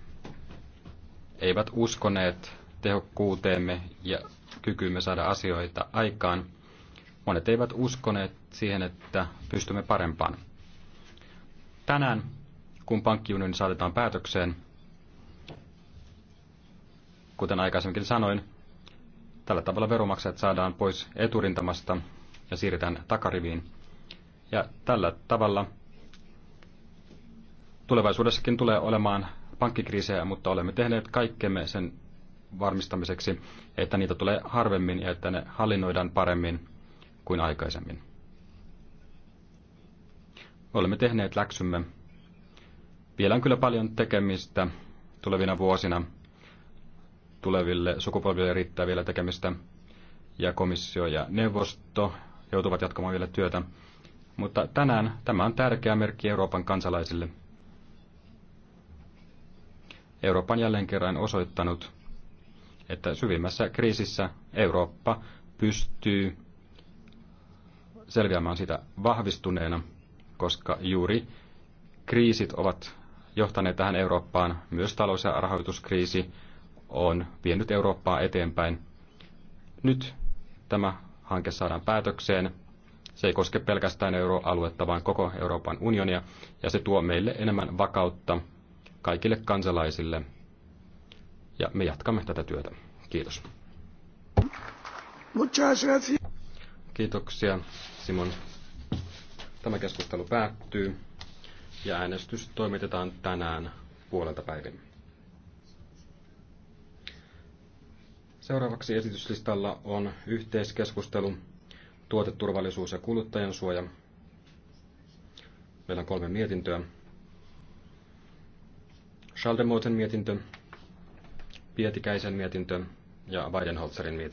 eivät uskoneet tehokkuuteemme ja kykyymme saada asioita aikaan. Monet eivät uskoneet siihen, että pystymme parempaan. Tänään, kun pankkiunioni saatetaan päätökseen, kuten aikaisemminkin sanoin, tällä tavalla veromaksajat saadaan pois eturintamasta ja siirretään takariviin. Ja tällä tavalla tulevaisuudessakin tulee olemaan pankkikriisejä, mutta olemme tehneet kaikkemme sen varmistamiseksi, että niitä tulee harvemmin ja että ne hallinnoidaan paremmin kuin aikaisemmin. Olemme tehneet läksymme. Vielä on kyllä paljon tekemistä tulevina vuosina. Tuleville sukupolville riittää vielä tekemistä. Ja komissio ja neuvosto joutuvat jatkamaan vielä työtä. Mutta tänään tämä on tärkeä merkki Euroopan kansalaisille. Euroopan jälleen kerran osoittanut, että syvimmässä kriisissä Eurooppa pystyy selviämään sitä vahvistuneena – koska juuri kriisit ovat johtaneet tähän Eurooppaan. Myös talous- ja rahoituskriisi on vienyt Eurooppaa eteenpäin. Nyt tämä hanke saadaan päätökseen. Se ei koske pelkästään euroaluetta, vaan koko Euroopan unionia, ja se tuo meille enemmän vakautta kaikille kansalaisille. Ja me jatkamme tätä työtä. Kiitos. Kiitoksia, Simon. Tämä keskustelu päättyy ja äänestys toimitetaan tänään puolelta päivin. Seuraavaksi esityslistalla on yhteiskeskustelu tuoteturvallisuus ja kuluttajan suoja. Meillä on kolme mietintöä. Schaldemoten mietintö, Pietikäisen mietintö ja Weidenholzerin mietintö.